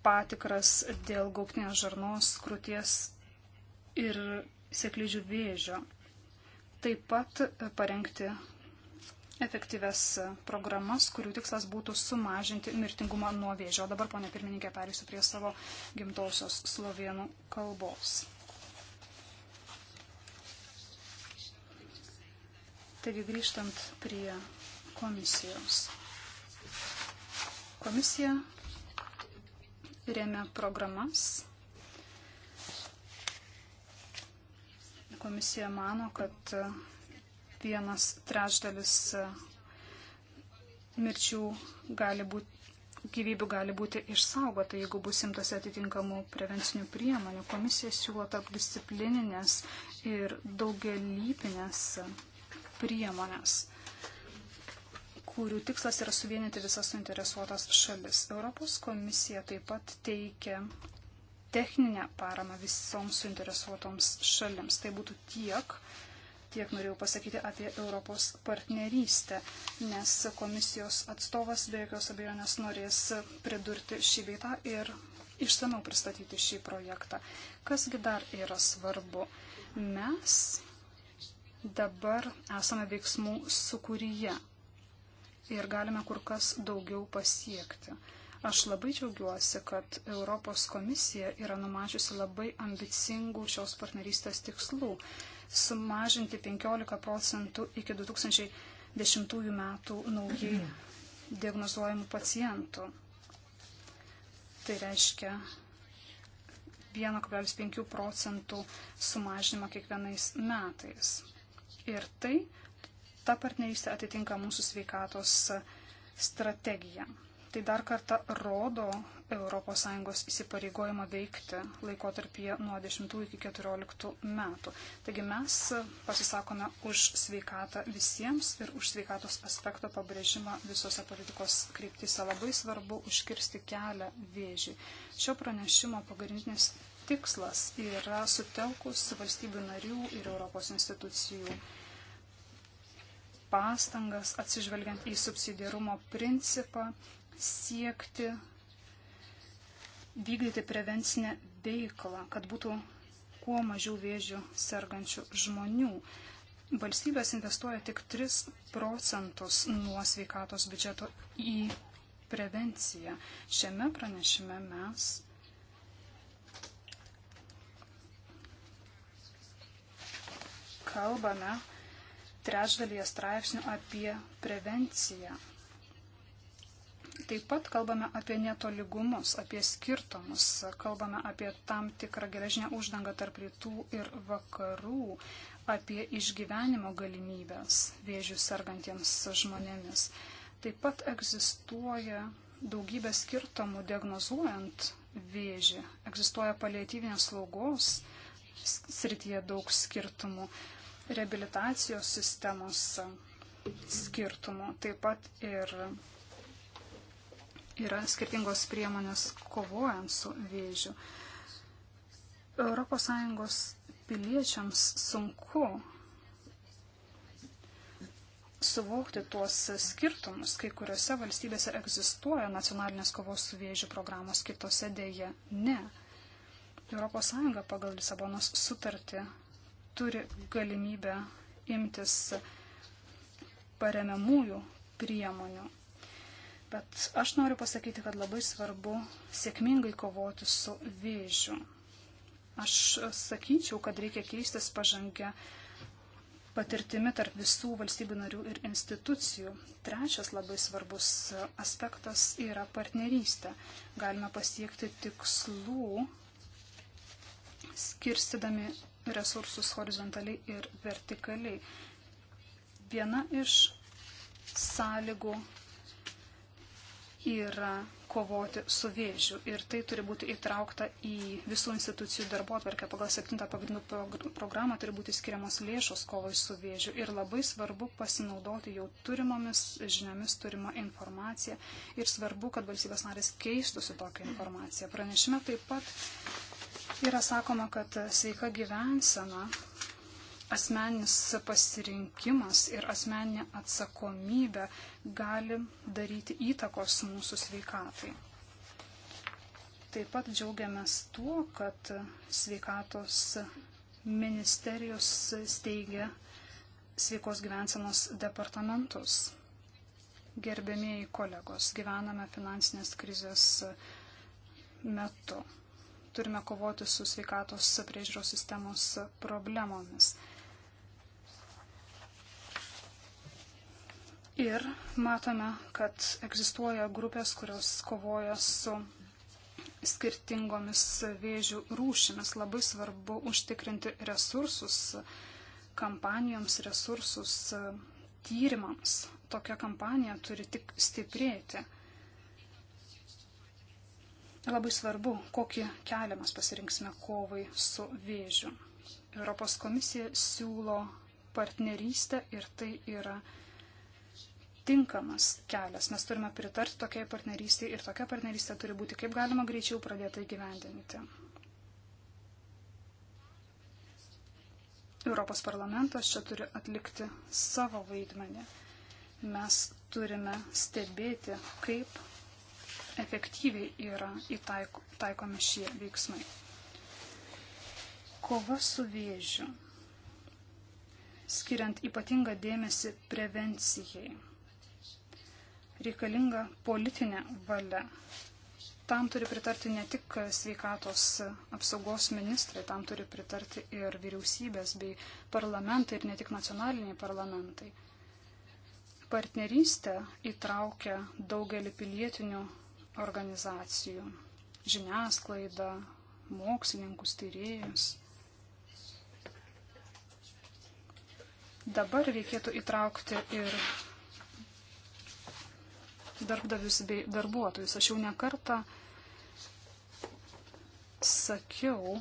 patikras dėl gauptinės žarnos, krūties ir sėklidžių vėžio. Taip pat parengti efektyves programas, kurių tikslas būtų sumažinti mirtingumą nuo vėžio. O dabar, ponė pirmininkė, perėsiu prie savo gimtosios slovėnų kalbos. Taigi grįžtant prie komisijos. Komisija remia programas. Komisija mano, kad vienas trečdalis mirčių gali būti gyvybių gali būti išsaugota, jeigu bus imtas atitinkamų prevencinių priemonių. Komisija siūlo tarp disciplininės ir daugelypinės priemonės kurių tikslas yra suvienyti visas suinteresuotas šalis. Europos komisija taip pat teikia techninę paramą visoms suinteresuotoms šalims. Tai būtų tiek, tiek norėjau pasakyti apie Europos partnerystę, nes komisijos atstovas be jokios abejonės norės pridurti šį beitą ir išsameu pristatyti šį projektą. Kasgi dar yra svarbu? Mes dabar esame veiksmų sukūryje ir galime kur kas daugiau pasiekti. Aš labai džiaugiuosi, kad Europos komisija yra numačiusi labai ambicingų šios partnerystės tikslų - sumažinti 15 procentų iki 2010 metų naujai diagnozuojamų pacientų. Tai reiškia 1,5 procentų sumažinimą kiekvienais metais. Ir tai ta partnerystė atitinka mūsų sveikatos strategiją. Tai dar kartą rodo ES įsipareigojimą veikti laikotarpyje nuo 10 iki 14 metų. Taigi mes pasisakome už sveikatą visiems ir už sveikatos aspekto pabrėžimą visose politikos kryptise. Labai svarbu užkirsti kelią vėžį. Šio pranešimo pagrindinis tikslas yra sutelkus valstybių narių ir Europos institucijų pastangas, atsižvelgiant į subsidiarumo principą, siekti vykdyti prevencinę veiklą, kad būtų kuo mažiau vėžių sergančių žmonių. Valstybės investuoja tik 3 procentus nuo sveikatos biudžeto į prevenciją. Šiame pranešime mes kalbame trečdalyje straipsnių apie prevenciją. Taip pat kalbame apie netoligumus, apie skirtumus, kalbame apie tam tikrą geležinę uždangą tarp rytų ir vakarų, apie išgyvenimo galimybės vėžių sergantiems žmonėmis. Taip pat egzistuoja daugybė skirtumų diagnozuojant vėžį, egzistuoja paliatyvinės slaugos srityje daug skirtumų reabilitacijos sistemos skirtumų. Taip pat ir yra skirtingos priemonės kovojant su vėžiu. ES piliečiams sunku suvokti tuos skirtumus. Kai kuriuose valstybėse egzistuoja nacionalinės kovos su vėžiu programos, kitose dėje ne. ES pagal Lisabonos sutartį turi galimybę imtis paremiamųjų priemonių. Bet aš noriu pasakyti, kad labai svarbu sėkmingai kovoti su vėžiu. Aš sakyčiau, kad reikia keistis pažangę patirtimi tarp visų valstybių narių ir institucijų. Trečias labai svarbus aspektas yra partnerystė. Galime pasiekti tikslų, skirstydami resursus horizontaliai ir vertikaliai. Viena iš sąlygų yra kovoti su vėžiu ir tai turi būti įtraukta į visų institucijų darbo atverkę. Pagal 7 pagrindų programą turi būti skiriamos lėšos kovai su vėžiu ir labai svarbu pasinaudoti jau turimomis žiniomis, turimą informaciją ir svarbu, kad valstybės narės keistųsi tokią informaciją. Pranešime taip pat Yra sakoma, kad sveika gyvensena, asmeninis pasirinkimas ir asmeninė atsakomybė gali daryti įtakos mūsų sveikatai. Taip pat džiaugiamės tuo, kad sveikatos ministerijos steigia sveikos gyvensenos departamentus. Gerbėmėjai kolegos, gyvename finansinės krizės metu turime kovoti su sveikatos priežiūros sistemos problemomis. Ir matome, kad egzistuoja grupės, kurios kovoja su skirtingomis vėžių rūšimis. Labai svarbu užtikrinti resursus kampanijoms, resursus tyrimams. Tokia kampanija turi tik stiprėti. Labai svarbu, kokį kelią mes pasirinksime kovai su vėžiu. Europos komisija siūlo partnerystę ir tai yra tinkamas kelias. Mes turime pritarti tokiai partnerystėje ir tokia partnerystė turi būti kaip galima greičiau pradėta įgyvendinti. Europos parlamentas čia turi atlikti savo vaidmenį. Mes turime stebėti, kaip efektyviai yra įtaiko, taikomi šie veiksmai. Kova su vėžiu. Skiriant ypatingą dėmesį prevencijai. Reikalinga politinė valia. Tam turi pritarti ne tik sveikatos apsaugos ministrai, tam turi pritarti ir vyriausybės bei parlamentai ir ne tik nacionaliniai parlamentai partnerystę įtraukia daugelį pilietinių organizacijų - žiniasklaidą, mokslininkus, tyrėjus. Dabar reikėtų įtraukti ir darbdavius bei darbuotojus. Aš jau nekartą sakiau,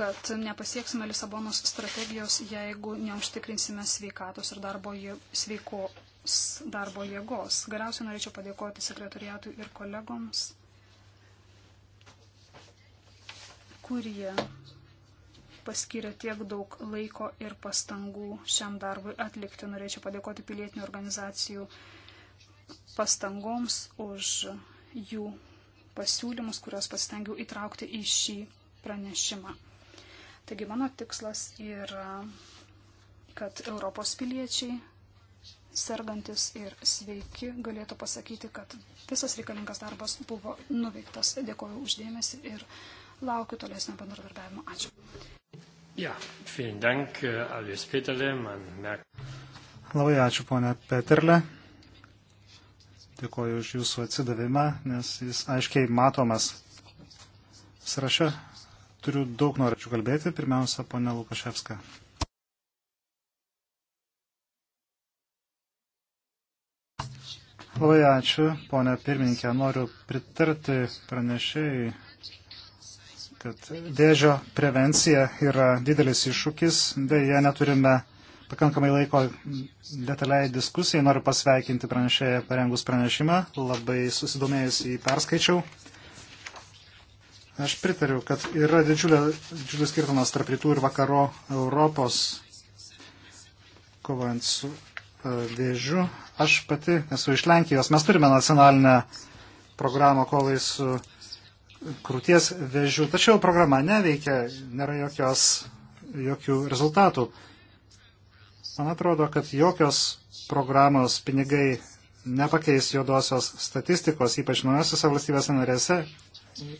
kad nepasieksime Lisabonos strategijos, jeigu neužtikrinsime sveikatos ir darbo, sveiko, darbo jėgos. Galiausiai norėčiau padėkoti sekretoriatui ir kolegoms, kurie paskyrė tiek daug laiko ir pastangų šiam darbui atlikti. Norėčiau padėkoti pilietinių organizacijų pastangoms už jų pasiūlymus, kuriuos pasistengiau įtraukti į šį pranešimą. Taigi mano tikslas yra, kad Europos piliečiai sergantis ir sveiki galėtų pasakyti, kad visas reikalingas darbas buvo nuveiktas. Dėkoju uždėmesi ir laukiu tolesnio bendradarbiavimo. Ačiū. Ja, vielen Dank, äh, Alius Peterle. Man merkt. Labai ačiū, ponia Peterle. Dėkoju už jūsų atsidavimą, nes jis aiškiai matomas. Sraše turiu daug noračių kalbėti. Pirmiausia, ponia Lukaševska. Labai ačiū, ponia pirmininkė. Noriu pritarti pranešėjai, kad vėžio prevencija yra didelis iššūkis, dėja neturime pakankamai laiko detaliai diskusijai. Noriu pasveikinti pranešėją parengus pranešimą. Labai susidomėjus jį perskaičiau. Aš pritariu, kad yra didžiulė, didžiulis skirtumas tarp rytų ir vakaro Europos, kovojant su vėžiu. Aš pati esu iš Lenkijos. Mes turime nacionalinę programą kovai su krūties vėžiu. Tačiau programa neveikia, nėra jokios, jokių rezultatų. Man atrodo, kad jokios programos pinigai nepakeis juodosios statistikos, ypač naujosiuose valstybėse narėse,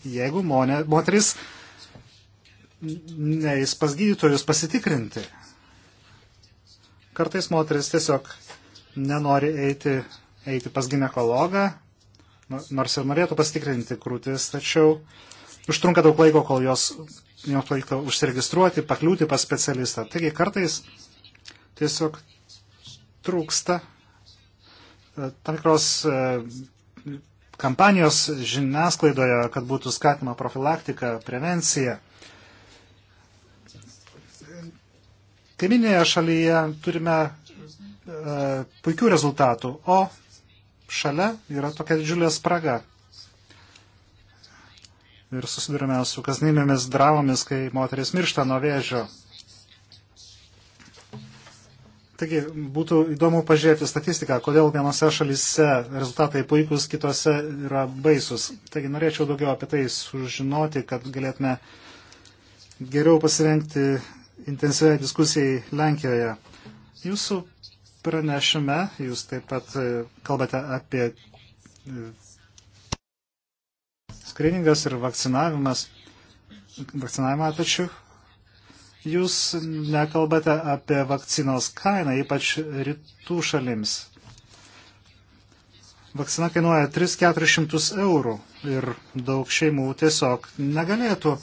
jeigu monė, moteris neįs pas gydytojus pasitikrinti. Kartais moteris tiesiog nenori eiti, eiti pas gynekologą, nors ir norėtų pasitikrinti krūtis, tačiau užtrunka daug laiko, kol jos, joms pavyko užsiregistruoti, pakliūti pas specialistą. Taigi kartais tiesiog trūksta e, tam tikros e, kampanijos žiniasklaidoje, kad būtų skatima profilaktika, prevencija. Kaiminėje šalyje turime e, puikių rezultatų, o šalia yra tokia didžiulė spraga. Ir susidurime su kasnynėmis dramomis, kai moteris miršta nuo vėžio. Taigi, būtų įdomu pažiūrėti statistiką, kodėl vienose šalise rezultatai puikūs, kitose yra baisus. Taigi, norėčiau daugiau apie tai sužinoti, kad galėtume geriau pasirengti intensyviai diskusijai Lenkijoje. Jūsų pranešime jūs taip pat e, kalbate apie e, skriningas ir vakcinavimas, vakcinavimą tačiau jūs nekalbate apie vakcinos kainą, ypač rytų šalims. Vakcina kainuoja 3-400 eurų ir daug šeimų tiesiog negalėtų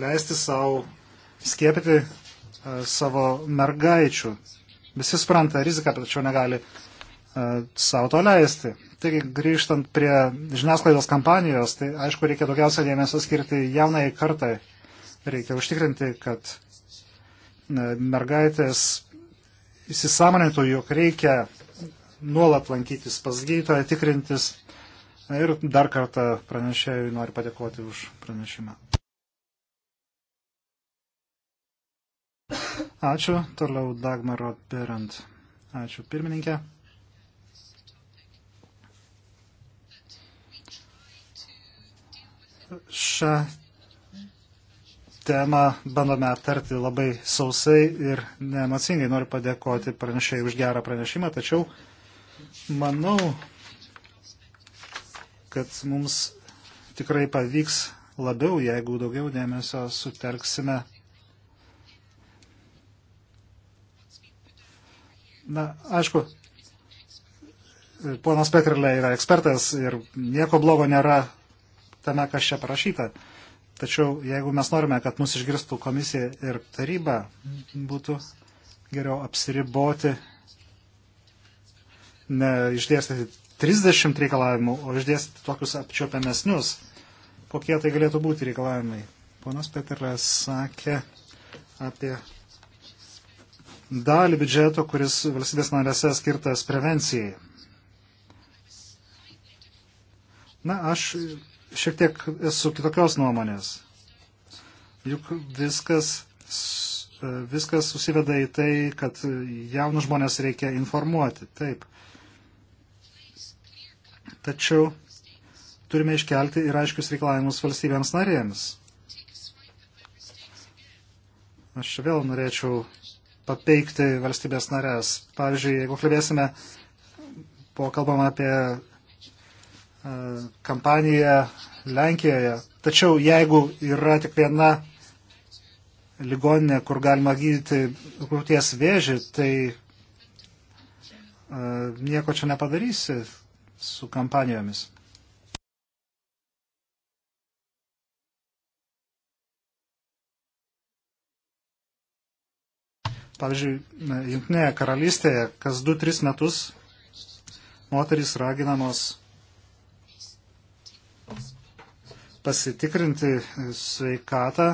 leisti savo skiepyti e, savo mergaičių. Visi supranta riziką, tačiau negali e, savo to leisti. Taigi, grįžtant prie žiniasklaidos kampanijos, tai aišku, reikia daugiausia dėmesio skirti jaunai kartai. Reikia užtikrinti, kad e, mergaitės įsisamonintų, jog reikia nuolat lankytis pas gydytoją, tikrintis. Ir dar kartą pranešėjui noriu padėkoti už pranešimą. Ačiū. Toliau Dagmaro Perant. Ačiū pirmininkė. Šią temą bandome aptarti labai sausai ir neemacingai. Noriu padėkoti pranešėjai už gerą pranešimą, tačiau manau, kad mums tikrai pavyks labiau, jeigu daugiau dėmesio sutelksime Na, aišku, ponas Petrelė yra ekspertas ir nieko blogo nėra tame, kas čia parašyta. Tačiau jeigu mes norime, kad mus išgirstų komisija ir taryba, būtų geriau apsiriboti, ne išdėstyti 30 reikalavimų, o išdėstyti tokius apčiopiamesnius. Kokie tai galėtų būti reikalavimai? Ponas Peterlė sakė apie dalį biudžeto, kuris valstybės narėse skirtas prevencijai. Na, aš šiek tiek esu kitokios nuomonės. Juk viskas, viskas susiveda į tai, kad jaunus žmonės reikia informuoti. Taip. Tačiau turime iškelti ir aiškius reikalavimus valstybėms narėms. Aš vėl norėčiau papeikti valstybės narės. Pavyzdžiui, jeigu kalbėsime, buvo kalbama apie e, kampaniją Lenkijoje. Tačiau jeigu yra tik viena ligoninė, kur galima gydyti krūties vėžį, tai e, nieko čia nepadarysi su kampanijomis. Pavyzdžiui, Junktinėje karalystėje kas 2-3 metus moterys raginamos pasitikrinti sveikatą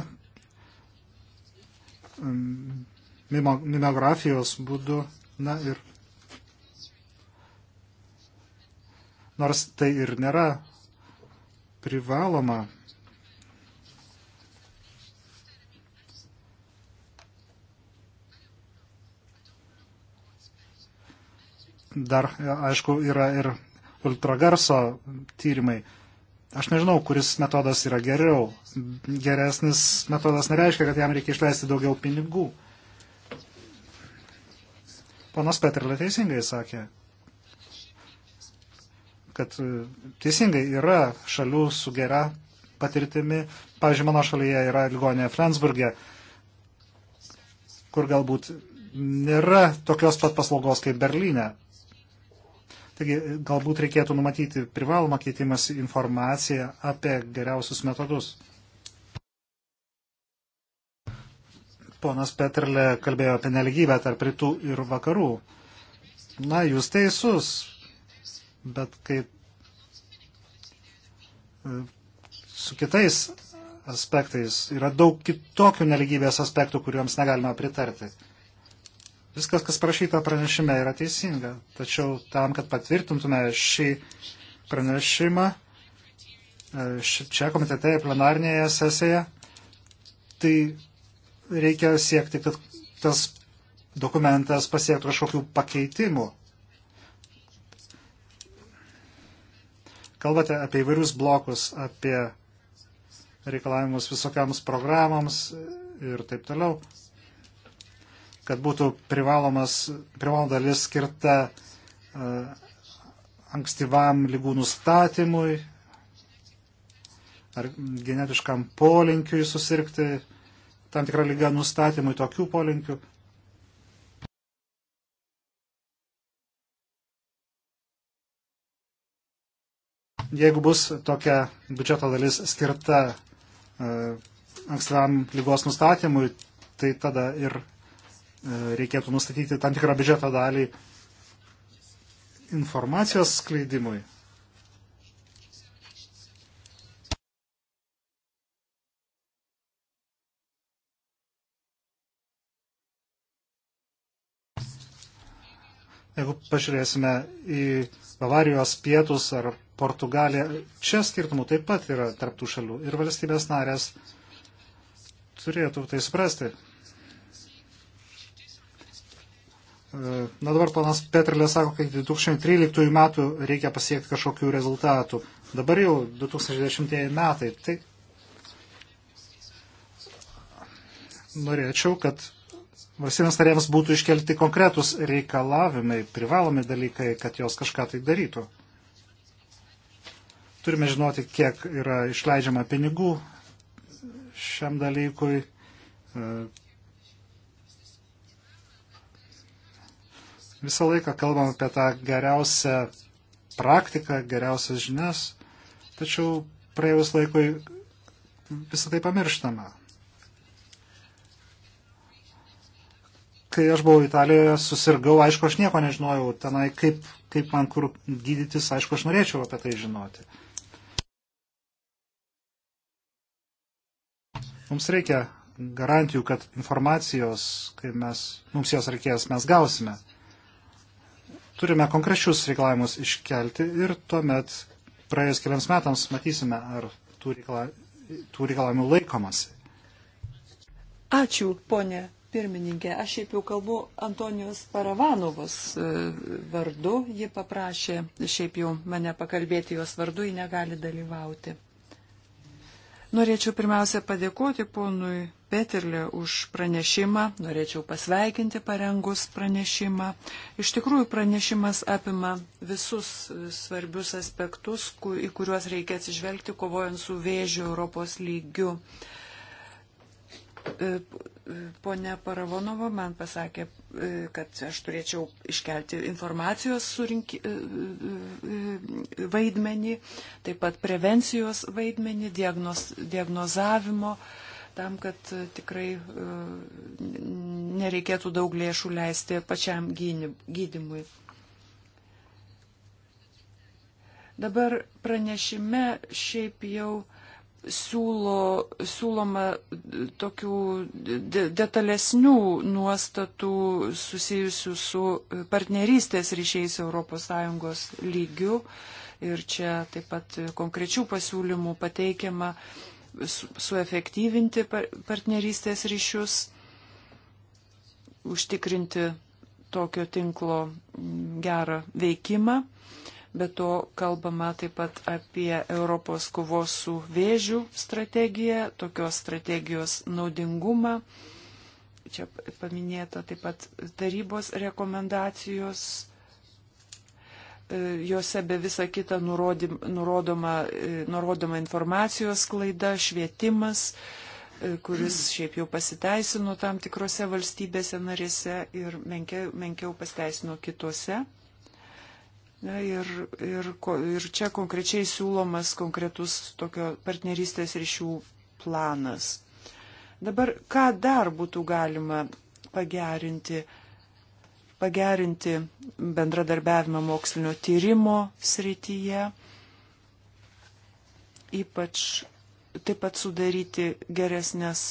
mimografijos būdu. Na ir nors tai ir nėra privaloma, dar, aišku, yra ir ultragarso tyrimai. Aš nežinau, kuris metodas yra geriau. Geresnis metodas nereiškia, kad jam reikia išleisti daugiau pinigų. Ponas Petrelė teisingai sakė, kad e, teisingai yra šalių su gera patirtimi. Pavyzdžiui, mano šalyje yra ligonė Flensburgė, kur galbūt nėra tokios pat paslaugos kaip Berlyne. Taigi galbūt reikėtų numatyti privalomą keitimas informaciją apie geriausius metodus. Ponas Petrle kalbėjo apie neligybę tarp rytų ir vakarų. Na, jūs teisus, bet kaip e, su kitais aspektais yra daug kitokių neligybės aspektų, kuriuoms negalima pritarti. Viskas, kas parašyta pranešime, yra teisinga. Tačiau tam, kad patvirtintume šį pranešimą e, čia komitete plenarnėje sesijoje, tai reikia siekti, kad tas dokumentas pasiektų kažkokių pakeitimų. Kalbate apie įvairius blokus, apie reikalavimus visokiams programams ir taip toliau kad būtų privalomas, privaloma dalis skirta e, ankstyvam lygų nustatymui ar genetiškam polinkiui susirgti, tam tikrą lygą nustatymui tokių polinkių. Jeigu bus tokia biudžeto dalis skirta uh, ankstyvam lygos nustatymui, tai tada ir E, reikėtų nustatyti tam tikrą biudžeto dalį informacijos skleidimui. Jeigu pažiūrėsime į Bavarijos pietus ar Portugaliją, čia skirtumų taip pat yra tarptų šalių ir valstybės narės turėtų tai suprasti. E, na dabar panas Petrilė sako, kad 2013 metų reikia pasiekti kažkokių rezultatų. Dabar jau 2010 metai. Tai norėčiau, kad valstybės narėms būtų iškelti konkretus reikalavimai, privalomi dalykai, kad jos kažką tai darytų. Turime žinoti, kiek yra išleidžiama pinigų šiam dalykui, e, Visą laiką kalbam apie tą geriausią praktiką, geriausias žinias, tačiau praėjus laikui visą tai pamirštama. Kai aš buvau Italijoje, susirgau, aišku, aš nieko nežinojau tenai, kaip, kaip man kur gydytis, aišku, aš norėčiau apie tai žinoti. Mums reikia garantijų, kad informacijos, kai mes, mums jos reikės, mes gausime. Turime konkrečius reikalavimus iškelti ir tuomet praėjus keliams metams matysime, ar tų, reikala, tų reikalavimų laikomasi. Ačiū, ponė pirmininkė. Aš šiaip jau kalbu Antonijos Paravanovos e, vardu. Ji paprašė šiaip jau mane pakalbėti jos vardu, ji negali dalyvauti. Norėčiau pirmiausia padėkoti ponui Peterlį už pranešimą. Norėčiau pasveikinti parengus pranešimą. Iš tikrųjų, pranešimas apima visus svarbius aspektus, į kuriuos reikia atsižvelgti, kovojant su vėžiu Europos lygiu. E, Pone Paravonova man pasakė, e, kad aš turėčiau iškelti informacijos surinki, e, vaidmenį, taip pat prevencijos vaidmenį, diagnoz, diagnozavimo vaidmenį tam, kad e, tikrai e, nereikėtų daug lėšų leisti pačiam gydimui. Dabar pranešime šiaip jau siūlo, siūloma e, tokių detalesnių nuostatų susijusių su partnerystės ryšiais ES lygių. Ir čia taip pat konkrečių pasiūlymų pateikiama suefektyvinti partnerystės ryšius, užtikrinti tokio tinklo mm, gerą veikimą. Be to kalbama taip pat apie Europos kovos su vėžiu strategiją, tokios strategijos naudingumą. Čia paminėta taip pat tarybos rekomendacijos E, juose be visa kita nurodym, nurodoma, e, nurodoma informacijos klaida, švietimas, e, kuris šiaip jau pasiteisino tam tikrose valstybėse narėse ir menkiau, menkiau pasiteisino kitose. Na, ir, ir, ir čia konkrečiai siūlomas konkretus tokio partnerystės ryšių planas. Dabar ką dar būtų galima pagerinti? pagerinti bendradarbiavimą mokslinio tyrimo srityje, ypač taip pat sudaryti geresnės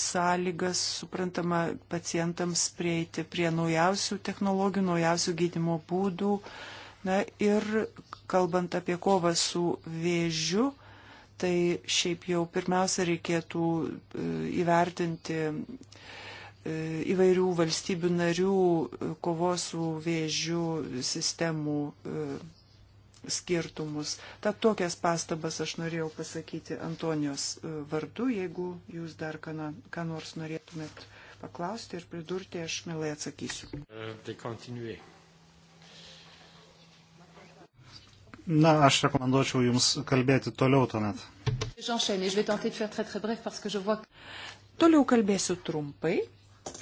sąlygas, suprantama, pacientams prieiti prie naujausių technologijų, naujausių gydimo būdų. Na ir kalbant apie kovą su vėžiu, tai šiaip jau pirmiausia reikėtų e, įvertinti E, įvairių valstybių narių e, kovos su vėžiu sistemų e, skirtumus. Tad tokias pastabas aš norėjau pasakyti Antonijos vardu. Jeigu jūs dar ką, ką nors norėtumėt paklausti ir pridurti, aš mielai atsakysiu. Na, aš rekomenduočiau Jums kalbėti toliau tuomet. Toliau kalbėsiu trumpai,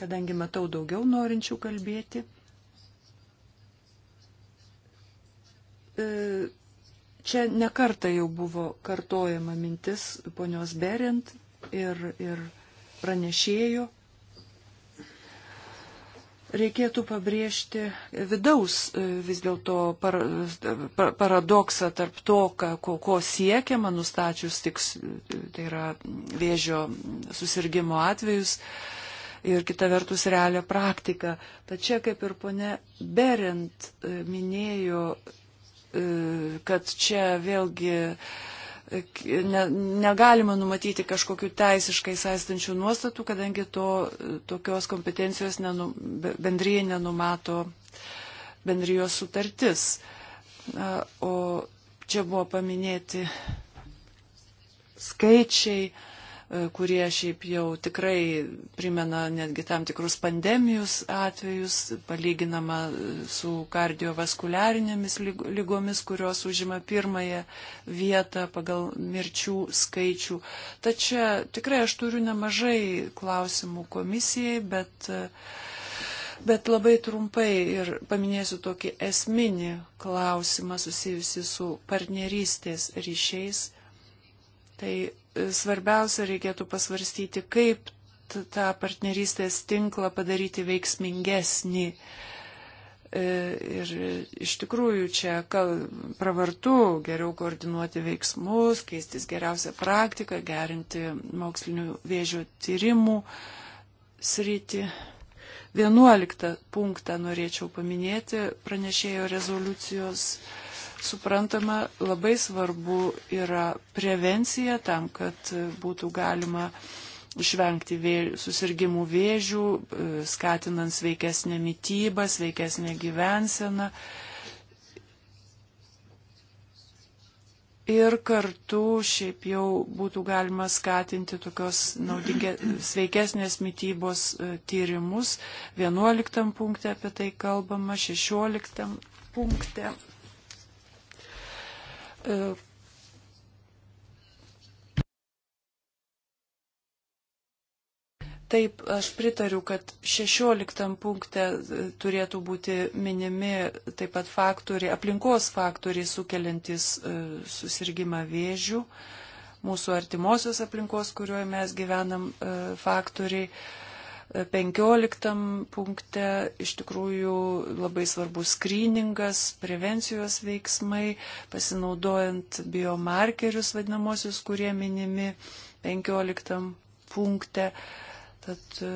kadangi matau daugiau norinčių kalbėti. E, čia nekarta jau buvo kartojama mintis ponios Berint ir, ir pranešėjo. Reikėtų pabrėžti vidaus e, vis dėlto par, e, par, paradoksą tarp to, ka, ko, ko siekiama nustačius tik, tai yra vėžio susirgymo atvejus, ir kita vertus realią praktiką. Tačiau, kaip ir ponė Berent e, minėjo, e, kad čia vėlgi e, ne, negalima numatyti kažkokių teisiškai saistančių nuostatų, kadangi to, tokios kompetencijos nenu, bendryje nenumato bendrijos sutartis. O čia buvo paminėti skaičiai kurie šiaip jau tikrai primena netgi tam tikrus pandemijos atvejus, palyginama su kardiovaskuliarinėmis lygomis, kurios užima pirmąją vietą pagal mirčių skaičių. Tačiau tikrai aš turiu nemažai klausimų komisijai, bet Bet labai trumpai ir paminėsiu tokį esminį klausimą susijusi su partnerystės ryšiais. Tai svarbiausia reikėtų pasvarstyti, kaip tą partnerystės tinklą padaryti veiksmingesnį. E, ir iš tikrųjų čia pravartu geriau koordinuoti veiksmus, keistis geriausią praktiką, gerinti mokslinių vėžio tyrimų sritį. Vienuoliktą punktą norėčiau paminėti pranešėjo rezoliucijos suprantama, labai svarbu yra prevencija tam, kad būtų galima išvengti vėl, susirgymų vėžių, e, skatinant sveikesnę mytybą, sveikesnę gyvenseną. ir kartu šiaip jau būtų galima skatinti tokios naudinge, sveikesnės mytybos e, tyrimus. 11 punkte apie tai kalbama, 16 punkte E, taip, aš pritariu, kad 16 punkte e, turėtų būti minimi taip pat faktoriai, aplinkos faktoriai sukeliantis e, susirgymą vėžių, mūsų artimosios aplinkos, kurioje mes gyvenam, faktoriai 15 punkte iš tikrųjų labai svarbus skryningas, prevencijos veiksmai, pasinaudojant biomarkerius vadinamosius, kurie minimi 15 punkte. Tad e,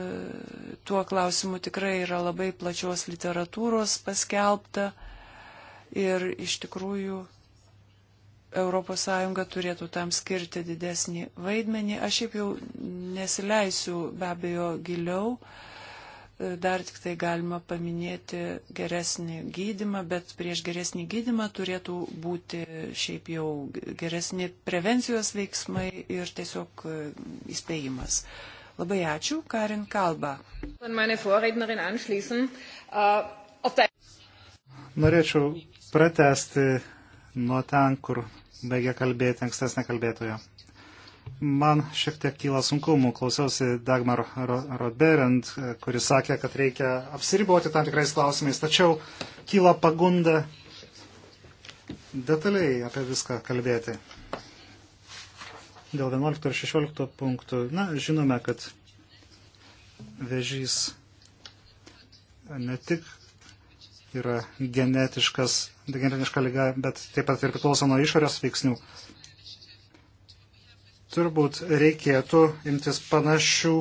tuo klausimu tikrai yra labai plačios literatūros paskelbta ir iš tikrųjų ES turėtų tam skirti didesnį vaidmenį. Aš šiaip jau nesileisiu be abejo giliau, e, dar tik tai galima paminėti geresnį gydimą, bet prieš geresnį gydimą turėtų būti šiaip jau geresni prevencijos veiksmai ir tiesiog e, įspėjimas. Labai ačiū, Karin Kalba. Äh, Norėčiau pratesti nuo ten, kur baigė kalbėti ankstesnė kalbėtoja. Man šiek tiek kyla sunkumų. Klausiausi Dagmar Rodberend, e, kuris sakė, kad reikia apsiriboti tam tikrais klausimais, tačiau kyla pagunda detaliai apie viską kalbėti. Dėl 11 ir 16 punktų. Na, žinome, kad vėžys ne tik yra genetiškas degeneriška tai lyga, bet taip pat ir priklauso nuo išorės veiksnių. Turbūt reikėtų imtis panašių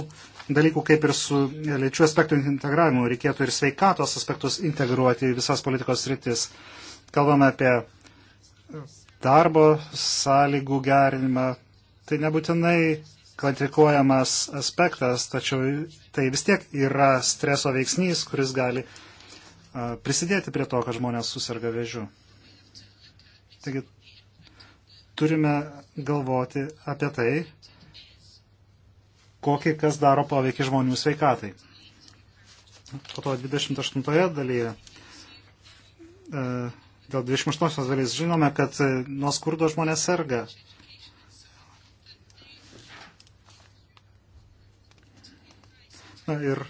dalykų kaip ir su lyčių aspektų integravimu. Reikėtų ir sveikatos aspektus integruoti į visas politikos rytis. Kalbame apie darbo sąlygų gerinimą. Tai nebūtinai kvantifikuojamas aspektas, tačiau tai vis tiek yra streso veiksnys, kuris gali uh, prisidėti prie to, kad žmonės susirga vėžiu. Taigi turime galvoti apie tai, kokį kas daro poveikį žmonių sveikatai. Po to 28 dalyje, dėl 28 dalys žinome, kad nuo skurdo žmonės serga. Na ir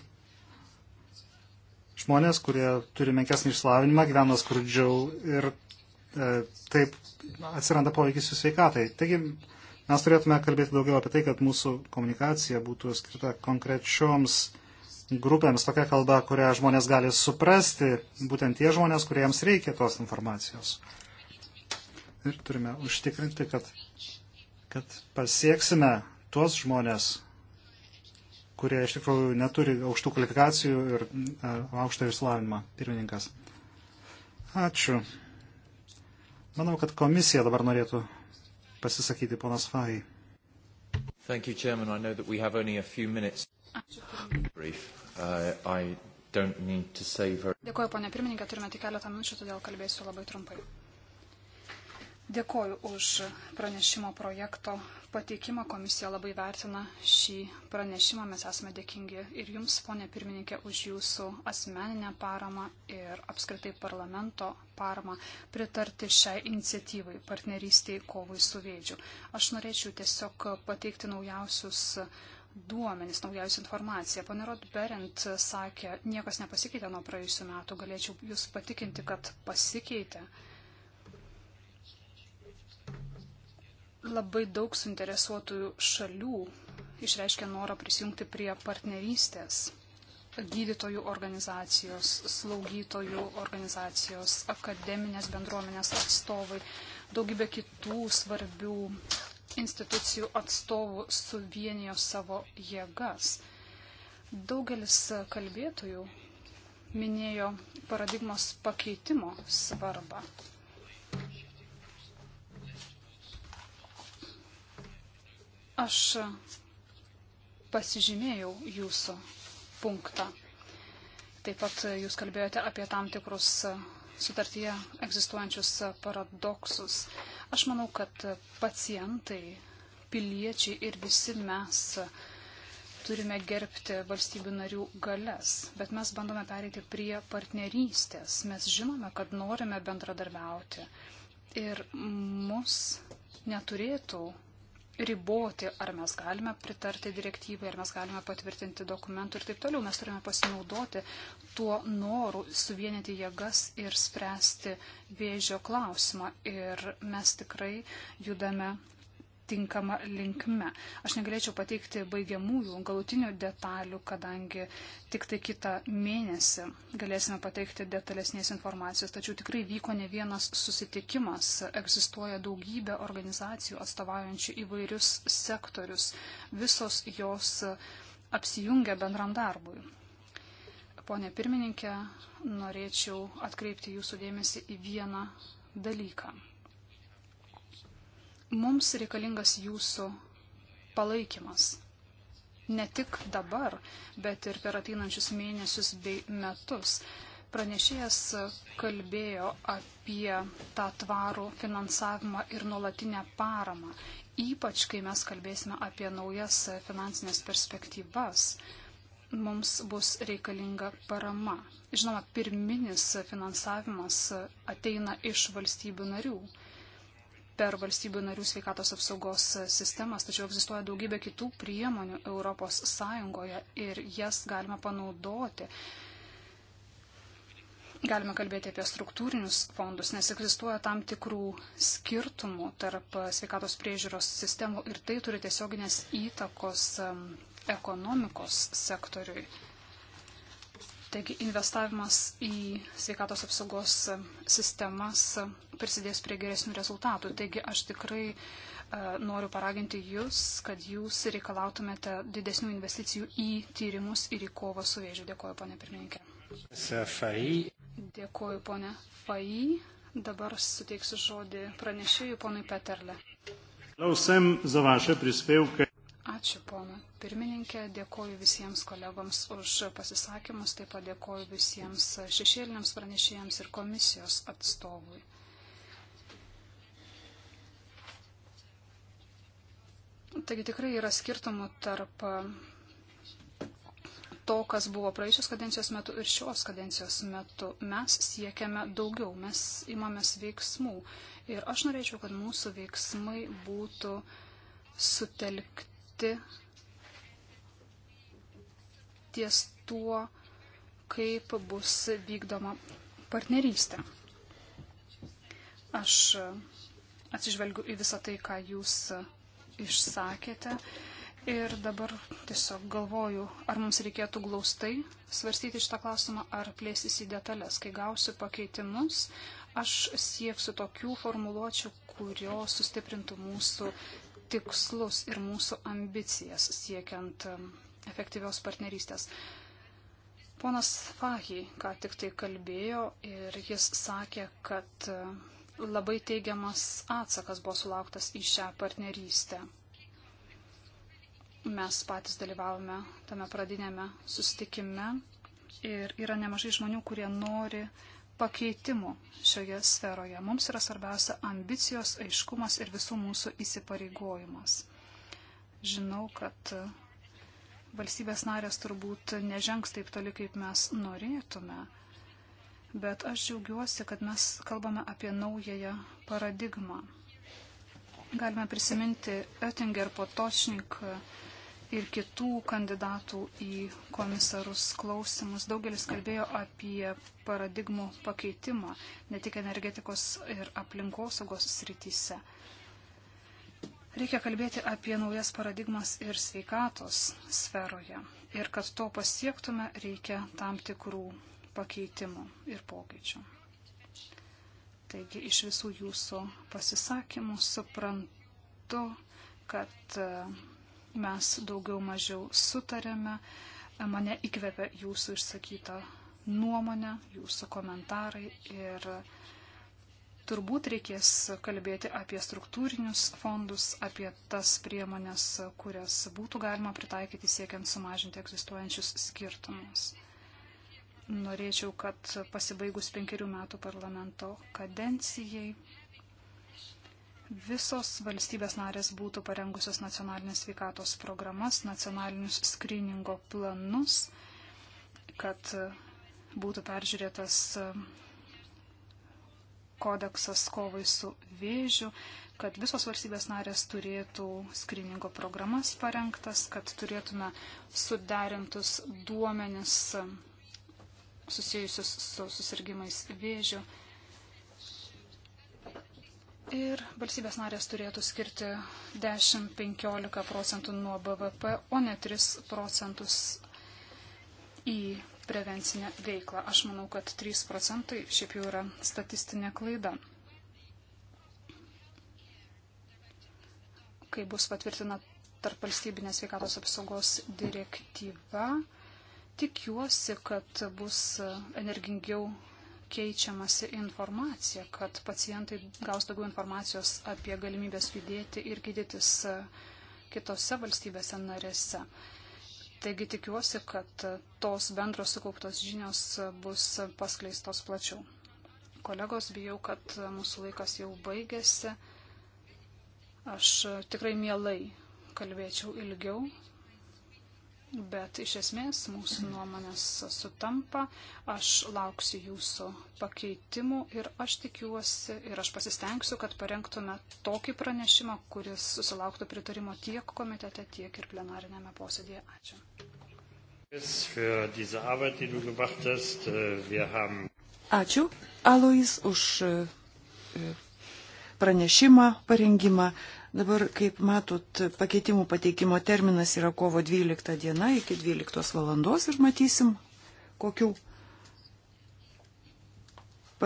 žmonės, kurie turi menkesnį išslavinimą, gyvena skurdžiau ir e, taip atsiranda poveikis jų sveikatai. Taigi mes turėtume kalbėti daugiau apie tai, kad mūsų komunikacija būtų skirta konkrečioms grupėms, tokia kalba, kurią žmonės gali suprasti, būtent tie žmonės, kuriems reikia tos informacijos. Ir turime užtikrinti, kad, kad pasieksime tuos žmonės, kurie iš tikrųjų neturi aukštų kvalifikacijų ir e, aukštą išslavinimą. Pirmininkas. Ačiū. Manau, kad komisija dabar norėtų pasisakyti, ponas Fahai. Thank you, Chairman. I know that we have only a few minutes. Brief. Uh, I don't need to say very... Dėkuoju, ponė pirmininkė, turime tik keletą minučių, todėl kalbėsiu labai trumpai. Dėkoju už pranešimo projekto pateikimą. Komisija labai vertina šį pranešimą. Mes esame dėkingi ir jums, ponė pirmininkė, už jūsų asmeninę paramą ir apskritai parlamento paramą pritarti šiai iniciatyvai partnerystiai kovai su vėdžiu. Aš norėčiau tiesiog pateikti naujausius duomenys, naujausia informacija. Pane Rodberent sakė, niekas nepasikeitė nuo praėjusiu metu. Galėčiau Jūs patikinti, kad pasikeitė. Labai daug suinteresuotų šalių išreiškė norą prisijungti prie partnerystės gydytojų organizacijos, slaugytojų organizacijos, akademinės bendruomenės atstovai, daugybė kitų svarbių institucijų atstovų suvienijo savo jėgas. Daugelis kalbėtojų minėjo paradigmos pakeitimo svarbą. Aš pasižymėjau jūsų punktą. Taip pat jūs kalbėjote apie tam tikrus sutartyje egzistuojančius paradoksus. Aš manau, kad pacientai, piliečiai ir visi mes turime gerbti valstybių narių galės, bet mes bandome pereiti prie partnerystės. Mes žinome, kad norime bendradarbiauti ir mus neturėtų riboti, ar mes galime pritarti direktyvai, ar mes galime patvirtinti dokumentų ir taip toliau. Mes turime pasinaudoti tuo noru suvienyti jėgas ir spręsti vėžio klausimą. Ir mes tikrai judame tinkama linkme. Aš negalėčiau pateikti baigiamųjų, galutinių detalių, kadangi tik tai kitą mėnesį galėsime pateikti detalesnės informacijos, tačiau tikrai vyko ne vienas susitikimas, egzistuoja daugybė organizacijų atstovaujančių įvairius sektorius, visos jos apsijungia bendram darbui. Pone pirmininkė, norėčiau atkreipti jūsų dėmesį į vieną dalyką. Mums reikalingas jūsų palaikymas. Ne tik dabar, bet ir per ateinančius mėnesius bei metus. Pranešėjas kalbėjo apie tą tvarų finansavimą ir nuolatinę paramą, ypač kai mes kalbėsime apie naujas finansinės perspektyvas mums bus reikalinga parama. Žinoma, pirminis finansavimas ateina iš valstybių narių per valstybių narių sveikatos apsaugos sistemas, tačiau egzistuoja daugybė kitų priemonių ES ir jas galima panaudoti. Galime kalbėti apie struktūrinius fondus, nes egzistuoja tam tikrų skirtumų tarp sveikatos priežiūros sistemų ir tai turi tiesioginės įtakos ekonomikos sektoriui Taigi investavimas į sveikatos apsaugos sistemas prisidės prie geresnių rezultatų. Taigi aš tikrai e, noriu paraginti Jūs, kad Jūs reikalautumėte didesnių investicijų į tyrimus ir į kovą su vėžiu. Dėkuoju, ponė pirmininkė. Dėkuoju, ponė Fai. Dabar suteiksiu žodį pranešėjui ponui Peterle. Lausiam za vaše prispevke. Ačiū, pono pirmininkė. Dėkoju visiems kolegoms už pasisakymus, taip pat dėkoju visiems šešėliniams pranešėjams ir komisijos atstovui. Taigi tikrai yra skirtumų tarp to, kas buvo praėjusios kadencijos metu ir šios kadencijos metu. Mes siekiame daugiau, mes imamės veiksmų. Ir aš norėčiau, kad mūsų veiksmai būtų sutelkti dirbti ties tuo, kaip bus vykdoma partnerystė. Aš atsižvelgiu į visą tai, ką jūs išsakėte. Ir dabar tiesiog galvoju, ar mums reikėtų glaustai svarstyti šitą klausimą, ar plėsis į detalės. Kai gausiu pakeitimus, aš sieksiu tokių formuluočių, kurios sustiprintų mūsų tikslus ir mūsų ambicijas siekiant um, efektyvios partnerystės. Ponas Fahy ką tik tai kalbėjo ir jis sakė, kad um, labai teigiamas atsakas buvo sulauktas į šią partnerystę. Mes patys dalyvavome tame pradinėme sustikime ir yra nemažai žmonių, kurie nori uh, pakeitimų šioje sferoje. Mums yra svarbiausia ambicijos, aiškumas ir visų mūsų įsipareigojimas. Žinau, kad valstybės narės turbūt nežengs taip toli, kaip mes norėtume, bet aš džiaugiuosi, kad mes kalbame apie naująją paradigmą. Galime prisiminti Oettinger Potočnik ir kitų kandidatų į komisarus klausimus. Daugelis kalbėjo apie paradigmų pakeitimą ne tik energetikos ir aplinkosaugos srityse. Reikia kalbėti apie naujas paradigmas ir sveikatos sferoje. Ir kad to pasiektume, reikia tam tikrų pakeitimų ir pokyčių. Taigi iš visų jūsų pasisakymų suprantu, kad mes daugiau mažiau sutarėme. Mane įkvepia jūsų išsakyta nuomonė, jūsų komentarai ir turbūt reikės kalbėti apie struktūrinius fondus, apie tas priemonės, kurias būtų galima pritaikyti siekiant sumažinti egzistuojančius skirtumus. Norėčiau, kad pasibaigus penkerių metų parlamento kadencijai visos valstybės narės būtų parengusios nacionalinės sveikatos programas, nacionalinius skriningo planus, kad e, būtų peržiūrėtas e, kodeksas kovai su vėžiu, kad visos valstybės narės turėtų skriningo programas parengtas, kad turėtume suderintus duomenis e, susijusius su susirgymais vėžiu. Ir valstybės narės turėtų skirti 10-15 procentų nuo BVP, o ne 3 procentus į prevencinę veiklą. Aš manau, kad 3 procentai šiaip jau yra statistinė klaida. Kai bus patvirtina tarp valstybinės sveikatos apsaugos direktyva, tikiuosi, kad bus energingiau keičiamasi informacija, kad pacientai gaus daugiau informacijos apie galimybės judėti ir gydytis e, kitose valstybėse narėse. Taigi tikiuosi, kad e, tos bendros sukauptos žinios e, bus paskleistos plačiau. Kolegos, bijau, kad mūsų laikas jau baigėsi. Aš tikrai mielai kalbėčiau ilgiau, bet iš esmės mūsų nuomonės sutampa. Aš lauksiu jūsų pakeitimų ir aš tikiuosi ir aš pasistengsiu, kad parengtume tokį pranešimą, kuris susilauktų pritarimo tiek komitete, tiek ir plenarinėme posėdėje. Ačiū. Äh, Ačiū, Alois, už äh, pranešimą, parengimą. Dabar, kaip matot, pakeitimų pateikimo terminas yra kovo 12 diena iki 12 valandos ir matysim, kokiu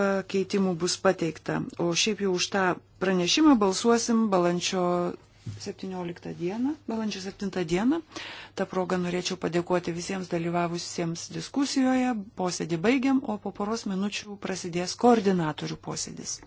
pakeitimų bus pateikta. O šiaip jau už tą pranešimą balsuosim balandžio 17 dieną, balandžio 7 dieną. Ta proga norėčiau padėkoti visiems dalyvavusiems diskusijoje. Posėdį baigiam, o po poros minučių prasidės koordinatorių posėdis.